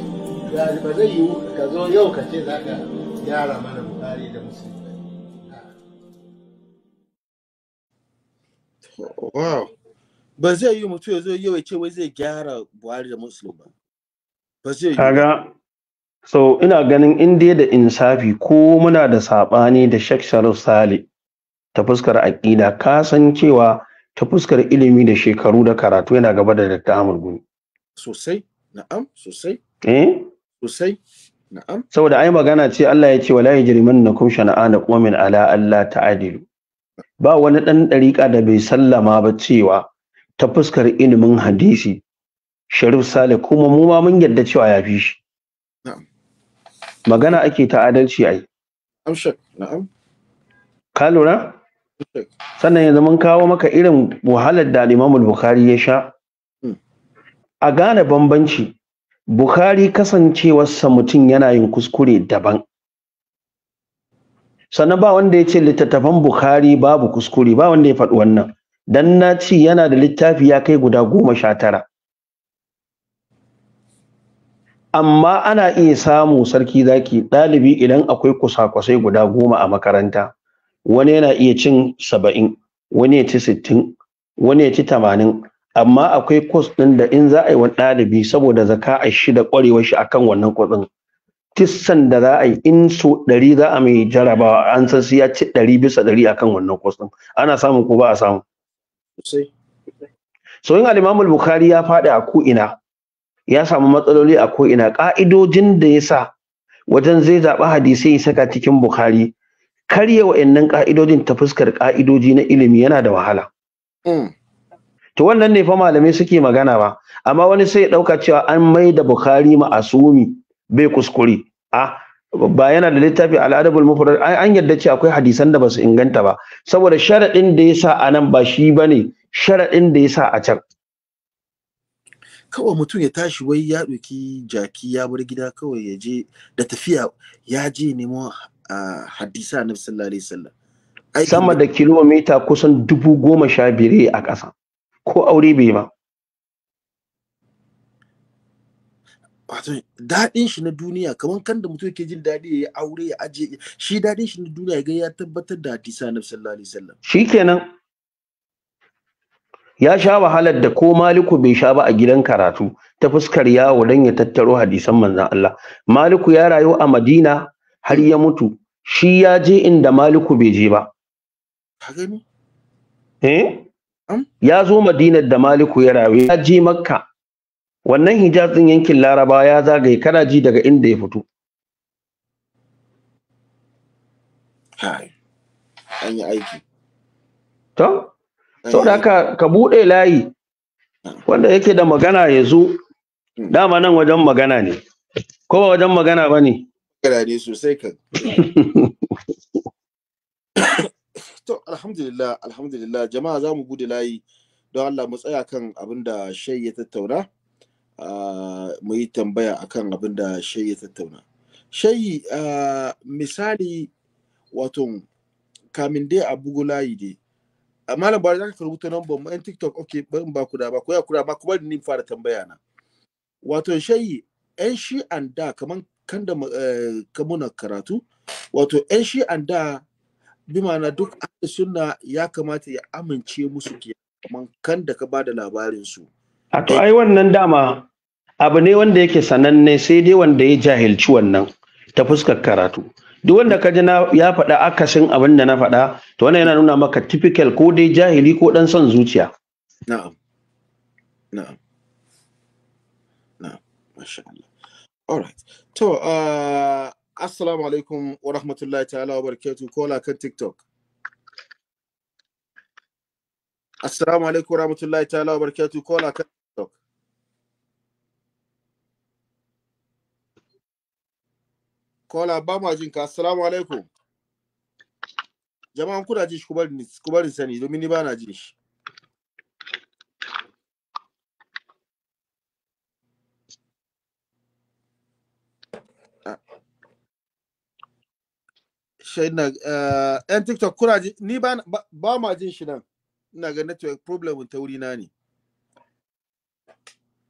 ba zai yiwu ka zo yau ka ce za ka gyara mana bukhari da muslim wow ba zai yi mutu ya zo yau ya ce wai zai gyara buhari da musulun ba kaga so ina ganin in dai da insafi ko muna da saɓani da Sheikh Sharif Sale ta fuskar aƙida ka san cewa ta fuskar ilimi da shekaru da karatu yana gaba da Dr. Ahmad Gumi sosai na'am sosai eh sosai na'am saboda ai magana ce Allah ya ce wala yajrimannakum shana'ana qawmin ala alla ta'dilu ba wani ɗan ɗarika da bai sallama ba cewa ta fuskar ilimin hadisi Sharif Sale kuma mu ma mun yarda cewa ya fi shi. Magana ake ta adalci ai. na'am. Ka lura? Sannan yanzu mun kawo maka irin wahalar da Imamul Bukhari ya sha. Hmm. A gane bambanci, Bukhari kasancewarsa mutum yana yin kuskure daban. Sannan ba wanda ya ce littattafan Bukhari babu kuskure, ba wanda ya faɗi wannan. Dan na yana da littafi ya kai guda goma sha tara. amma ana iya samu sarki zaki ɗalibi idan akwai kusa-kusai guda goma a makaranta wani yana iya cin saba'in wani ya ci sittin wani ya ci tamanin amma akwai kwas ɗin da in za a yi wa ɗalibi saboda zaka a shi da ƙwarewar shi akan wannan kuɗin tissan da za a yi in so ɗari za a mai jarabawa an san sai ya ci ɗari bisa ɗari akan wannan kus ɗin ana samu ko ba a samu so in al-imamul ya faɗi a ko'ina ya samu matsaloli a ko'ina ƙa'idojin da ya sa wajen zai zaɓi hadisai ya saka cikin Bukhari karya wa'annan ƙa'idojin ta fuskar ƙa'idoji na ilimi yana da wahala. Mm. To wannan ne fa malamai suke magana ba, amma wani sai ya ɗauka cewa an mai da Bukhari ma'asumi bai kuskure. A ba yana da littafi al'adabul mufrad an yarda ce akwai hadisan da basu inganta ba saboda sharaɗin da ya sa a nan ba shi bane sharaɗin da ya sa a can. kawai mutum ya tashi wai ya ɗauki jaki ya bar gida kawai ya je da tafiya ya je nemo a hadisa na sallallahu alaihi sama da kilomita kusan dubu goma sha biyar a ƙasa ko aure bai ba wato daɗin shi na duniya kamar kan da mutum ke jin daɗi ya yi aure ya aje shi daɗin shi na duniya ya ga ya tabbatar da hadisa na sallallahu alaihi wasallam shikenan ya sha wahalar da ko maliku bai sha ba a gidan karatu ta fuskar yawo don ya tattaro hadisan manzan Allah maliku ya rayu a madina har ya mutu shi ya je inda maliku bai je ba eh? ya zo madina da maliku ya rayu ya je makka wannan hijazin yankin laraba ya zagaye kana ji daga inda ya fito an yi aiki to da haka ka buɗe layi wanda yake da magana ya zo dama nan wajen magana ne ko ba wajen magana ba ne ne sosai ka to alhamdulillah alhamdulillah jama'a za mu bude layi don Allah mu tsaya kan abin da shai ya tattauna ah, mu yi tambaya akan abin da shai ya tattauna shai ah, misali wato kamin dai a bugu layi dai malam ba za zaka rubuta nan mu yan tiktok okay barin ba ku da ba ko ya kura ba kuma ni fara tambaya na wato shayi yan shi an da kaman kan da eh, kamuna karatu wato yan shi an da bi ma'ana duk sunna ya kamata ya amince musu ke kaman kan da ka ba da labarin su a to ai wannan dama abu ne wanda yake sananne sai dai wanda ya jahilci wannan ta fuskar karatu duk wanda ka ji ya faɗa akasin abin da na faɗa to wannan yana nuna maka typical ko dai jahili ko ɗan son zuciya na'am na'am na'am masha Allah all right to uh, assalamu alaikum wa rahmatullahi ta'ala wa barakatuh kola kan tiktok assalamu alaikum wa rahmatullahi ta'ala wa barakatuh kola kan Kola ba ma jin ka. Assalamu alaikum. Jama'an kuna ji shi ku bari sani domin ni ba na ji shi. Shaina, eh, ‘yan TikTok kuna ji, ni ba ma jin shi nan, ina ga network problem ta wuri na ne.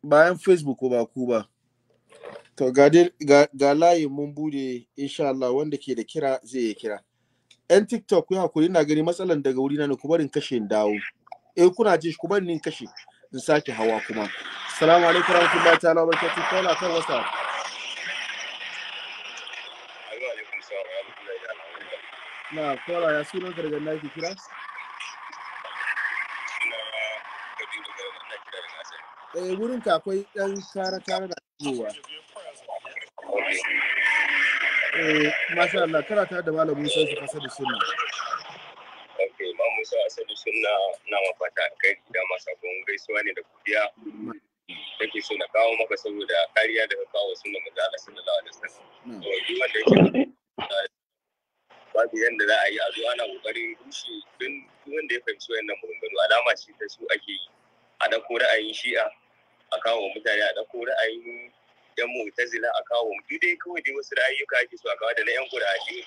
Bayan Facebook ko ba ku ba. To ga layi mun bude insha Allah wanda ke da kira zai yi kira. ‘Yan TikTok ku hakuri na gani matsalan daga wuri na ku barin kashe dawo. Eh kuna ji ku barin kashe in sake hawa kuma. Salamu alaikum warahmatullahi ta'ala barkatu kola kan wasa. Na kola ya sunan daga nake kira? Eh wurin ka akwai ɗan kara kara da zuwa. eh Allah kana tare da malam Musa su kasa da sunna okay ma Musa asali sunna na mafata kai gida masa gon gaisuwa ne da godiya take so na kawo maka saboda kariya daga kawo sunna manzo Allah sallallahu alaihi wasallam to duk wanda yake babu yadda za a yi a zo ana kokarin rushe duk wanda ya fahimci wannan maganganu alama ce ta su ake yi a ɗauko ra'ayin shi'a a kawo mutane a ɗauko ra'ayin mu ta zila a kawo mu dai kawai dai wasu ra'ayyuka ake so a kawo da na yan kuraje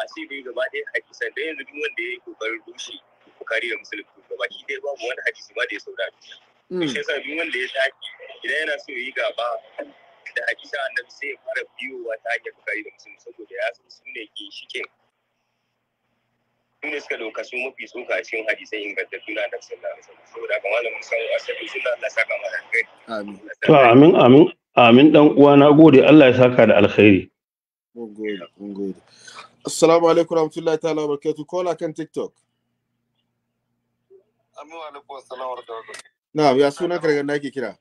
a ce dai gaba ɗaya hadisan da yanzu duk wanda ya yi kokarin rushe bukari da musulmi gaba shi dai babu wani hadisi ma da ya saura saurari mm. shi yasa duk wanda ya tashi idan yana so ya yi gaba da hadisa annabi sai ya fara biyowa ta hanyar kokari da musulmi saboda ya san su ne ginshikin su suka doka su mafi tsoka a cikin hadisai ingantattu na annabi sallallahu alaihi wasallam saboda haka malamin sallallahu alaihi wasallam Allah saka mana kai amin amin Amin dan uwa na gode Allah ya saka da alkhairi. Mun gode, mun gode. Assalamu alaikum warahmatullahi ta'ala ko la kan TikTok. Amin wa alaikum assalamu alaikum Na'am, ya suna ka daga nake kira?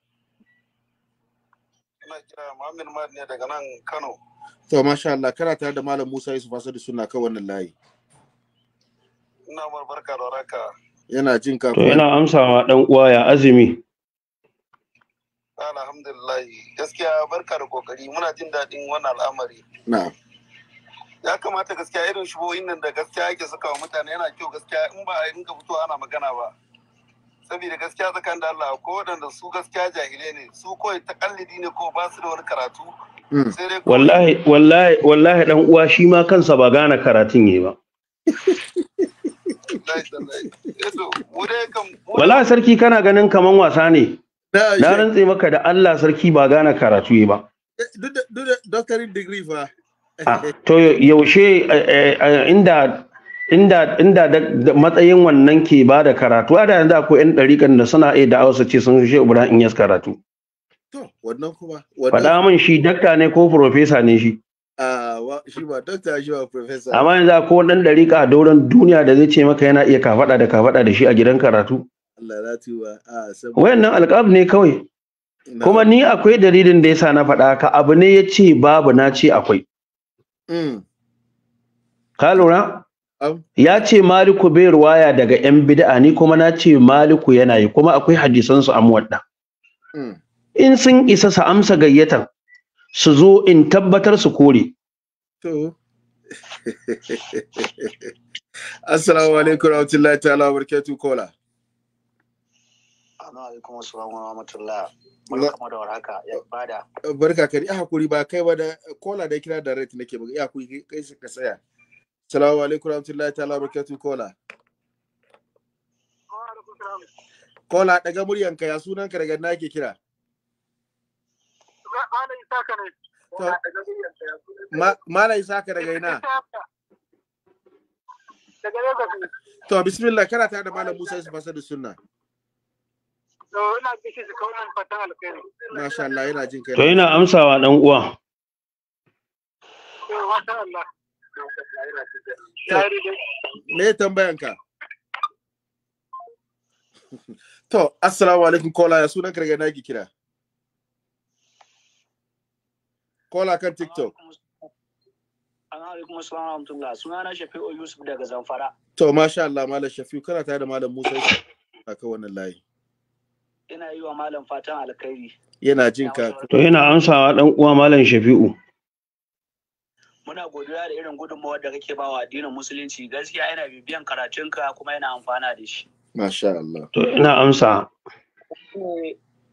Ina kira mamin Mad ne daga nan Kano. To masha Allah, kana tare da Malam Musa Yusuf Asadu suna ka wannan layi. Ina mar barka da raka. Yana jin ka. To yana amsawa dan uwa ya azumi. Alhamdulillah gaskiya barka da kokari muna jin daɗin wannan al'amari. Ya kamata gaskiya irin shigoyin nan da gaskiya yake suka wa mutane yana kyau gaskiya in ba a dinga fito ana magana ba. Saboda gaskiya tsakan da Allah ko waɗanda su gaskiya jahilai ne su kawai takallidi ne ko ba su da wani karatu. Hmm. Wallahi wallahi wallahi dan uwa shi ma kansa ba gane karatun ne ba. Wallahi eh sarki kana ganin kaman wasa ne. na rantse maka da Allah sarki ba gane karatu yi ba doctorate degree fa ah, to yaushe eh, eh, eh, inda inda inda da matsayin wannan ke ba da karatu a da yanzu akwai 'yan ɗariƙan da suna iya da hausa ce sun shi ibrahim yas karatu faɗa min shi dakta ne ko profesa ne shi ah, shi ba dakta shi ba profesa amma yanzu akwai ɗan ɗariƙa a dauran duniya da zai ce maka yana iya kafaɗa da kafaɗa da shi a gidan karatu wayannan alƙab ne kawai kuma ni akwai dalilin da yasa na faɗa ka abu ne ya ce babu na ce akwai mm. ka lura ya ce maliku bai ruwaya daga yan bid'a ni kuma na ce maliku yana yi kuma akwai hadisan su amwadda mm. in sun isa su amsa gayyatar, su zo in tabbatar su kore assalamu alaikum rahmatullahi ta'ala barakatuh kola Assalamu alaikum assalamu wani kama da warhaka ya bada. Barka ka ya hakuri ba kai ba da kola da kira direct nake ba ya hakuri kai shi ka tsaya. Assalamu alaikum ta ta'ala barakatuh kola. Kola daga muryanka ya sunan ka daga nake kira. Malam Isaka ne. Malam ka daga ina. Daga Lagos. To bismillah kana ta da Malam Musa Isfasa da sunna. To ina gishi su Allah yana jin kai. To ina amsawa dan uwa. Masha Me tambayan ka? To, assalamu alaikum kola ya sunan karga nagi kira. Kola kan TikTok. alaikum assalamu alaikum sunana Shafi'u Yusuf daga Zamfara. To, masha Allah, Malam Shafi'u, kana tare da Malam Musa a kan wannan layi. ina yi wa malam fatan alkhairi yana jin ka to yana amsawa dan uwa malam shafi'u muna godiya da irin gudunmawar da kake bawa addinin musulunci gaskiya yana bibiyan karatunka kuma yana amfana da shi masha Allah to ina amsa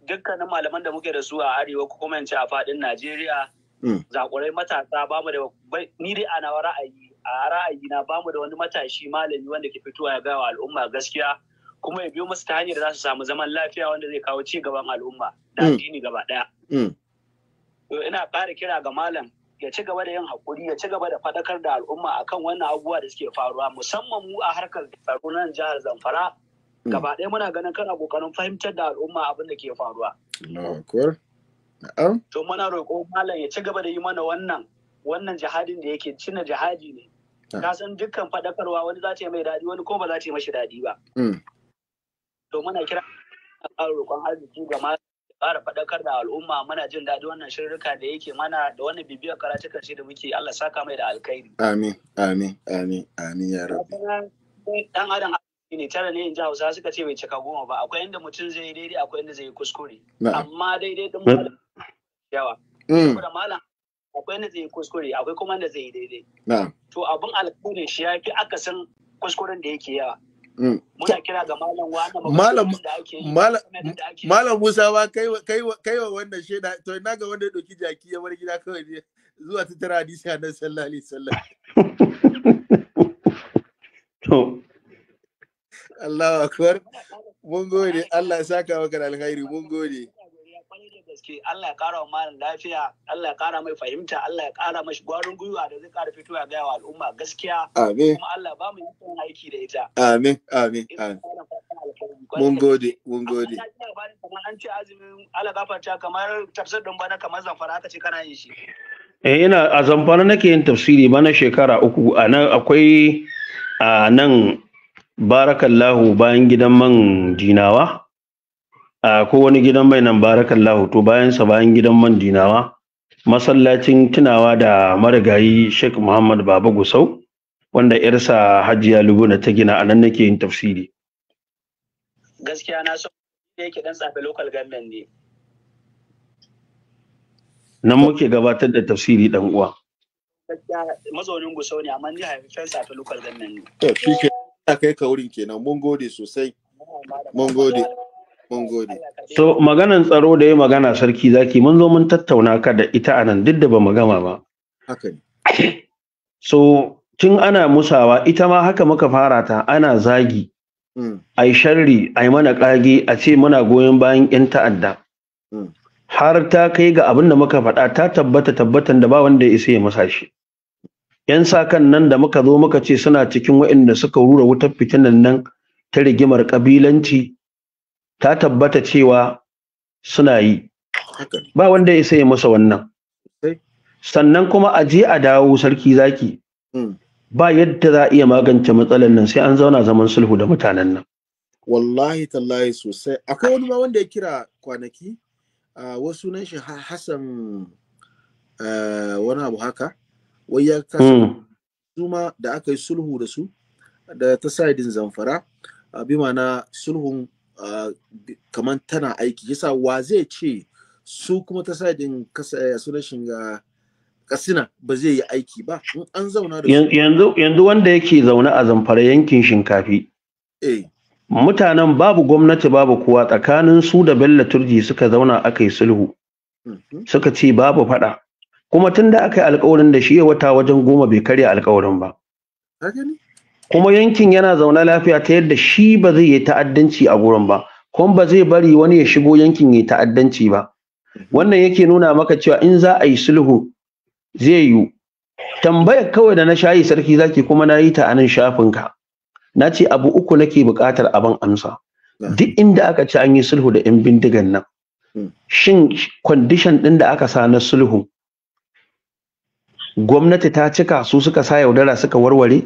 dukkanin malaman da muke da su a arewa ko kuma a fadin Najeriya hmm. zakurai matasa ba mu da ni dai ana ra'ayi a ra'ayi na ba mu da wani matashi malami wanda ke fitowa ya gaya wa al'umma gaskiya kuma ya biyo masu ta hanyar za su samu zaman lafiya wanda zai kawo ci gaban al'umma da mm. addini gaba ɗaya. Mm. ina ƙara kira ga malam ya ci gaba da yin haƙuri ya ci gaba da faɗakar da al'umma akan wannan abubuwa da suke faruwa musamman mu a harkar tsaro nan jihar zamfara mm. gaba ɗaya muna ganin kana ƙoƙarin fahimtar da al'umma abin da ke faruwa. to muna roƙo malam ya ci gaba da yi mana wannan wannan jihadin da yake cina jihadi ne ah. ka san dukkan faɗakarwa wani za ta yi mai daɗi wani ko ba za ta yi mashi daɗi ba to muna kira ƙara roƙon arziki ga ma ƙara faɗakar da al'umma muna jin daɗi wannan shirrika da yake mana da wani bibiyar karatu karshe da muke Allah saka mai da alkhairi. Amin, amin, amin, amin ya rabu. Dan adam ne tara ne in ji Hausa suka ce bai cika goma ba akwai inda mutum zai yi daidai akwai inda zai yi kuskure. Amma daidai ɗin mm. malam yawa. Mm. Saboda malam akwai inda zai yi kuskure akwai kuma inda zai yi daidai. To abin alkhairi shi ya fi akasin kuskuren da yake yawa. Mm. malam musa ba kai wa wannan shaida to ina ga wanda ya ɗauki jaki ya bar gida kawai ne zuwa ta tara hadisi a nan sallah alaihi sallah to Allahu akbar mun gode Allah ya saka maka da alkhairi mun gode kwarai da gaske Allah ya kara wa malam lafiya Allah ya kara mai fahimta Allah ya kara mashi gwarin gwiwa da zai kara fito ya gaya wa al'umma gaskiya amin kuma Allah ba mu yi aiki da ita amin amin amin mun gode mun gode an ce azumin Allah gafarta kamar tafsir din bana kamar zamfara aka ce kana yin shi eh ina a zamfara nake yin tafsiri bana shekara uku anan akwai a nan barakallahu bayan gidan man jinawa a ko wani gidan mai nan barakallahu to bayan sa bayan gidan man dinawa masallacin tunawa da marigayi Sheikh Muhammad Baba Gusau wanda yarsa Hajiya Lubuna ta gina anan nake yin tafsiri gaskiya na so yake dan tsafe local government ne nan muke gabatar da tafsiri dan uwa mazaunin gusau ne amma ni haifafen safe local government ne to shi ke kai ka wurin kenan mun gode sosai mun gode Mun gode. tsaro da ya magana sarki zaki mun zo mun tattauna ka da ita anan duk da ba mu gama ba. Haka So tun ana musawa ita ma haka muka fara ta ana zagi. Mm. Ai sharri, ai mana kage, a ce muna goyon bayan 'yan ta'adda. Mm. Har ta kai ga abin da muka faɗa ta tabbata tabbatan da ba wanda ya isa ya musa shi. 'Yan sakan nan da muka zo muka ce suna cikin waɗanda suka rura wutar fitinan nan ta rigimar ƙabilanci ta tabbata cewa suna yi ba wanda ya sai masa wannan sannan kuma a je a dawo sarki zaki hmm. ba yadda za a iya magance matsalar nan sai an zauna zaman sulhu da mutanen nan wallahi tallahi sosai akwai wani ma wanda ya kira kwanaki wasu nan shi hassan wani abu haka wai ya kasa Zuma hmm. da aka yi sulhu da su da ta saidin zamfara bi ma'ana sulhun kamar tana aiki yasa wa zai ce su kuma ta sadin eh, sunan shiga ah, kasina ba zai yi aiki ba in an zauna da yanzu yanzu wanda yake zaune a zamfara yankin shinkafi eh. mutanen babu gwamnati babu kuwa tsakanin su da Bello Turji suka zauna aka sulhu mm-hmm. suka ce babu fada kuma tunda aka yi alkawarin da shi ya wata wajen goma bai karya alkawarin ba kuma yankin yana zaune lafiya ta yadda shi ba zai yi ta'addanci a gurin ba kuma ba zai bari wani ya shigo yankin ya ta'addanci ba wannan yake nuna maka cewa in za a yi sulhu zai yiwu tambayar kawai da na shayi sarki zaki kuma na yi ta anan shafin ka. na ce abu uku nake buƙatar abin amsa duk inda aka ci an yi sulhu da 'yan bindigan nan shin kwandishan ɗin da aka sa na sulhu gwamnati ta cika su suka sa yaudara suka warware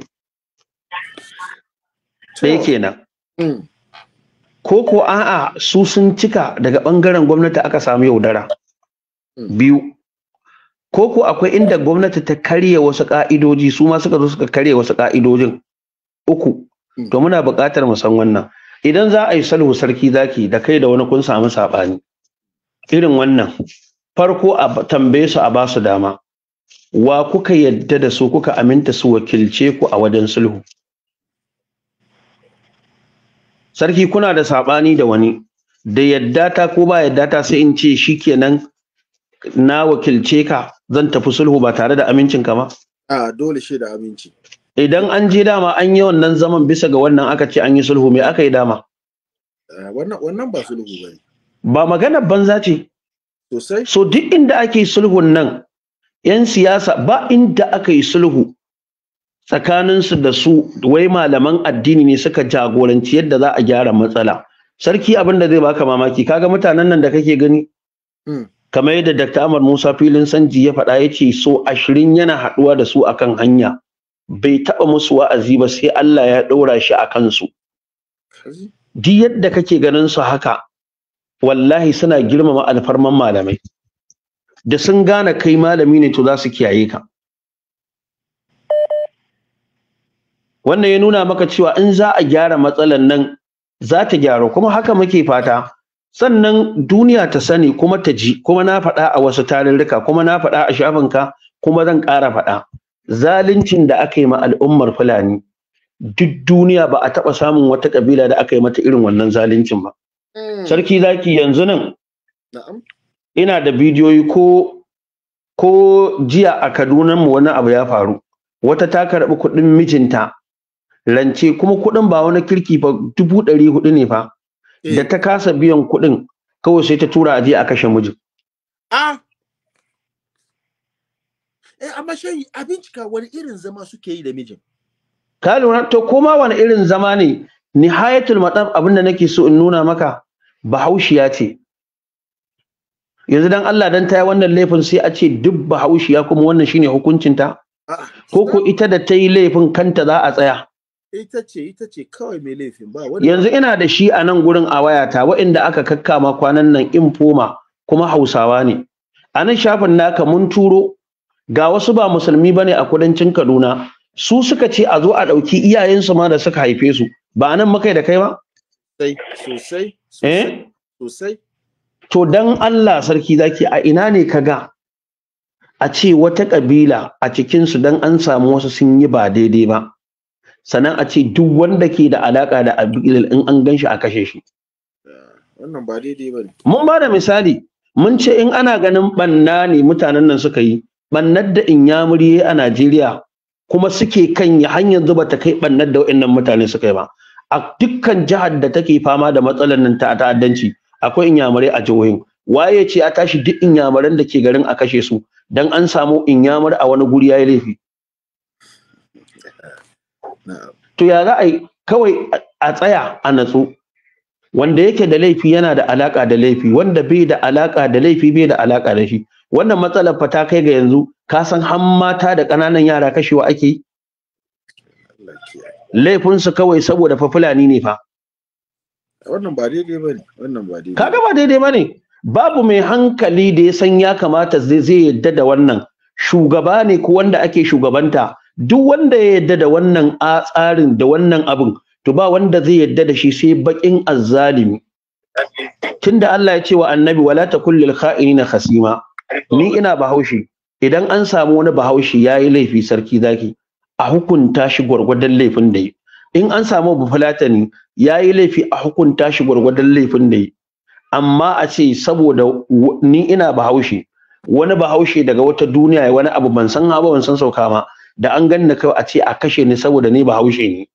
ɗaya kenan mm. ko ko a'a su sun cika daga bangaren gwamnati aka samu yaudara mm. biyu ko ko akwai inda gwamnati ta karya wasu ka'idoji su ma suka zo suka karya wasu ka'idojin uku mm. to muna buƙatar mu san wannan idan za a yi sulhu sarki zaki da kai da wani kun samu saɓani irin wannan farko a tambaye su a ba su dama wa kuka yadda da su kuka aminta su wakilce ku a wajen sulhu sarki kuna da saɓani da wani da yadda ta ko ba yadda ta sai in ce shikenan na wakilce ka zan tafi sulhu ba tare da amincin ka ba a dole shi da aminci idan an je dama an yi wannan zaman bisa ga wannan aka ce an yi sulhu me aka yi dama wannan wannan ba sulhu bane ba magana banza ce sosai so duk inda ake sulhun nan yan siyasa ba inda aka yi sulhu tsakaninsu da su wai malaman addini ne suka jagoranci yadda za a gyara matsala sarki abin da zai baka mamaki kaga mutanen nan da kake gani hmm. kamar yadda Dr. Ahmad Musa filin sanji ya faɗa ya ce so ashirin yana haɗuwa da su akan hanya bai taɓa musu wa'azi ba sai Allah ya ɗora shi a kansu Di yadda kake ganin su haka wallahi suna girmama alfarman malamai da sun gane kai malami ne to za su kiyaye ka wannan ya nuna maka cewa in za a gyara matsalan nan za ta gyaru kuma haka muke fata sannan duniya ta sani kuma ta ji kuma na faɗa a wasu tarurruka kuma na faɗa a shafin ka kuma zan ƙara faɗa zaluncin da aka yi ma al'ummar fulani duk duniya ba a taɓa samun wata ƙabila da aka yi mata irin wannan zaluncin ba hmm. sarki zaki yanzu nan ina da bidiyoyi ko ko jiya a kaduna mu wani abu ya faru wata ta karɓi kuɗin mijinta Rance kuma kuɗin ba wani kirki ba dubu ɗari hudu ne fa eh. da ta kasa biyan kuɗin kawai sai ta tura aje a kashe mijin. A eh, amma shayi abinci ka wani irin zama suke yi da mijin. Ka lura to koma wani irin zama ne nihayatul matsaf abin da nake so in nuna maka bahaushiya ce. Yanzu dan Allah dan ta yi wannan laifin sai a ce duk bahaushiya kuma wannan shine hukuncinta. Ko ko ita da ta yi laifin kanta za a tsaya. ita ce ita ce kawai mai laifin ba wani yanzu ina da shi a nan gurin a wayata waɗanda aka kakkama kwanan nan infoma kuma hausawa ne a nan shafin naka mun turo ga wasu ba musulmi bane a kudancin kaduna su suka ce a zo a ɗauki iyayensu ma da suka haife su ba nan makai da kai ba sosai sosai sosai eh? to dan Allah sarki zaki a ina ne ka ga a ce wata kabila a cikinsu dan an samu wasu sun yi ba daidai ba sannan a ce duk wanda ke da alaka da abdul in an gan shi a kashe shi wannan ba daidai bane mun ba da misali mun ce in ana ganin banna ne mutanen nan suka yi bannar da in ya murye a Najeriya kuma suke kan ya hanyar zuba ta kai bannar da waɗannan mutane suka yi ba a dukkan jihar da take fama da matsalar nan ta ta'addanci akwai inyamurai a jihohin waye ce a tashi duk inyamuran da ke garin a kashe su dan an samu inyamur a wani guri yayi laifi to ya za a yi kawai a tsaya a natsu wanda yake da laifi yana da alaka da laifi wanda bai da alaka da laifi bai da alaka da shi wannan matsalar fa ta kai ga yanzu ka san har mata da ƙananan yara kashewa ake Laifin su kawai saboda fa fulani ne fa wannan ba daidai bane wannan ba daidai kaga ba daidai bane babu mai hankali da ya san ya kamata zai zai yadda da wannan shugaba ne ko wanda ake shugabanta duk wanda ya yadda da wannan tsarin da wannan abin to ba wanda zai yadda da shi sai bakin azzalimi tunda Allah ya ce wa annabi wala takul lil kha'inina khasima ni ina bahaushe idan an samu wani bahaushe yayi laifi sarki zaki a hukunta shi gwargwadon laifin da yi in an samu bufulatani yayi laifi a hukunta shi gwargwadon laifin da yi amma a ce saboda ni ina bahaushe wani bahaushe daga wata duniya ya wani abu ban san ha ban san sauka ma da an ganni kai a ce a kashe ni saboda ni ba haushe ni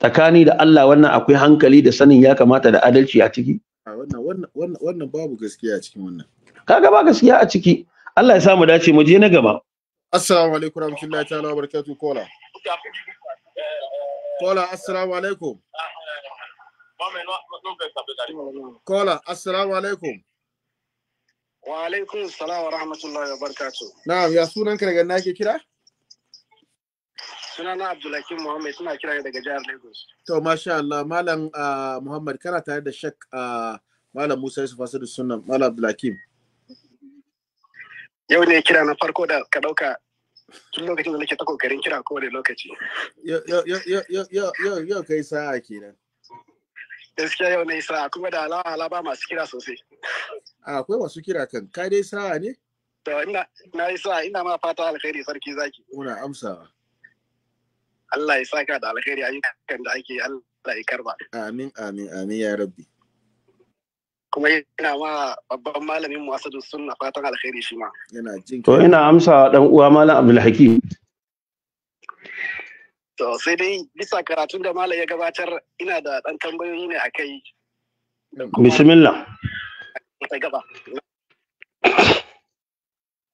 tsakani da Allah wannan akwai hankali da sanin ya kamata da adalci a ciki wannan babu gaskiya a cikin wannan kaga ba gaskiya a ciki Allah ya sa mu dace mu je na gaba assalamu alaikum warahmatullahi ta'ala wabarakatuh kola kola assalamu alaikum kola assalamu alaikum wa alaikum salam wa rahmatullahi wa barakatuh na'am ya sunan ka daga nake kira sunana Abdulhakim Muhammad suna kira daga jihar Lagos. To masha Allah Malam uh, Muhammad kana tare da shak uh, Malam Musa Yusuf Asadu Sunan Malam Abdulhakim. Yau ne kira na farko da ka dauka tun lokacin da nake ta kokarin kira wani lokaci. Yau kai sa'a kenan. Gaskiya yau ne sa'a kuma da alawa alaba masu kira sosai. Akwai masu kira kan, ka dai sa'a ne? To ina na yi sa'a ina ma fata alkhairi sarki zaki. Muna amsawa. Allah ya saka da alkhairi ayyukan da ake Allah ya karba amin amin amin ya rabbi kuma yana ma babban malamin mu asadu sunna fatan alkhairi shi ma yana jin to ina amsa dan uwa malam abdulhakim to sai dai bisa karatun da malam ya gabatar ina da dan tambayoyi ne akai bismillah ta gaba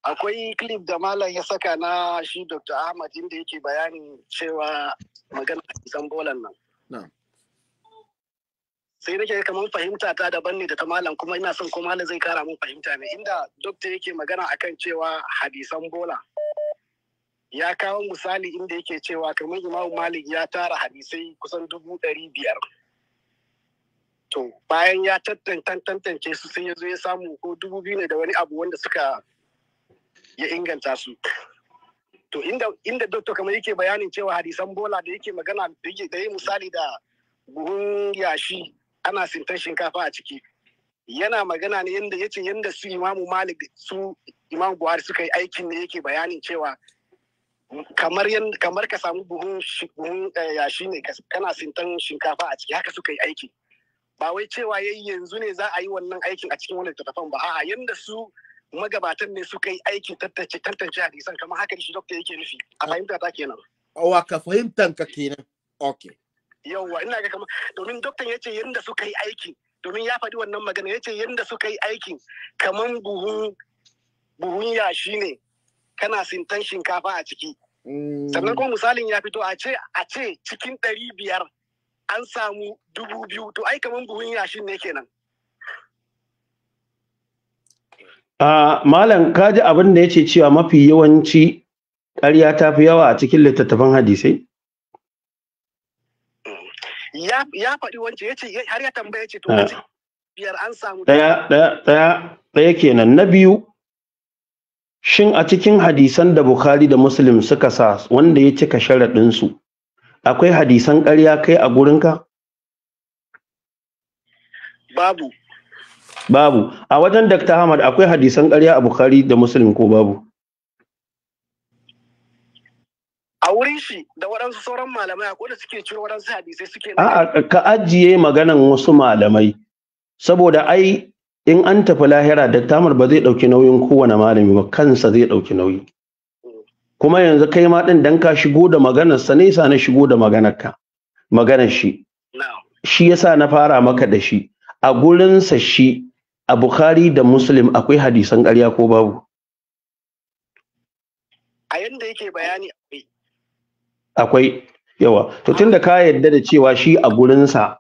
akwai clip da malam ya saka na shi dr ahmad inda yake bayanin cewa magana a kisan bolan nan sai nake kamar fahimta ta daban ne da ta malam kuma ina son ko malam zai kara mun fahimta ne inda dokta yake magana akan cewa hadisan bola ya kawo misali inda yake cewa kamar imamu malik ya tara hadisai kusan dubu ɗari biyar to bayan ya tantance su sai ya zo ya samu ko dubu biyu ne da wani abu wanda suka ya inganta su to inda inda doctor kamar yake bayanin cewa hadisan bola da yake magana da yi misali da buhun yashi ana sintan shinkafa a ciki yana magana ne yanda yace yanda su imamu malik su imam buhari suka yi aikin ne yake bayanin cewa kamar kamar ka samu buhun eh, yashi ne kana sintan shinkafa a ciki haka suka yi aiki ba wai cewa yayi yanzu ne za a yi wannan aikin a cikin wani littattafan ba a'a yanda su magabatan ne suka yi aikin tantance tantance hadisan kamar haka shi dokta yake nufi a ah. fahimta ta kenan wa ka fahimtan ka kenan okay yawwa ina ga kamar domin doktan yace yadda suka yi aikin domin ya faɗi wannan magana ce yadda suka yi aikin kamar buhun buhun yashi ne kana sintan shinkafa a ciki mm. sannan kuma misalin ya fito a ce a ce cikin ɗari biyar an samu dubu biyu to ai kamar buhun yashin ne kenan a malam kaji abin da ce cewa mafi yawanci ƙarya ta fi yawa a cikin littattafan hadisai ya ya faɗi wance yace har ya tambaya ce to ah. biyar an samu daya daya daya daya kenan na biyu shin a cikin hadisan da Bukhari da Muslim suka sa wanda ya cika sharaɗinsu, su akwai hadisan ƙarya kai a gurinka babu babu a wajen dr hamad akwai hadisan ƙarya a bukari da muslim ko babu a wurin shi da waɗansu sauran malamai a da suke ciro waɗansu hadisai suke a'a ka ajiye maganan wasu malamai saboda ai in an tafi lahira dr hamad ba zai ɗauki nauyin kowane malami ba kansa zai ɗauki nauyi kuma yanzu kai ma ɗin dan ka shigo da maganarsa nesa na shigo da ka maganar shi shi yasa na fara maka da shi a gurinsa shi a Bukhari da Muslim akwai hadisan ƙarya ko babu? A yadda yake bayani akwai. Akwai, yawa. To da ka yadda da cewa shi a gurinsa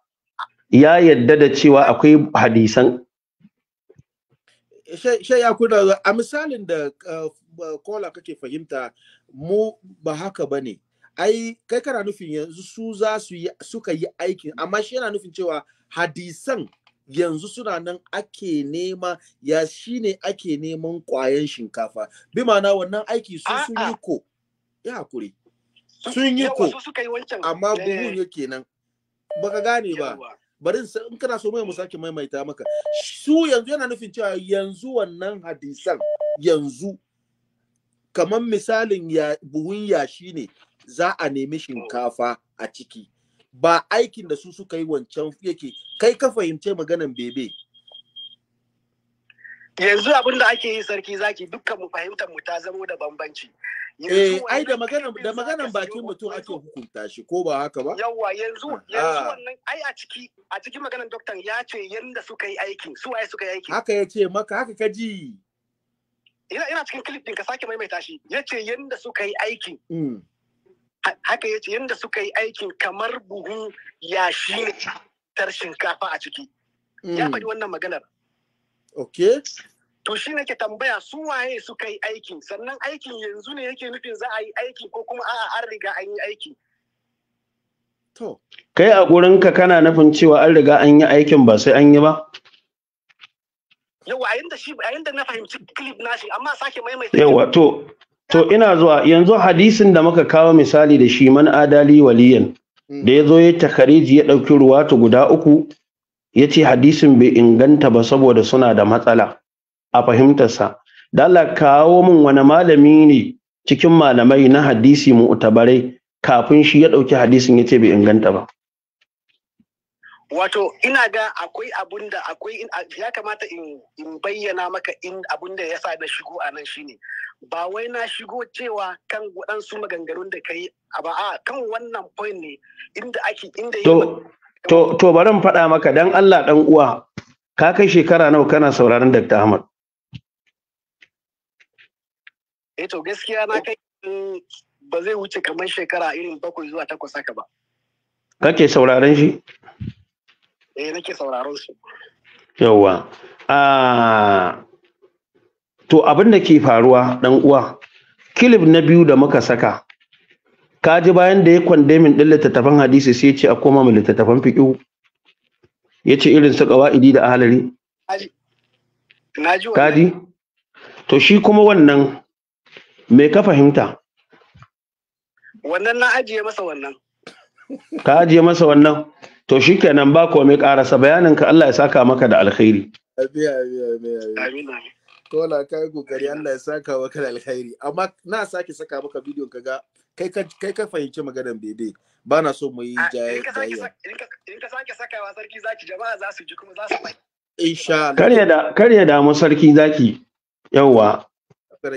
ya yadda da cewa akwai hadisan. Shai ya kuda a misalin da kola eh, kake fahimta mu ba haka ba ne. Ai, kai kana nufin yanzu su za su yi suka yi aikin, amma shi yana nufin cewa hadisan yanzu suna nan ake nema ya shi ake neman kwayan shinkafa bi ma'ana wannan aiki su sun yi ko ya hakuri sun yi ko amma eh. buhun yake nan baka gane ba bari in kana so mai mu sake maimaita maka su yanzu yana nufin cewa yanzu wannan hadisan yanzu kamar misalin buhun yashi ne za a nemi shinkafa a ciki ba aikin da su suka yi wancan yake kai ka fahimce maganan bebe yanzu abin da ake yi sarki zaki dukkan mu fahimtar mu ta zamo da bambanci eh ai da maganan da maganan bakin mutum ake hukunta shi ko ba haka ba yawa yanzu ah. yanzu wannan ai a ciki a cikin maganan doktan ya ce yanda suka yi aikin su waye suka yi aikin haka ya ce maka haka ka ji ina ina cikin clip din ka sake maimaita shi ya ce yanda suka yi aikin mm. haka ya ce yadda suka yi aikin kamar buhu shi ne tar shinkafa a ciki ya mm. faɗi wannan maganar ok to shi nake tambaya su waye suka yi aikin sannan aikin yanzu ne yake nufin za a yi aiki ko kuma a'a an riga an yi aiki to kai a gurinka kana nufin cewa an riga an yi aikin ba sai an yi ba yawa a yanda shi a yanda na fahimci clip nashi amma sake maimaita yawa to To ina zuwa yanzu hadisin da muka kawo misali da shi man adali waliyan hmm. da ya zo ya takariji ya ɗauki ruwatu guda uku ya ce hadisin bai inganta ba saboda suna da matsala a fahimtarsa. Da Allah kawo min wani malami ne cikin malamai na hadisi mu'tabarai kafin shi ya ɗauki hadisin ya ce bai inganta ba. Wato ina ga akwai abun da akwai ya kamata in, bayyana maka in abun da ya sa na shigo a nan shine ba wai na shigo cewa kan waɗansu maganganun da ka yi ba a kan wannan point ne inda ake inda to, to, to bari faɗa maka dan Allah dan uwa ka kai shekara nawa kana sauraron Dr. Ahmad Eh to gaskiya na kai ba zai wuce kamar shekara irin bakwai zuwa takwas haka ba kake sauraron shi eh nake sauraron su yawa a ah, to abin da ke faruwa dan uwa kilif na biyu da muka saka ka ji bayan da ya min din littattafan hadisi sai ya ce a koma mu littattafan fiqh ya ce irin su qawaidi da ahlari kaji to shi kuma wannan me ka fahimta wannan na ajiye masa wannan ka ajiye masa wannan to shi kenan ba komai karasa bayanin ka Allah ya saka maka da alkhairi abi abi abi amin amin kola kai kokari Allah ya saka maka da alkhairi amma na sake saka maka bidiyon ka ga kai ka kai ka fahimci maganar daidai ba na so mu yi jaye ah, jaye in ka sake wa sarki zaki jama'a za su ji kuma za su fahimci. insha Allah kare da kare da mu sarki zaki yawa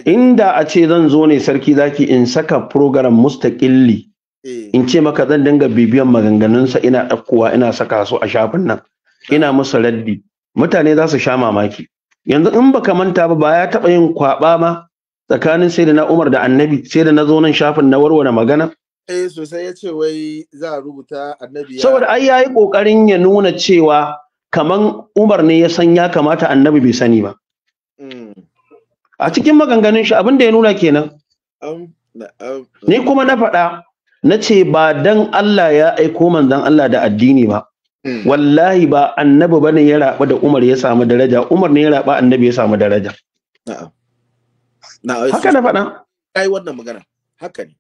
inda a ce zan zo ne sarki zaki in saka program mustaqilli Eh. in ce maka zan dinga bibiyan maganganunsa ina ɗaukowa ina saka su a shafin nan ina musu raddi mutane za su sha mamaki yanzu in baka manta ba ya taɓa yin kwaɓa ma tsakanin sai da na umar da annabi sai da na zo nan shafin na warware magana eh sosai ya ce wai za a rubuta annabi saboda ai yayi kokarin ya nuna cewa kaman umar ne ya san ya kamata annabi bai sani ba mm. a cikin maganganun shi abin da ya nuna kenan ni kuma na faɗa na ce ba dan Allah ya aiko manzon Allah da addini ba hmm. wallahi ba annabi bane ya raba da Umar ya samu daraja Umar ne ya raba annabi ya samu daraja eh, haka na faɗa kai wannan magana haka ne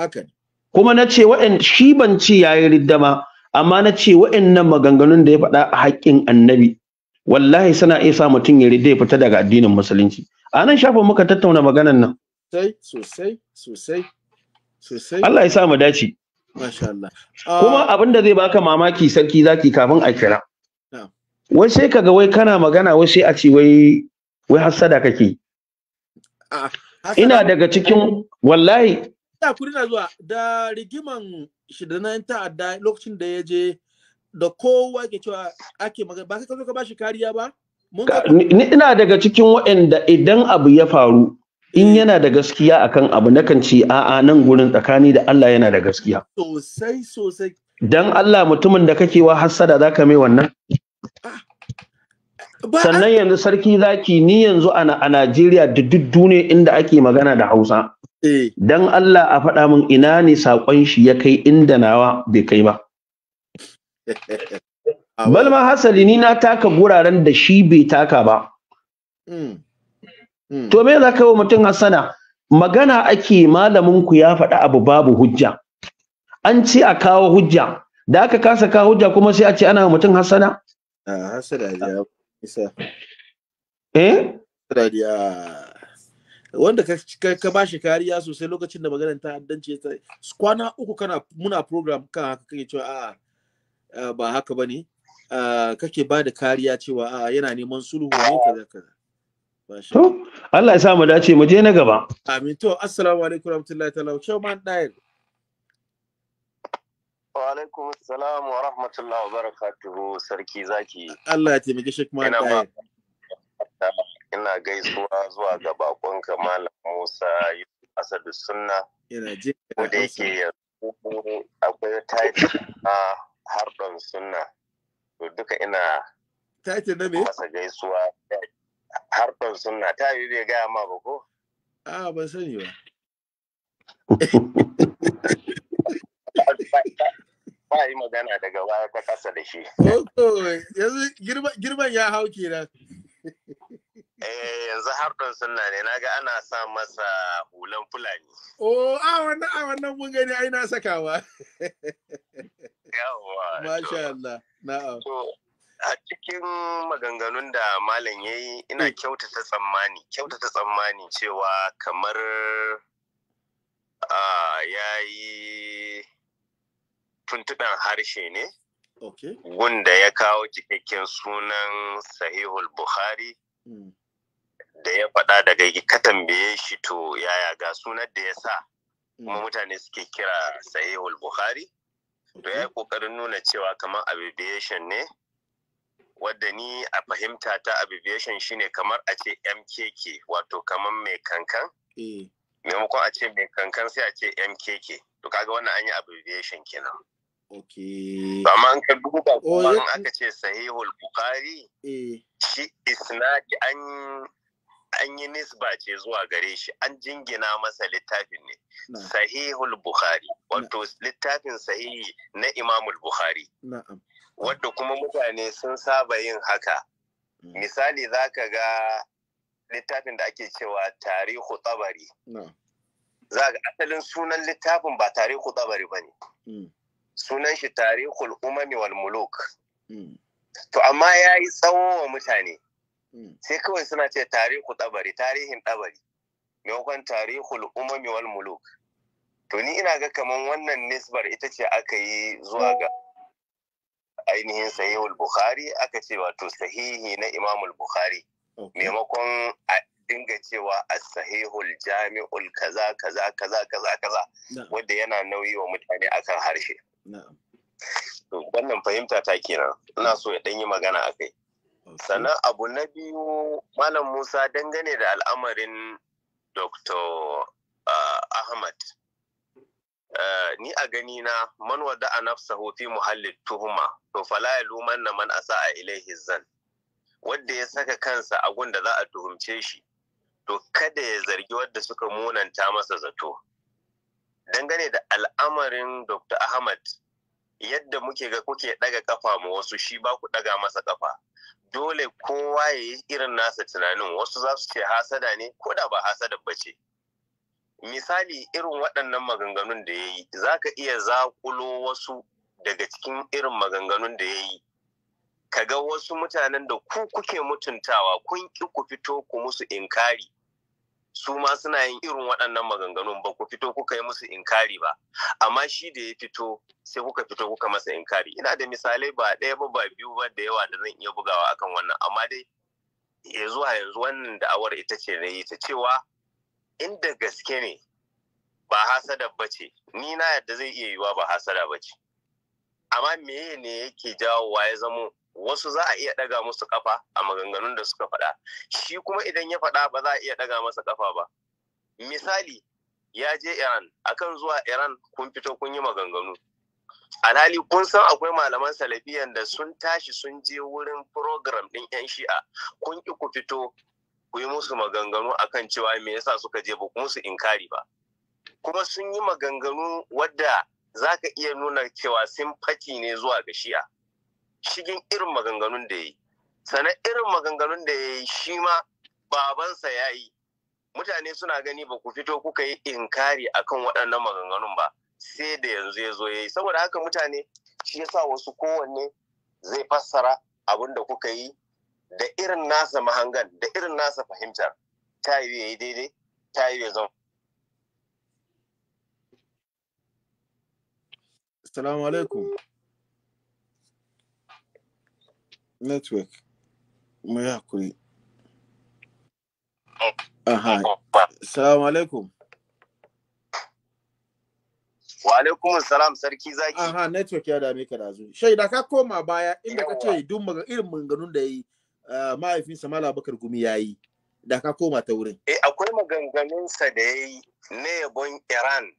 haka ne kuma na ce wa'in shi ban ce yayi riddama amma na ce wa'annan maganganun da ya faɗa a haƙƙin annabi wallahi suna iya sa mutum ya ridda ya fita daga addinin musulunci a nan shafin muka tattauna maganan nan sosai sosai sosai Allah ya sa mu dace. Masha Allah. Kuma ah, abin da zai baka mamaki sarki zaki kafin a kira. Wai sai kaga wai kana magana wai sai a ce wai wai hasada kake. Ah, ina daga cikin wallahi. Da kuri na zuwa da rigiman shi da na adda lokacin da ya je da kowa ke cewa ake magana ba sai ka zo ka bashi kariya ba? Ina daga cikin waɗanda idan abu ya faru in eh. yana da gaskiya akan abu nakan ce a'a nan gurin tsakani da Allah yana da gaskiya sosai Allah mutumin da kake wa hassada zaka mai wannan sannan yanzu sarki zaki ni yanzu a Najeriya da duk duniya inda ake magana da Hausa eh. dan Allah a faɗa min ina ne saƙon shi ya kai inda nawa bai kai ba balma hasali ni na taka guraren da shi bai taka ba hmm. to me za ka wa mutum hasana magana ake malamin ku ya faɗi abu babu hujja an ce a kawo hujja da aka kasa kawo hujja kuma sai a ce ana mutum hasana hasada ya isa eh wanda ka, ka, ba shi kariya sosai lokacin da maganar ta'addanci ta kwana uku kana muna program kan haka kake cewa a ba haka bane kake ba da kariya cewa a yana neman sulhu ne kaza kaza To, Allah ya sa mu dace mu je na gaba. Amin to, assalamu alaikum warahmatullahi ta'ala. Kyau man dial. Wa alaikum assalam wa rahmatullahi wa barakatuhu sarki zaki. Allah ya taimake shi kuma Ina gaisuwa zuwa ga bakon Malam Musa Asadu Sunna. Ina ji. Ko da yake akwai title a Hardon Sunna. To duka ina Title na me? Masa gaisuwa harkar suna ta yi bai gaya ma ba ko? A ban sani ba. Ba yi magana daga baya ta kasa da shi. Oh, yanzu girman ya hau kenan. Eh yanzu harkar suna ne naga ana sa masa hulan fulani. Oh a wannan a wannan mun gani ai na sakawa. Yawwa. Masha Allah. Na'am. a cikin maganganun da malam ya yi ina mm. kyautata tsammani kyautata tsammani cewa kamar ya yi tuntuɗan harshe ne wanda ya kawo cikakken sunan sahihul buhari mm. da ya faɗa daga ka tambaye shi to yaya ga sunan da ya sa kuma mm. mutane suke kira sahihul buhari to ya yi ƙoƙarin nuna cewa kamar abbreviation ne wadda ni a fahimta ta abbreviation shine kamar a ce mkk wato kamar mai kankan eh. maimakon a ce mai kankan sai a ce mkk to kaga wannan an yi abbreviation kenan Okay. Amma an ka duba oh, kuma aka ce sahihul Bukhari eh. shi isnadi an an yi nisba ce zuwa gare shi an jingina masa littafin ne sahihul Bukhari wato littafin sahihi na Imamul Bukhari. Na'am. wadda kuma mutane sun saba yin haka mm. misali za ka ga littafin da ake cewa tarihu tsabari za ga asalin sunan littafin ba tarihu tsabari ba ne mm. sunan shi tarihul umami wal muluk mm. to amma ya yi tsawo wa mutane sai kawai suna ce tarihu tsabari tarihin tsabari maimakon tarihul umami wal muluk to ni ina ga kaman wannan nisbar ita ce aka yi zuwa ga ainihin sahihul bukhari aka ce wato sahihi na imamul bukhari maimakon a dinga cewa a sahihul jami'ul kaza kaza kaza kaza kaza wadda yana nauyi wa mutane akan harshe wannan fahimta ta kenan ina so ya yi magana a kai sannan abu na biyu malam musa dangane da al'amarin dr ah, ahmad Eh, ni a gani na man wada a nafsa fi muhallin tuhuma to fala ya luman na man a ilaihi zan wanda ya saka kansa a da za a tuhumce shi to kada ya zargi wadda suka munanta masa zato dangane da al'amarin dr ahmad yadda muke ga kuke daga kafa ma wasu shi ba ku daga masa kafa dole kowa ya yi irin nasa tunanin wasu za su ce hasada ne ko da ba hasada ba ce misali irin waɗannan maganganun da ya yi za ka iya zaƙulo wasu daga cikin irin maganganun da ya yi ka ga wasu mutanen da ku kuke mutuntawa kun ƙi ku fito ku musu inkari su ma suna yin irin waɗannan maganganun ba ku fito kuka yi musu inkari ba amma shi da ya fito sai kuka fito kuka masa inkari ina da misalai ba ɗaya ba ba biyu ba da yawa da zan iya bugawa akan wannan amma dai ya zuwa yanzu wannan da'awar ita ce na yi ta cewa inda gaske ne ba hasada ba ce, ni na yadda zai iya yiwa ba hasada ba ce. amma meye ne yake jawo wa ya zamo wasu za a iya ɗaga musu kafa a maganganun da suka faɗa shi kuma idan ya faɗa ba za a iya daga masa kafa ba misali ya je iran akan zuwa iran kun fito kun yi maganganu alhali kun san akwai malaman salafiyan da sun tashi sun je wurin program ɗin 'yan shi'a kun ki ku fito ku yi musu maganganu a kan cewa me yasa suka je ba ku musu inkari ba kuma sun yi maganganu wadda za ka iya nuna cewa sun faki ne zuwa ga shi'a shigin irin maganganun da ya yi sannan irin maganganun da ya yi shi ma babansa ya yi mutane suna gani ba ku fito kuka yi inkari akan waɗannan maganganun ba sai da yanzu ya zo ya yi saboda haka mutane shi yasa wasu kowanne zai fassara abin da kuka yi da irin nasa mahangan da irin nasa fahimtar ta yi ya yi daidai ta yi ya zama Assalamu alaikum. Network. Mai hakuri. Aha. Assalamu alaikum. Wa alaikum salam sarki zaki. Aha, network ya dame ka dazu. Shaida ka koma baya inda ka ce duk irin maganganun da ya yi Eh, mahaifinsa Malam Bakar Gumi ya yi da ka koma ta wurin. Eh akwai maganganunsa da ya yi na yabon Iran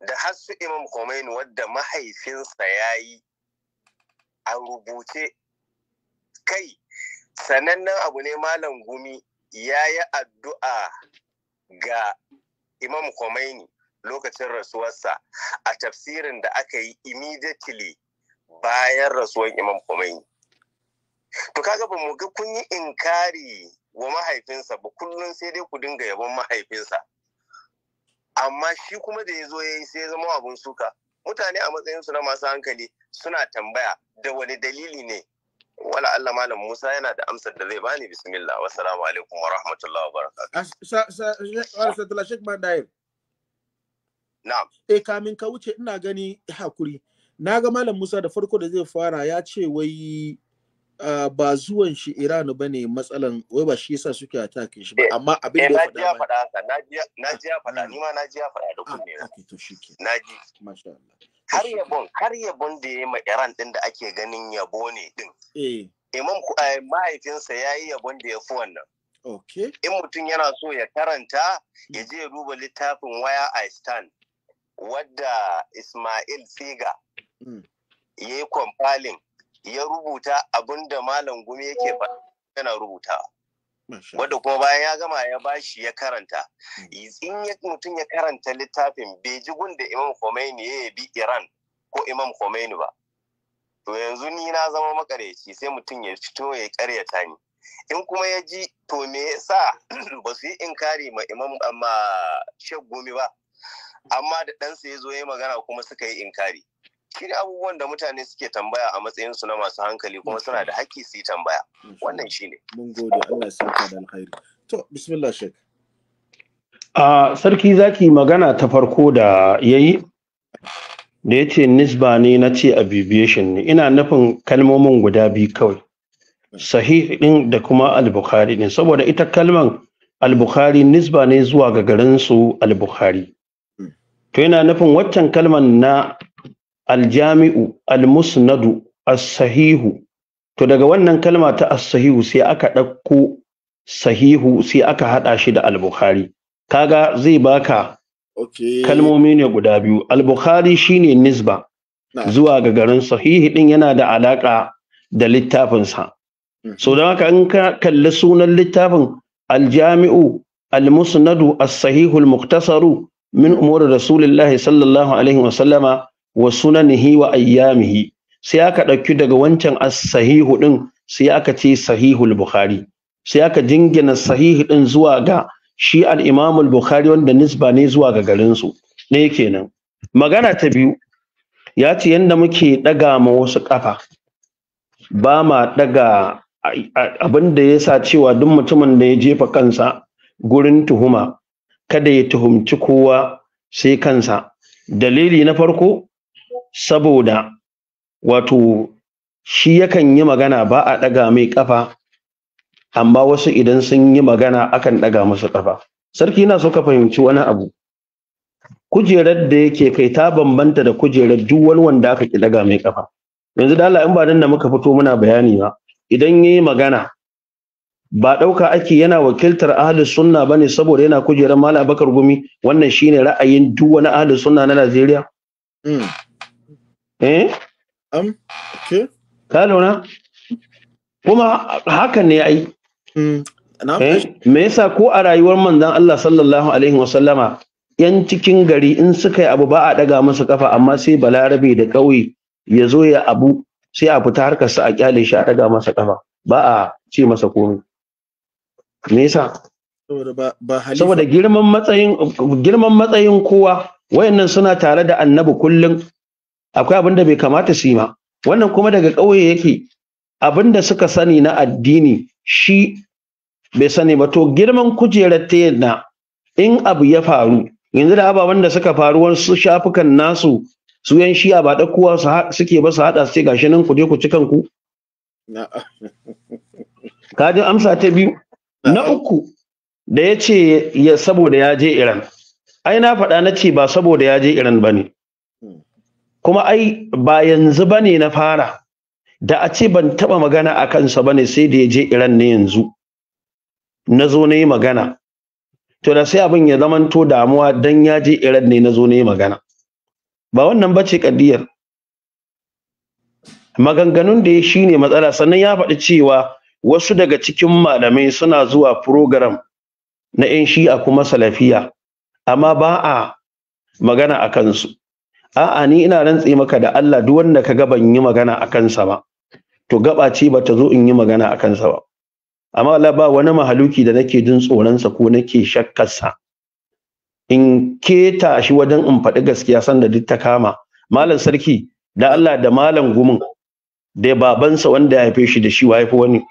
da hasu Imam Khomeini wadda mahaifinsa ya yi a rubuce kai sanannen abu ne Malam Gumi ya yi addu'a ga Imam Khomeini lokacin rasuwarsa a tafsirin da aka yi immediately bayan rasuwar Imam Khomeini. to kaga ba mu ga kun yi inkari wa mahaifinsa ba kullum sai dai ku dinga yabon mahaifinsa amma shi kuma da ya zo ya yi sai ya zama abun suka mutane a matsayinsu na masu hankali suna tambaya da wani dalili ne wala Allah malam Musa yana da amsar da zai bani bismillah wassalamu alaikum wa rahmatullahi wa barakatuh ah, eh kamin ka wuce ina gani hakuri na ga malam Musa da farko da zai fara ya ce wai Uh, ba zuwan shi Iran ba ne matsalan wai ba shi yasa suke atake shi ba eh, amma abin da eh, ya faɗa ba faɗa haka na ji ya faɗa hmm. ni ma na ji ya faɗa da ah, kunne na to shike na ji masha Allah har yabon har yabon da yayi ma Iran din da ake ganin yabo ne din eh imam eh, mahaifinsa yayi yabon da ya fi wannan okay in mutum yana so ya karanta ya hmm. je ya duba littafin waya I stand wadda Ismail Siga hmm. yayi compiling ya rubuta abin da malam gumi yake faɗa yana rubutawa wadda kuma bayan ya gama ya bashi ya karanta hmm. in mutum ya karanta littafin bai ji da imam Khomeini ya bi iran ko imam Khomeini ba to yanzu ni na zama makareci sai mutum ya fito ya karyata ni in kuma ya ji to me sa ba su yi inkari ma imam amma shek gumi ba amma da ɗansa ya zo ya magana kuma suka yi inkari shirya abubuwan da mutane suke tambaya a matsayinsu na masu hankali kuma suna da haƙƙi su yi tambaya wannan ne mun gode Allah ya saka da alkhairi to bismillah shek a sarki zaki magana ta farko da ya yi, da ya ce nisba ne na ce abbreviation ne ina nufin kalmomin guda biyu kawai sahih din da kuma al-bukhari saboda ita kalmar al nisba ne zuwa ga garin su al hmm. to yana nufin waccan kalman na aljami'u almusnadu as-sahihu to daga wannan kalma ta as-sahihu sai aka ɗauko sahihu sai aka haɗa shi da al-bukhari kaga zai baka okay. kalmomi ne guda biyu al-bukhari shine nisba nah. zuwa ga garin sahihi din yana da alaka da littafinsa mm. so don haka in ka kalli sunan littafin aljami'u almusnadu as-sahihu al-muqtasaru min umuri rasulillahi sallallahu alaihi wa sallama wa sunanihi wa ayyamihi sai aka ɗauki daga wancan as-sahihu din sai aka ce sahihul bukhari sai aka jingina sahihu din zuwa ga shi al-imam al-bukhari wanda nisba ne zuwa ga garin su ne kenan magana ta biyu ya ce yanda muke ɗaga ma wasu kafa ba ma ɗaga abin da ya sa cewa duk mutumin da ya jefa kansa gurin tuhuma kada ya tuhumci kowa sai kansa dalili na farko saboda wato shi yakan yi magana ba a ɗaga mai ƙafa amma wasu idan sun yi magana akan ɗaga musu ƙafa sarki na so ka fahimci wani abu kujerar da yake kai ta bambanta da kujerar duk wani wanda aka ki daga mai kafa yanzu da Allah in ba nan da muka fito muna bayani ba idan yayi magana ba dauka ake yana wakiltar ahli sunna bane saboda yana kujerar mala bakar gumi wannan shine ra'ayin duk wani ahli sunna na Najeriya hmm. eh am ke ka lura kuma hakan ne yi. Hmm, eh? me yasa ko a rayuwar manzon Allah sallallahu alaihi wasallama yan cikin gari in suka yi abu ba a daga musu kafa amma sai balarabe da ƙauye ya zo ya abu sai a fita harkar sa a kyale shi a daga masa kafa ba a ce masa komai me yasa saboda girman matsayin girman matsayin kowa wayannan suna tare da annabi kullum akwai abin da bai kamata su yi ma wannan kuma daga ƙauye yake abin da suka sani na addini shi bai sani ba to girman kujerar ta yadda in abu ya faru yanzu da ababen da suka faru wasu shafukan nasu su yan shi'a ba da kowa suke ba su haɗa su ce gashi nan ku je ku ci kanku ka ji amsa ta biyu na uku da ya ce saboda ya je iran ai na faɗa na ce ba saboda ya je iran ba ne kuma ai ba yanzu bane na fara da a ce ban taba magana a kansa bane sai da ya je Iran ne yanzu na zo na yi magana to da sai abin ya zamanto damuwa dan ya je Iran ne na zo na yi magana ba wannan bace kadiyar maganganun da ya shine matsala sannan ya faɗi cewa wasu daga cikin malamai suna zuwa program na 'yan shi'a kuma salafiya amma ba a magana a kansu a'a ni ina rantse maka da Allah duk wanda ka ga ban yi magana a kansa ba to gaba ce ba ta zo in yi magana a kansa ba amma Allah ba wani mahaluki da nake jin tsoronsa ko nake shakkarsa in keta shi wajen in faɗi gaskiya sanda duk ta kama malam sarki da Allah da malam gumin da babansa wanda ya haife shi da shi wa wani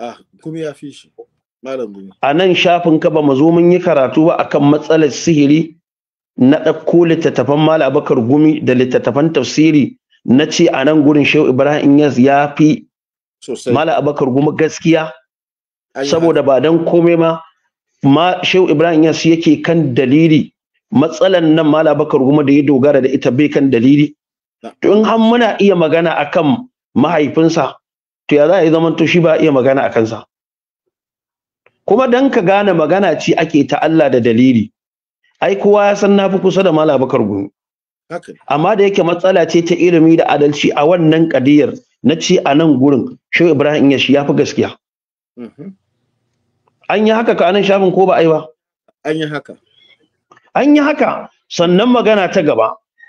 ah kuma ya fi shi malam gumin a nan shafin ka ba mu zo mun yi karatu ba akan matsalar sihiri na ɗauko littattafan Malam Abubakar Gumi da littattafan tafsiri na ce a nan gurin Shehu Ibrahim Yas ya fi Malam Abubakar Gumi gaskiya saboda ba dan komai ma ma Shehu Ibrahim Yas yake kan dalili matsalan nan Malam Abubakar Gumi da ya dogara da ita bai kan dalili to in har muna iya magana akan mahaifinsa to ya za a yi zaman to shi ba iya magana a kansa kuma dan ka gane magana ce ake ta Allah da dalili ai kowa ya san na fi kusa da malam bakar gumi amma da yake matsala ce ta ilimi da adalci a wannan kadiyar na ce a nan gurin shi ibrahim ya shi ya fi gaskiya mhm. an yi haka ka anan shafin ko ba ai ba an yi haka an yi haka sannan magana ta gaba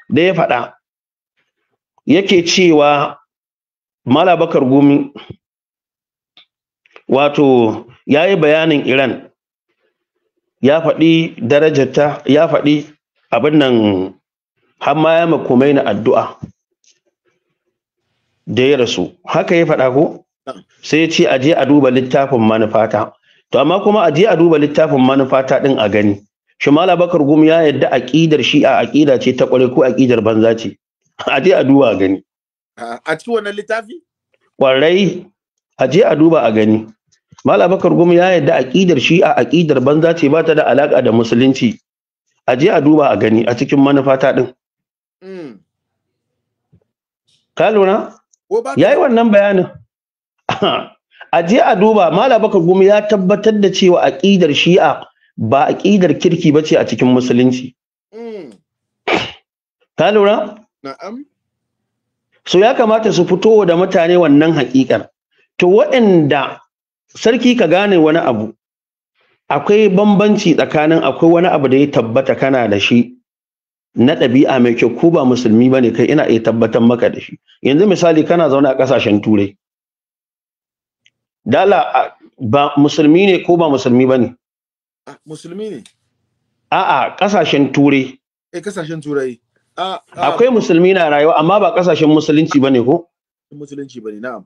da ya faɗa yake cewa mala bakar gumi wato ya yi bayanin iran ya faɗi darajarta ya faɗi abin nan har ma ya makomai na addu'a da ya rasu haka ya faɗa ko sai ya ce aje a duba littafin manufata to amma kuma aje a duba littafin manufata din a gani shi mala bakar gum ya yadda aqidar shi a aƙida ce ta kware ko aqidar banza ce aje a duba a gani a cikin wannan littafi kwarai aje a duba a gani Mala Bakar Gumi ya yarda aƙidar Shi'a aƙidar banza ce ba ta da alaƙa da musulunci. A je a duba a gani a cikin manufata ɗin. Mm. Ka lura? Ya yi wannan bayanin. A je a duba Mala Bakar Gumi ya tabbatar da cewa aƙidar Shi'a ba aƙidar kirki ba ce a cikin musulunci. Mm. Ka lura? Na'am. So ya kamata su fito da mutane wannan haƙiƙar. To waɗanda sarki ka gane wani abu akwai bambanci tsakanin akwai wani abu da ya tabbata kana da shi na ɗabi'a mai kyau ko ba musulmi ba ne kai ina iya tabbatar maka da shi yanzu misali kana zaune a ƙasashen turai dala ba musulmi ne ko ba musulmi ba ne musulmi ne a'a ƙasashen turai eh ƙasashen turai akwai musulmi na rayuwa amma ba ƙasashen musulunci ba ne ko musulunci ba ne na'am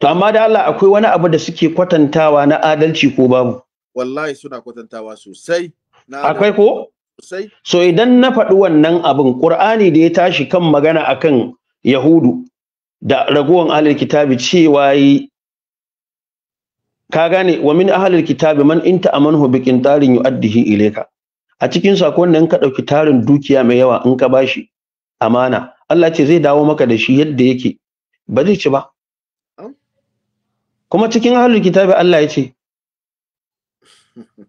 to amma da Allah akwai wani abu da suke kwatantawa na adalci ko babu wallahi suna kwatantawa sosai akwai ko so idan na faɗi wannan abin ƙur'ani da ya tashi kan magana akan yahudu da ragowar ahlul kitabi cewa yi ka gane wa min ahlul kitabi man inta amanhu bi qintarin yu'addihi ilayka a cikin sakon nan ka ɗauki tarin dukiya mai yawa in ka bashi amana Allah ce zai dawo maka da shi yadda yake ba zai ci ba kuma cikin ahlul kitabi Allah ya ce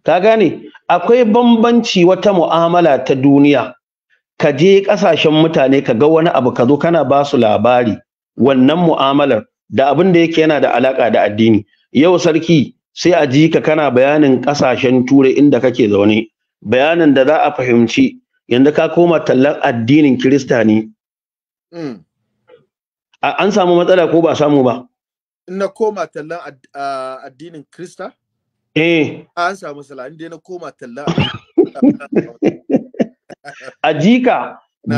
ka gane akwai bambanci wata mu'amala ta duniya ka je kasashen mutane ka ga wani abu ka zo kana ba su labari wannan mu'amalar da abin da yake yana da alaka da addini yau sarki sai a ji ka kana bayanin kasashen turai inda kake zaune bayanin da za a fahimci yanda ka koma tallan addinin kirista ne hmm. an samu matsala ko ba samu ba na koma tallan addinin krista eh an samu sala inda na koma tallan ajika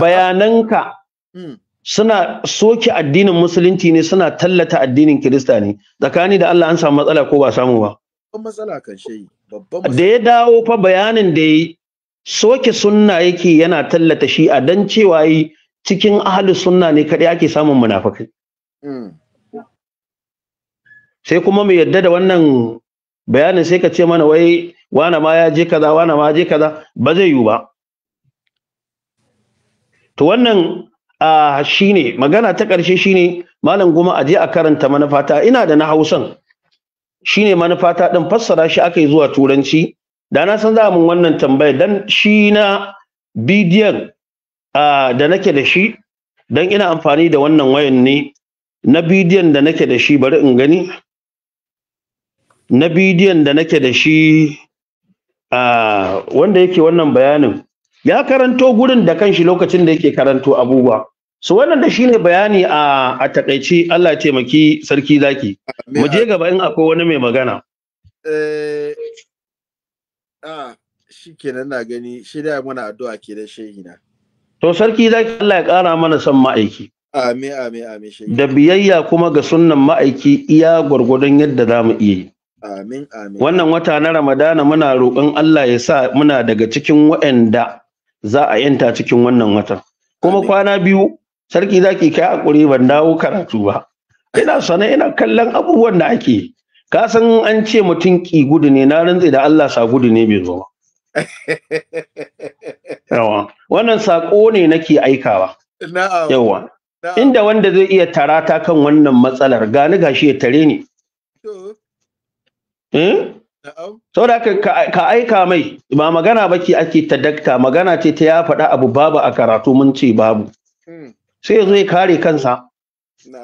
bayananka hmm. suna soke addinin musulunci ne suna tallata addinin kirista ne tsakani da Allah an samu matsala ko ba samu ba babban matsala kan da ya dawo fa bayanin da yi soke sunna yake yana tallata shi a dan cewa yi cikin ahlus sunna ne kadai ake samun munafakai. mm. sai kuma mu yadda da wannan bayanin sai ka ce mana wai wana ma ya je kaza wana ma je kaza ba zai yiwu ba to wannan a shine magana ta ƙarshe shine malam goma je a karanta manufata ina da na hausan shine manufata din fassara shi aka yi zuwa turanci da na san za mu wannan tambaya dan shi na bidiyon da nake da shi dan ina amfani da wannan wayan ne na bidiyon da nake da shi bari in gani na bidiyon da nake da shi a wanda yake wannan bayanin ya karanto gurin da kanshi lokacin da yake karanto abubuwa so wannan da shi ne bayani a a takaici Allah ya taimaki sarki zaki mu je gaba in akwai wani mai magana eh a shikenan na gani shi da muna addu'a ke da shehi na to sarki zaki Allah ya kara mana son ma'aiki amin amin amin shehi da biyayya kuma ga sunnan ma'aiki iya gwargwadon yadda zamu iya yi Amin amin. Wannan wata na Ramadana muna roƙon Allah ya sa muna daga cikin waɗanda za a yanta cikin wannan watan. Kuma kwana biyu sarki zaki kai hakuri ban dawo karatu ba. Ina sana ina kallon abubuwan da ake. Ka san an ce mutum ki gudu ne na rantse da Allah sa gudu ne bai zo ba. Yawa. Wannan saƙo ne nake aikawa. Yawa. Inda wanda zai iya tarata kan wannan matsalar gani gashi ya tare ni. Hmm? Saboda ka aika mai ba magana ba ke ake ta dakta magana ce ta ya faɗa abu babu a karatu mun ce babu. Hmm. Sai zai ya kare kansa.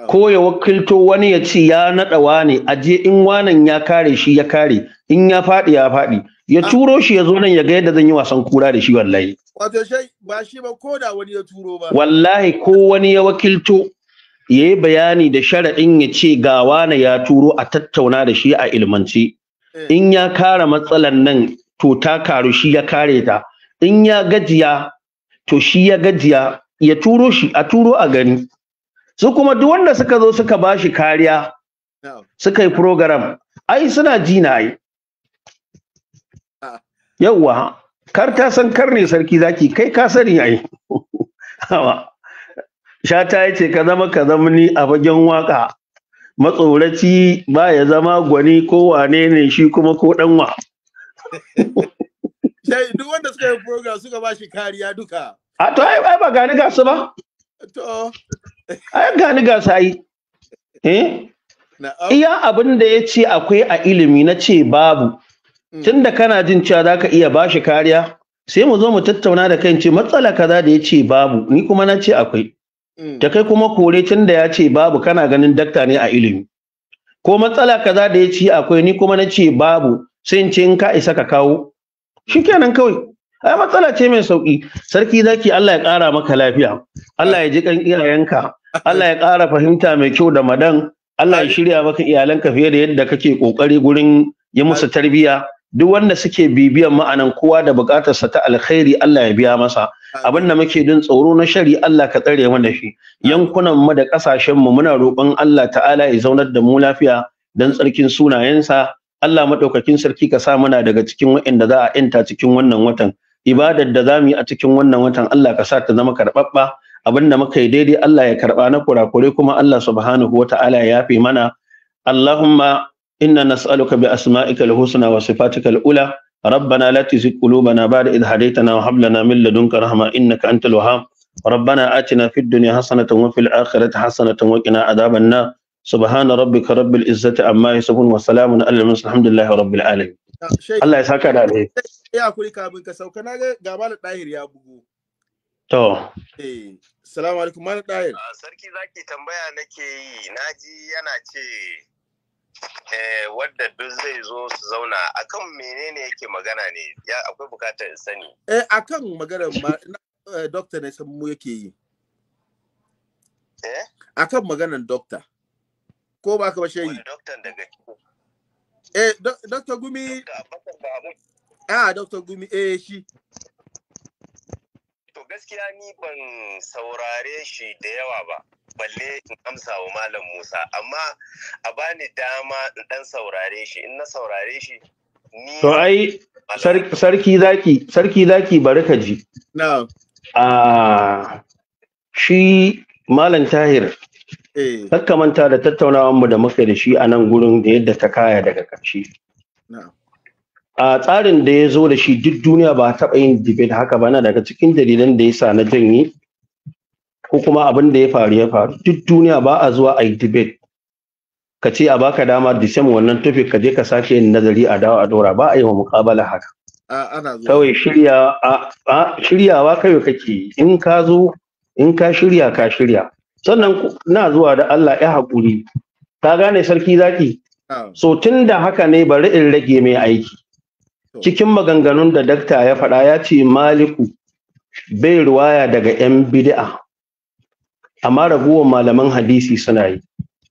Ko ya wakilto wani ya ce ya naɗa wane aje in wanan ya kare shi ya kare in ya faɗi ya faɗi ya ah. turo shi ya zo nan ya ga yadda zan yi wasan kura da shi wallahi. Wato shai ba shi ba ko da wani ya turo ba. Wallahi ko wani ya wakilto ya yi bayani da shara'in ya ce ga wane ya turo a tattauna da shi a ilmance eh. in ya kare matsalan nan to ta karu shi ya kare ta in ya gajiya to shi ya gajiya ya turo shi a turo a gani su kuma duk wanda suka zo suka bashi kariya suka yi program ai suna ji na yi ah. yauwa kar ta san kar ne sarki zaki kai ka sani ai Shata ya ce ka zama ka zama ni a bagen waka matsoraci ba ya zama gwani ko wane ne shi kuma ko wa sai duk wanda suka yi program suka ba shi kariya duka. A to ai ba gani gasu ba. To. Ai gani gasu ai. Eh? Iya abin da ya ce akwai a ilimi na ce babu. Mm. Tunda kana jin cewa za ka iya ba shi kariya sai mu zo mu tattauna da kai ce matsala kaza da ya ce babu ni kuma na ce akwai. Mm. da kai kuma kore tun da ya ce babu kana ganin dakta ne a ilimi ko matsala kaza da ya ci akwai ni kuma na ce babu sai in ce in ka isa ka kawo kenan kawai A matsala ce mai sauki sarki zaki Allah ya ƙara maka lafiya Allah ya ji kan iyayenka Allah ya ƙara fahimta mai kyau da madan Allah ya shirya maka iyalanka fiye da yadda kake kokari gurin yi musu tarbiyya duk wanda suke bibiyan ma'anan kowa da buƙatarsa ta alkhairi Allah ya biya masa abin da muke din tsoro na shari Allah ka tsare mana shi yankunan mu da kasashen mu muna roƙon Allah ta'ala ya zaunar da mu lafiya dan tsarkin sunayensa Allah madaukakin sarki ka sa muna daga cikin wa'anda za a inta cikin wannan watan ibadar da zamu yi a cikin wannan watan Allah ka sa ta zama karɓaɓɓa abin da muka yi daidai Allah ya karɓa na kurakure kuma Allah subhanahu wata'ala ya yafe mana Allahumma إنا نسألك بأسمائك الحسنى وصفاتك الأولى ربنا لا تزغ قلوبنا بعد إذ هديتنا وهب لنا من لدنك رحمة إنك أنت الوهاب ربنا آتنا في الدنيا حسنة وفي الآخرة حسنة وقنا عذاب النار سبحان ربك رب العزة عما يصفون وسلام على المرسلين الحمد لله رب العالمين Allah ya saka da alheri. Ya kuri kafin ka sauka na ga gaba da ɗahir ya bugu. To. Eh, salamu alaikum malam ɗahir. Sarki zaki tambaya nake yi, naji yana ce Eh, wadda duk zai zo su zauna akan menene yake magana ne ya akwai bukatar sani eh akan magana ma eh, doctor ne san mu yake yi eh akan maganar doctor ko ba ka ba shehi doctor daga eh doctor gumi ah doctor gumi eh shi gaskiya ni ban saurare shi da yawa ba balle in amsa wa malam musa amma a bani dama in dan saurare shi in na saurare shi to ai sarki zaki sarki zaki bari ka ji na'am a shi malam tahir Eh. manta da tattaunawanmu da muka da shi a nan gurin da yadda ta kaya daga ƙarshe a tsarin da ya zo da shi duk duniya ba taɓa yin debate haka ba na daga cikin dalilan da ya sa na janye ko kuma abin da ya faru ya faru duk duniya ba a zuwa a yi debate ka ce a baka dama disem wannan topic kaje je ka sake yin nazari a dawo a dora ba a yi wa mukabala haka kawai shirya a shiryawa kawai kake in ka zo in ka shirya ka shirya sannan na zuwa da Allah ya hakuri. ka gane sarki zaki so tun da haka ne bari in rage mai aiki cikin maganganun da dakta ya faɗa ya ce maliku bai ruwaya daga 'yan bid'a amma raguwar malaman hadisi suna yi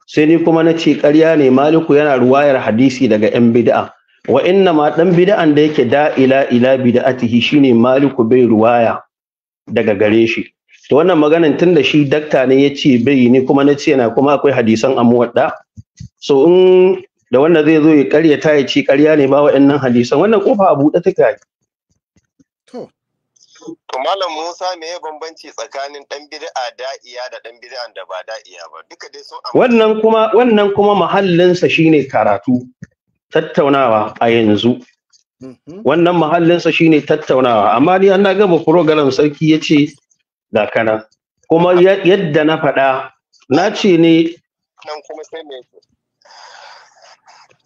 sai ni kuma na ce ƙarya ne maliku yana ruwayar hadisi daga 'yan bid'a wa inna ma ɗan bid'an da yake da'ila ila bid'atihi shine maliku bai ruwaya daga gare shi to wannan maganan tun da shi dakta ne ya ce bai ni kuma na ce na kuma akwai hadisan amuwadda so in da wanda zai zo ya karyata ya ci karya ne ma waɗannan hadisan wannan kofa a buɗe take to to malam Musa me ya bambanci tsakanin dan bid'a da'iya da dan bid'an da ba da'iya ba duka dai sun wannan kuma wannan kuma sa shine karatu tattaunawa a yanzu mm-hmm. wannan sa shine tattaunawa amma ni an mu program sarki ya ce ga kana kuma yadda na faɗa na ce ne nan kuma sai mai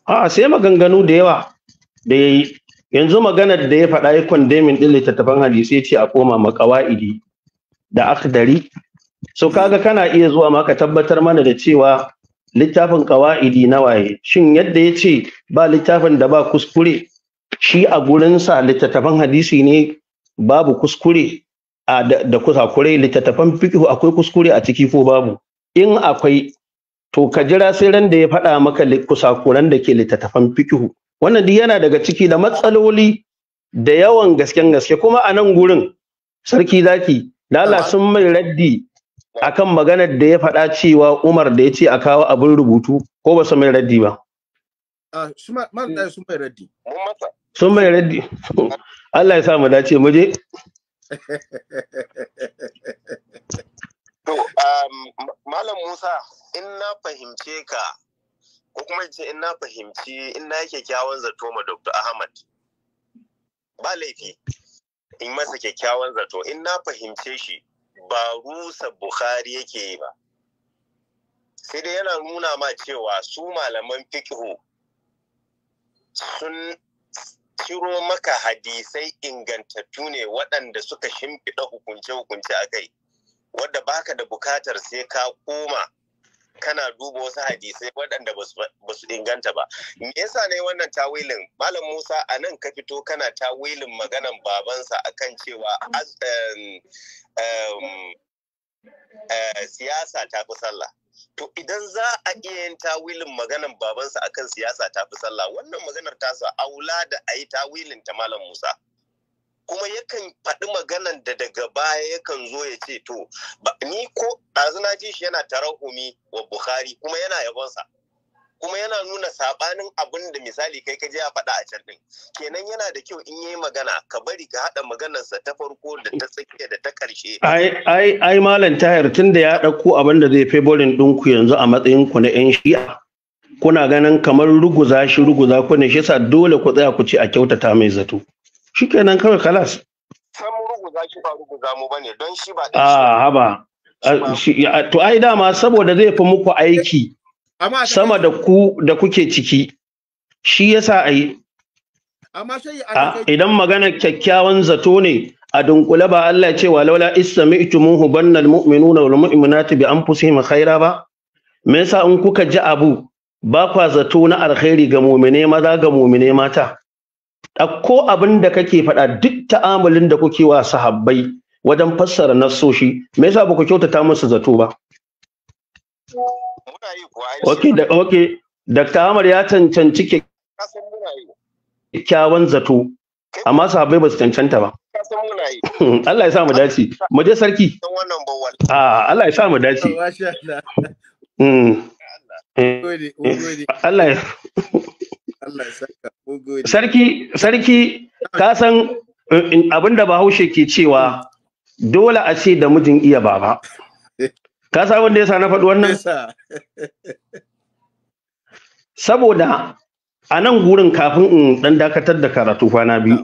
A'a sai maganganu da yawa da ya yi. Yanzu maganar da ya faɗa ya kwandemin ɗin littattafan hadisi ce a koma makawa'idi da akhdari. So kaga kana iya zuwa ma ka tabbatar mana da cewa littafin ƙawa'idi na waye. Shin yadda ya ce ba littafin da ba kuskure shi a gurinsa littattafan hadisi ne babu kuskure da kusa kure? littattafan fiqh akwai kuskure a ciki ko babu in akwai to ka jira sai ran da ya faɗa maka kusakuran da ke littattafan fikihu wannan duk yana daga ciki da matsaloli da yawan gasken gaske kuma a nan gurin sarki zaki lala sun mai raddi akan maganar da ya faɗa cewa Umar da ya ce a kawo abin rubutu ko ba su mai raddi ba ah, sun mai Allah ya sa mu dace mu je To, um, Malam Musa, in na fahimce ka, ko kuma ce in na fahimci in na kyawun zato ma Dr. Ahmad, ba laifi, in masa kyakkyawan zato, in na fahimce shi ba rusa Bukhari yake yi ba. Sai dai yana nuna ma cewa su malaman fikihu sun ciro maka hadisai ingantattu ne waɗanda suka shimfiɗa hukunce-hukunce a kai. wadda baka da bukatar sai ka koma kana duba wasu hadisai waɗanda ba su inganta ba me yasa ne wannan tawilin malam musa a nan ka fito kana tawilin maganan babansa akan cewa eh, siyasa ta fi sallah to idan za a iya yin tawilin maganan babansa akan siyasa ta fi sallah wannan maganar tasa aula da a yi tawilin ta malam musa kuma yakan faɗi maganan da daga baya yakan zo ya ce to ni ko ɗazu na ji shi yana tarahumi wa Bukhari kuma yana yabonsa kuma yana nuna saɓanin abin da misali kai ka je a faɗa a can ɗin kenan yana da kyau in yi magana ka bari ka haɗa maganarsa ta farko da ta tsakiya da ta ƙarshe ai ai ai malam tahir da ya ɗauko abin da zai ɗin ɗinku yanzu a matsayin ku na 'yan shi'a kuna ganin kamar ruguza shi ruguza ku ne shi yasa dole ku tsaya ku ce a kyautata mai zato shikenan kawai kalas san shi ba ruguza mu bane a ah, haba ah, to ai dama saboda zai fi muku aiki sama da ku da kuke ciki shi yasa ai amma sai ah, idan magana kyakkyawan zato ne a dunkule ba Allah ce wa laula istami'tumuhu bannal mu'minuna wal mu'minatu bi anfusihim khaira ba me yasa in kuka ji abu ba kwa zato na alkhairi ga mu'mine maza ga mu'mine mata ko abin da kake faɗa duk ta'amalin da kuke wa sahabbai wajen fassara nassoshi me yasa ba ku kyautata musu zato ba okay da okay Dr. Amar ya cancanci kyakkyawan zato amma sahabbai ba su cancanta ba Allah ya sa mu dace mu je sarki ah, Allah ya sa mu dace hmm. eh, eh, Allah ya sarki sarki ka san eh, abinda bahaushe ke cewa dole a ce da mijin iya baba ka san abin da yasa na faɗi wannan saboda a nan gurin kafin in dan dakatar da karatu kwana biyu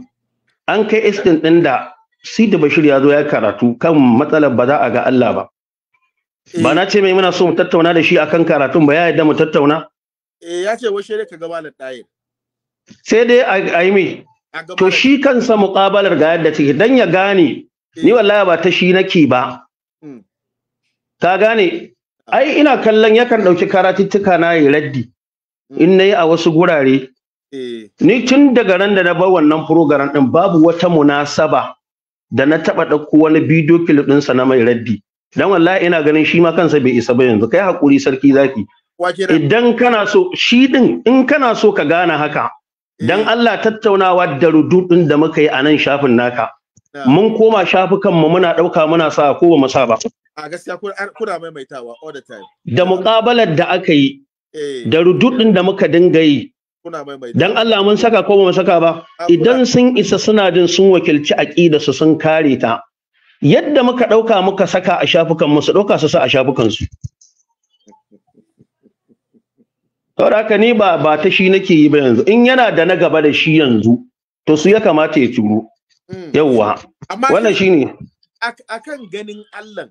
an kai istin din da Sidi Bashir ya zo ya karatu kan matsalar ba za a ga Allah ba ba na eh. ce mai muna so mu tattauna da shi akan karatun ba ya yadda mu tattauna Eh, ya ce shere ka gaba malam Sai dai a yi mai, To shi kansa muƙabalar ga yadda take dan ya gane ni eh. wallahi ba ta shi nake ba. Hmm. ta gane ai ina kallon yakan ɗauki karatuttuka na yi raddi hmm. in na yi a wasu gurare. Eh. Ni tun daga ran da na bar wannan program ɗin babu wata munasaba da na taɓa ɗauko wani bidiyo kilif ɗinsa na mai raddi. Dan wallahi ina ganin shi ma kansa bai isa ba yanzu kai haƙuri sarki zaki. idan kana so shi din in kana so ka gane haka dan eh. Allah tattaunawa da rududin da muka yi a nan shafin naka mun koma shafukan mu muna dauka muna sa ko ba mu sa ba a gaskiya kuna maimaitawa all the time da muƙabalar da aka yi eh. da rududin da muka dinga yi dan Allah mun saka ko ba mu saka ba idan sun isa suna jin sun wakilci aqida su sun kare ta yadda muka dauka muka saka a shafukan mu su dauka su sa a shafukan su saboda haka ni ba ba ta shi nake yi ba yanzu in yana da na gaba da shi yanzu to su ya kamata ya turo mm. yawwa wannan shine akan ganin Allah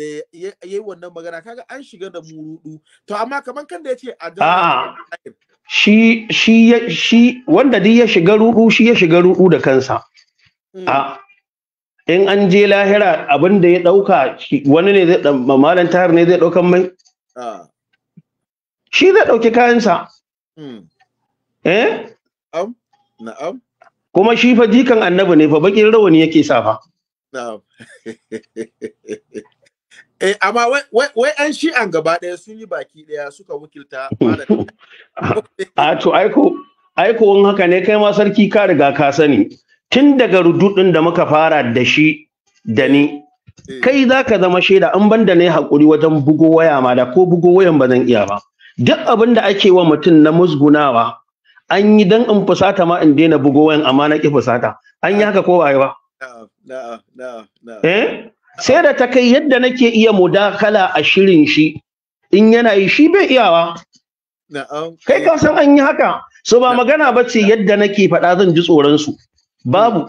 da ya yi wannan magana kaga an shiga da murudu to amma kaman kan da yace a shi shi shi wanda duk ya shiga rudu shi ya shiga rudu da kansa mm. a in an je lahira abin da ya dauka wani ne zai malam tahir ne zai daukan mai ah. shi zai ɗauki kayansa hmm. eh na'am kuma shi fa jikan annabi ne fa bakin rawani yake sa fa na'am Eh, amma wai shi'an gaba ɗaya sun yi baki ɗaya suka wukilta A to aiko, aiko in haka ne kai ma sarki ka riga ka sani. Tun daga rududin da muka fara da shi da ni, eh. kai za ka zama shaida an banda da na yi haƙuri wajen bugo waya ma da ko bugo wayan ba zan iya ba. duk abin da ake wa mutum na musgunawa an yi dan in fusata ma in daina bugo wayan amma na ki fusata an yi haka ko ba ba eh sai da ta kai yadda nake iya mudakala a shirin shi in yana yi shi bai iyawa kai eh. ka san an yi haka so ba magana ba ce yadda nake faɗa zan ji tsoron su babu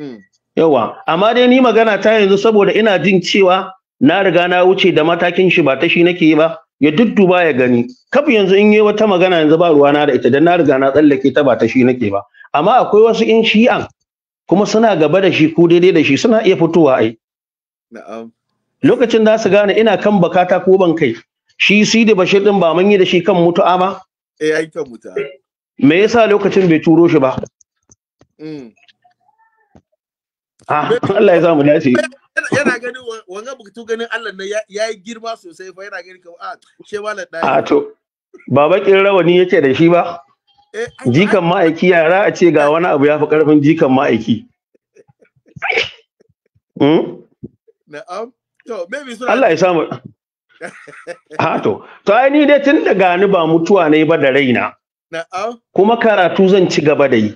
mm. yawa amma dai ni magana ta yanzu saboda ina jin cewa na riga na wuce da matakin shi ba ta shi nake yi ba ya dudduba ya gani kafin yanzu in yi wata magana yanzu ba ruwana da ita dan na riga na tsallake ta ba ta shi nake ba amma akwai wasu in shi'an kuma suna gaba da shi ko daidai da shi suna iya fitowa ai lokacin da su gane ina kan bakata ko ban kai shi sidi bashir din ba mun yi da shi kan mutu'a ba eh ai kan mutu'a me yasa lokacin bai turo shi ba mm. Ah, Allah ya samu dace. Yana ganin wanga bukatu ganin Allah na ya yi girma sosai fa yana ganin kamar a ah, she malam ɗaya. A ah, to baba kin rawani yake da shi ba? Eh, jikan ma'aiki yara a ce ga wani abu ya fi karfin jikan ma'aiki. Hmm? Allah ya samu. Ha to. To ai ni dai tun da Gani ba mutuwa ne ba da raina. Na'am. Kuma karatu zan ci gaba da yi.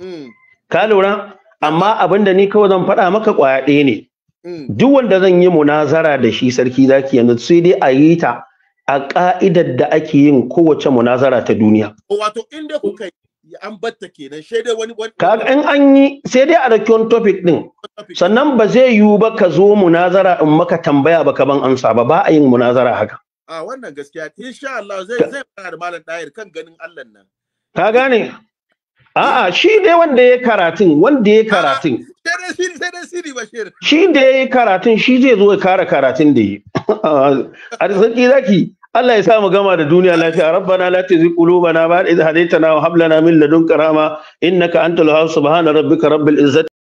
Hmm. Ka lura? amma abin da ni kawai zan faɗa maka ƙwaya ɗaya ne mm. duk wanda zan yi munazara da shi sarki zaki yanzu sai dai a yi ta a ka'idar da ake yin kowace munazara ta duniya wato inda kuka yi an batta kenan sai dai wani kaga in an yi sai dai a dauki wani topic din sannan ba zai yiwu ba ka zo munazara in maka tambaya ba ka ban amsa ba ba a yin munazara haka a wannan gaskiya insha Allah zai zai fara da malam dair kan ganin Allah nan ka gane A'a shi ne wanda ya karatun wanda ya karatun. Shi da ya yi karatun shi zai zo ya kara karatun da yi. A sarki zaki Allah ya sa mu gama da duniya lafiya rabbana la tuzigh qulubana ba'da idh hadaytana wa hab lana min ladunka rahma innaka antal wahhab subhana rabbika rabbil izzati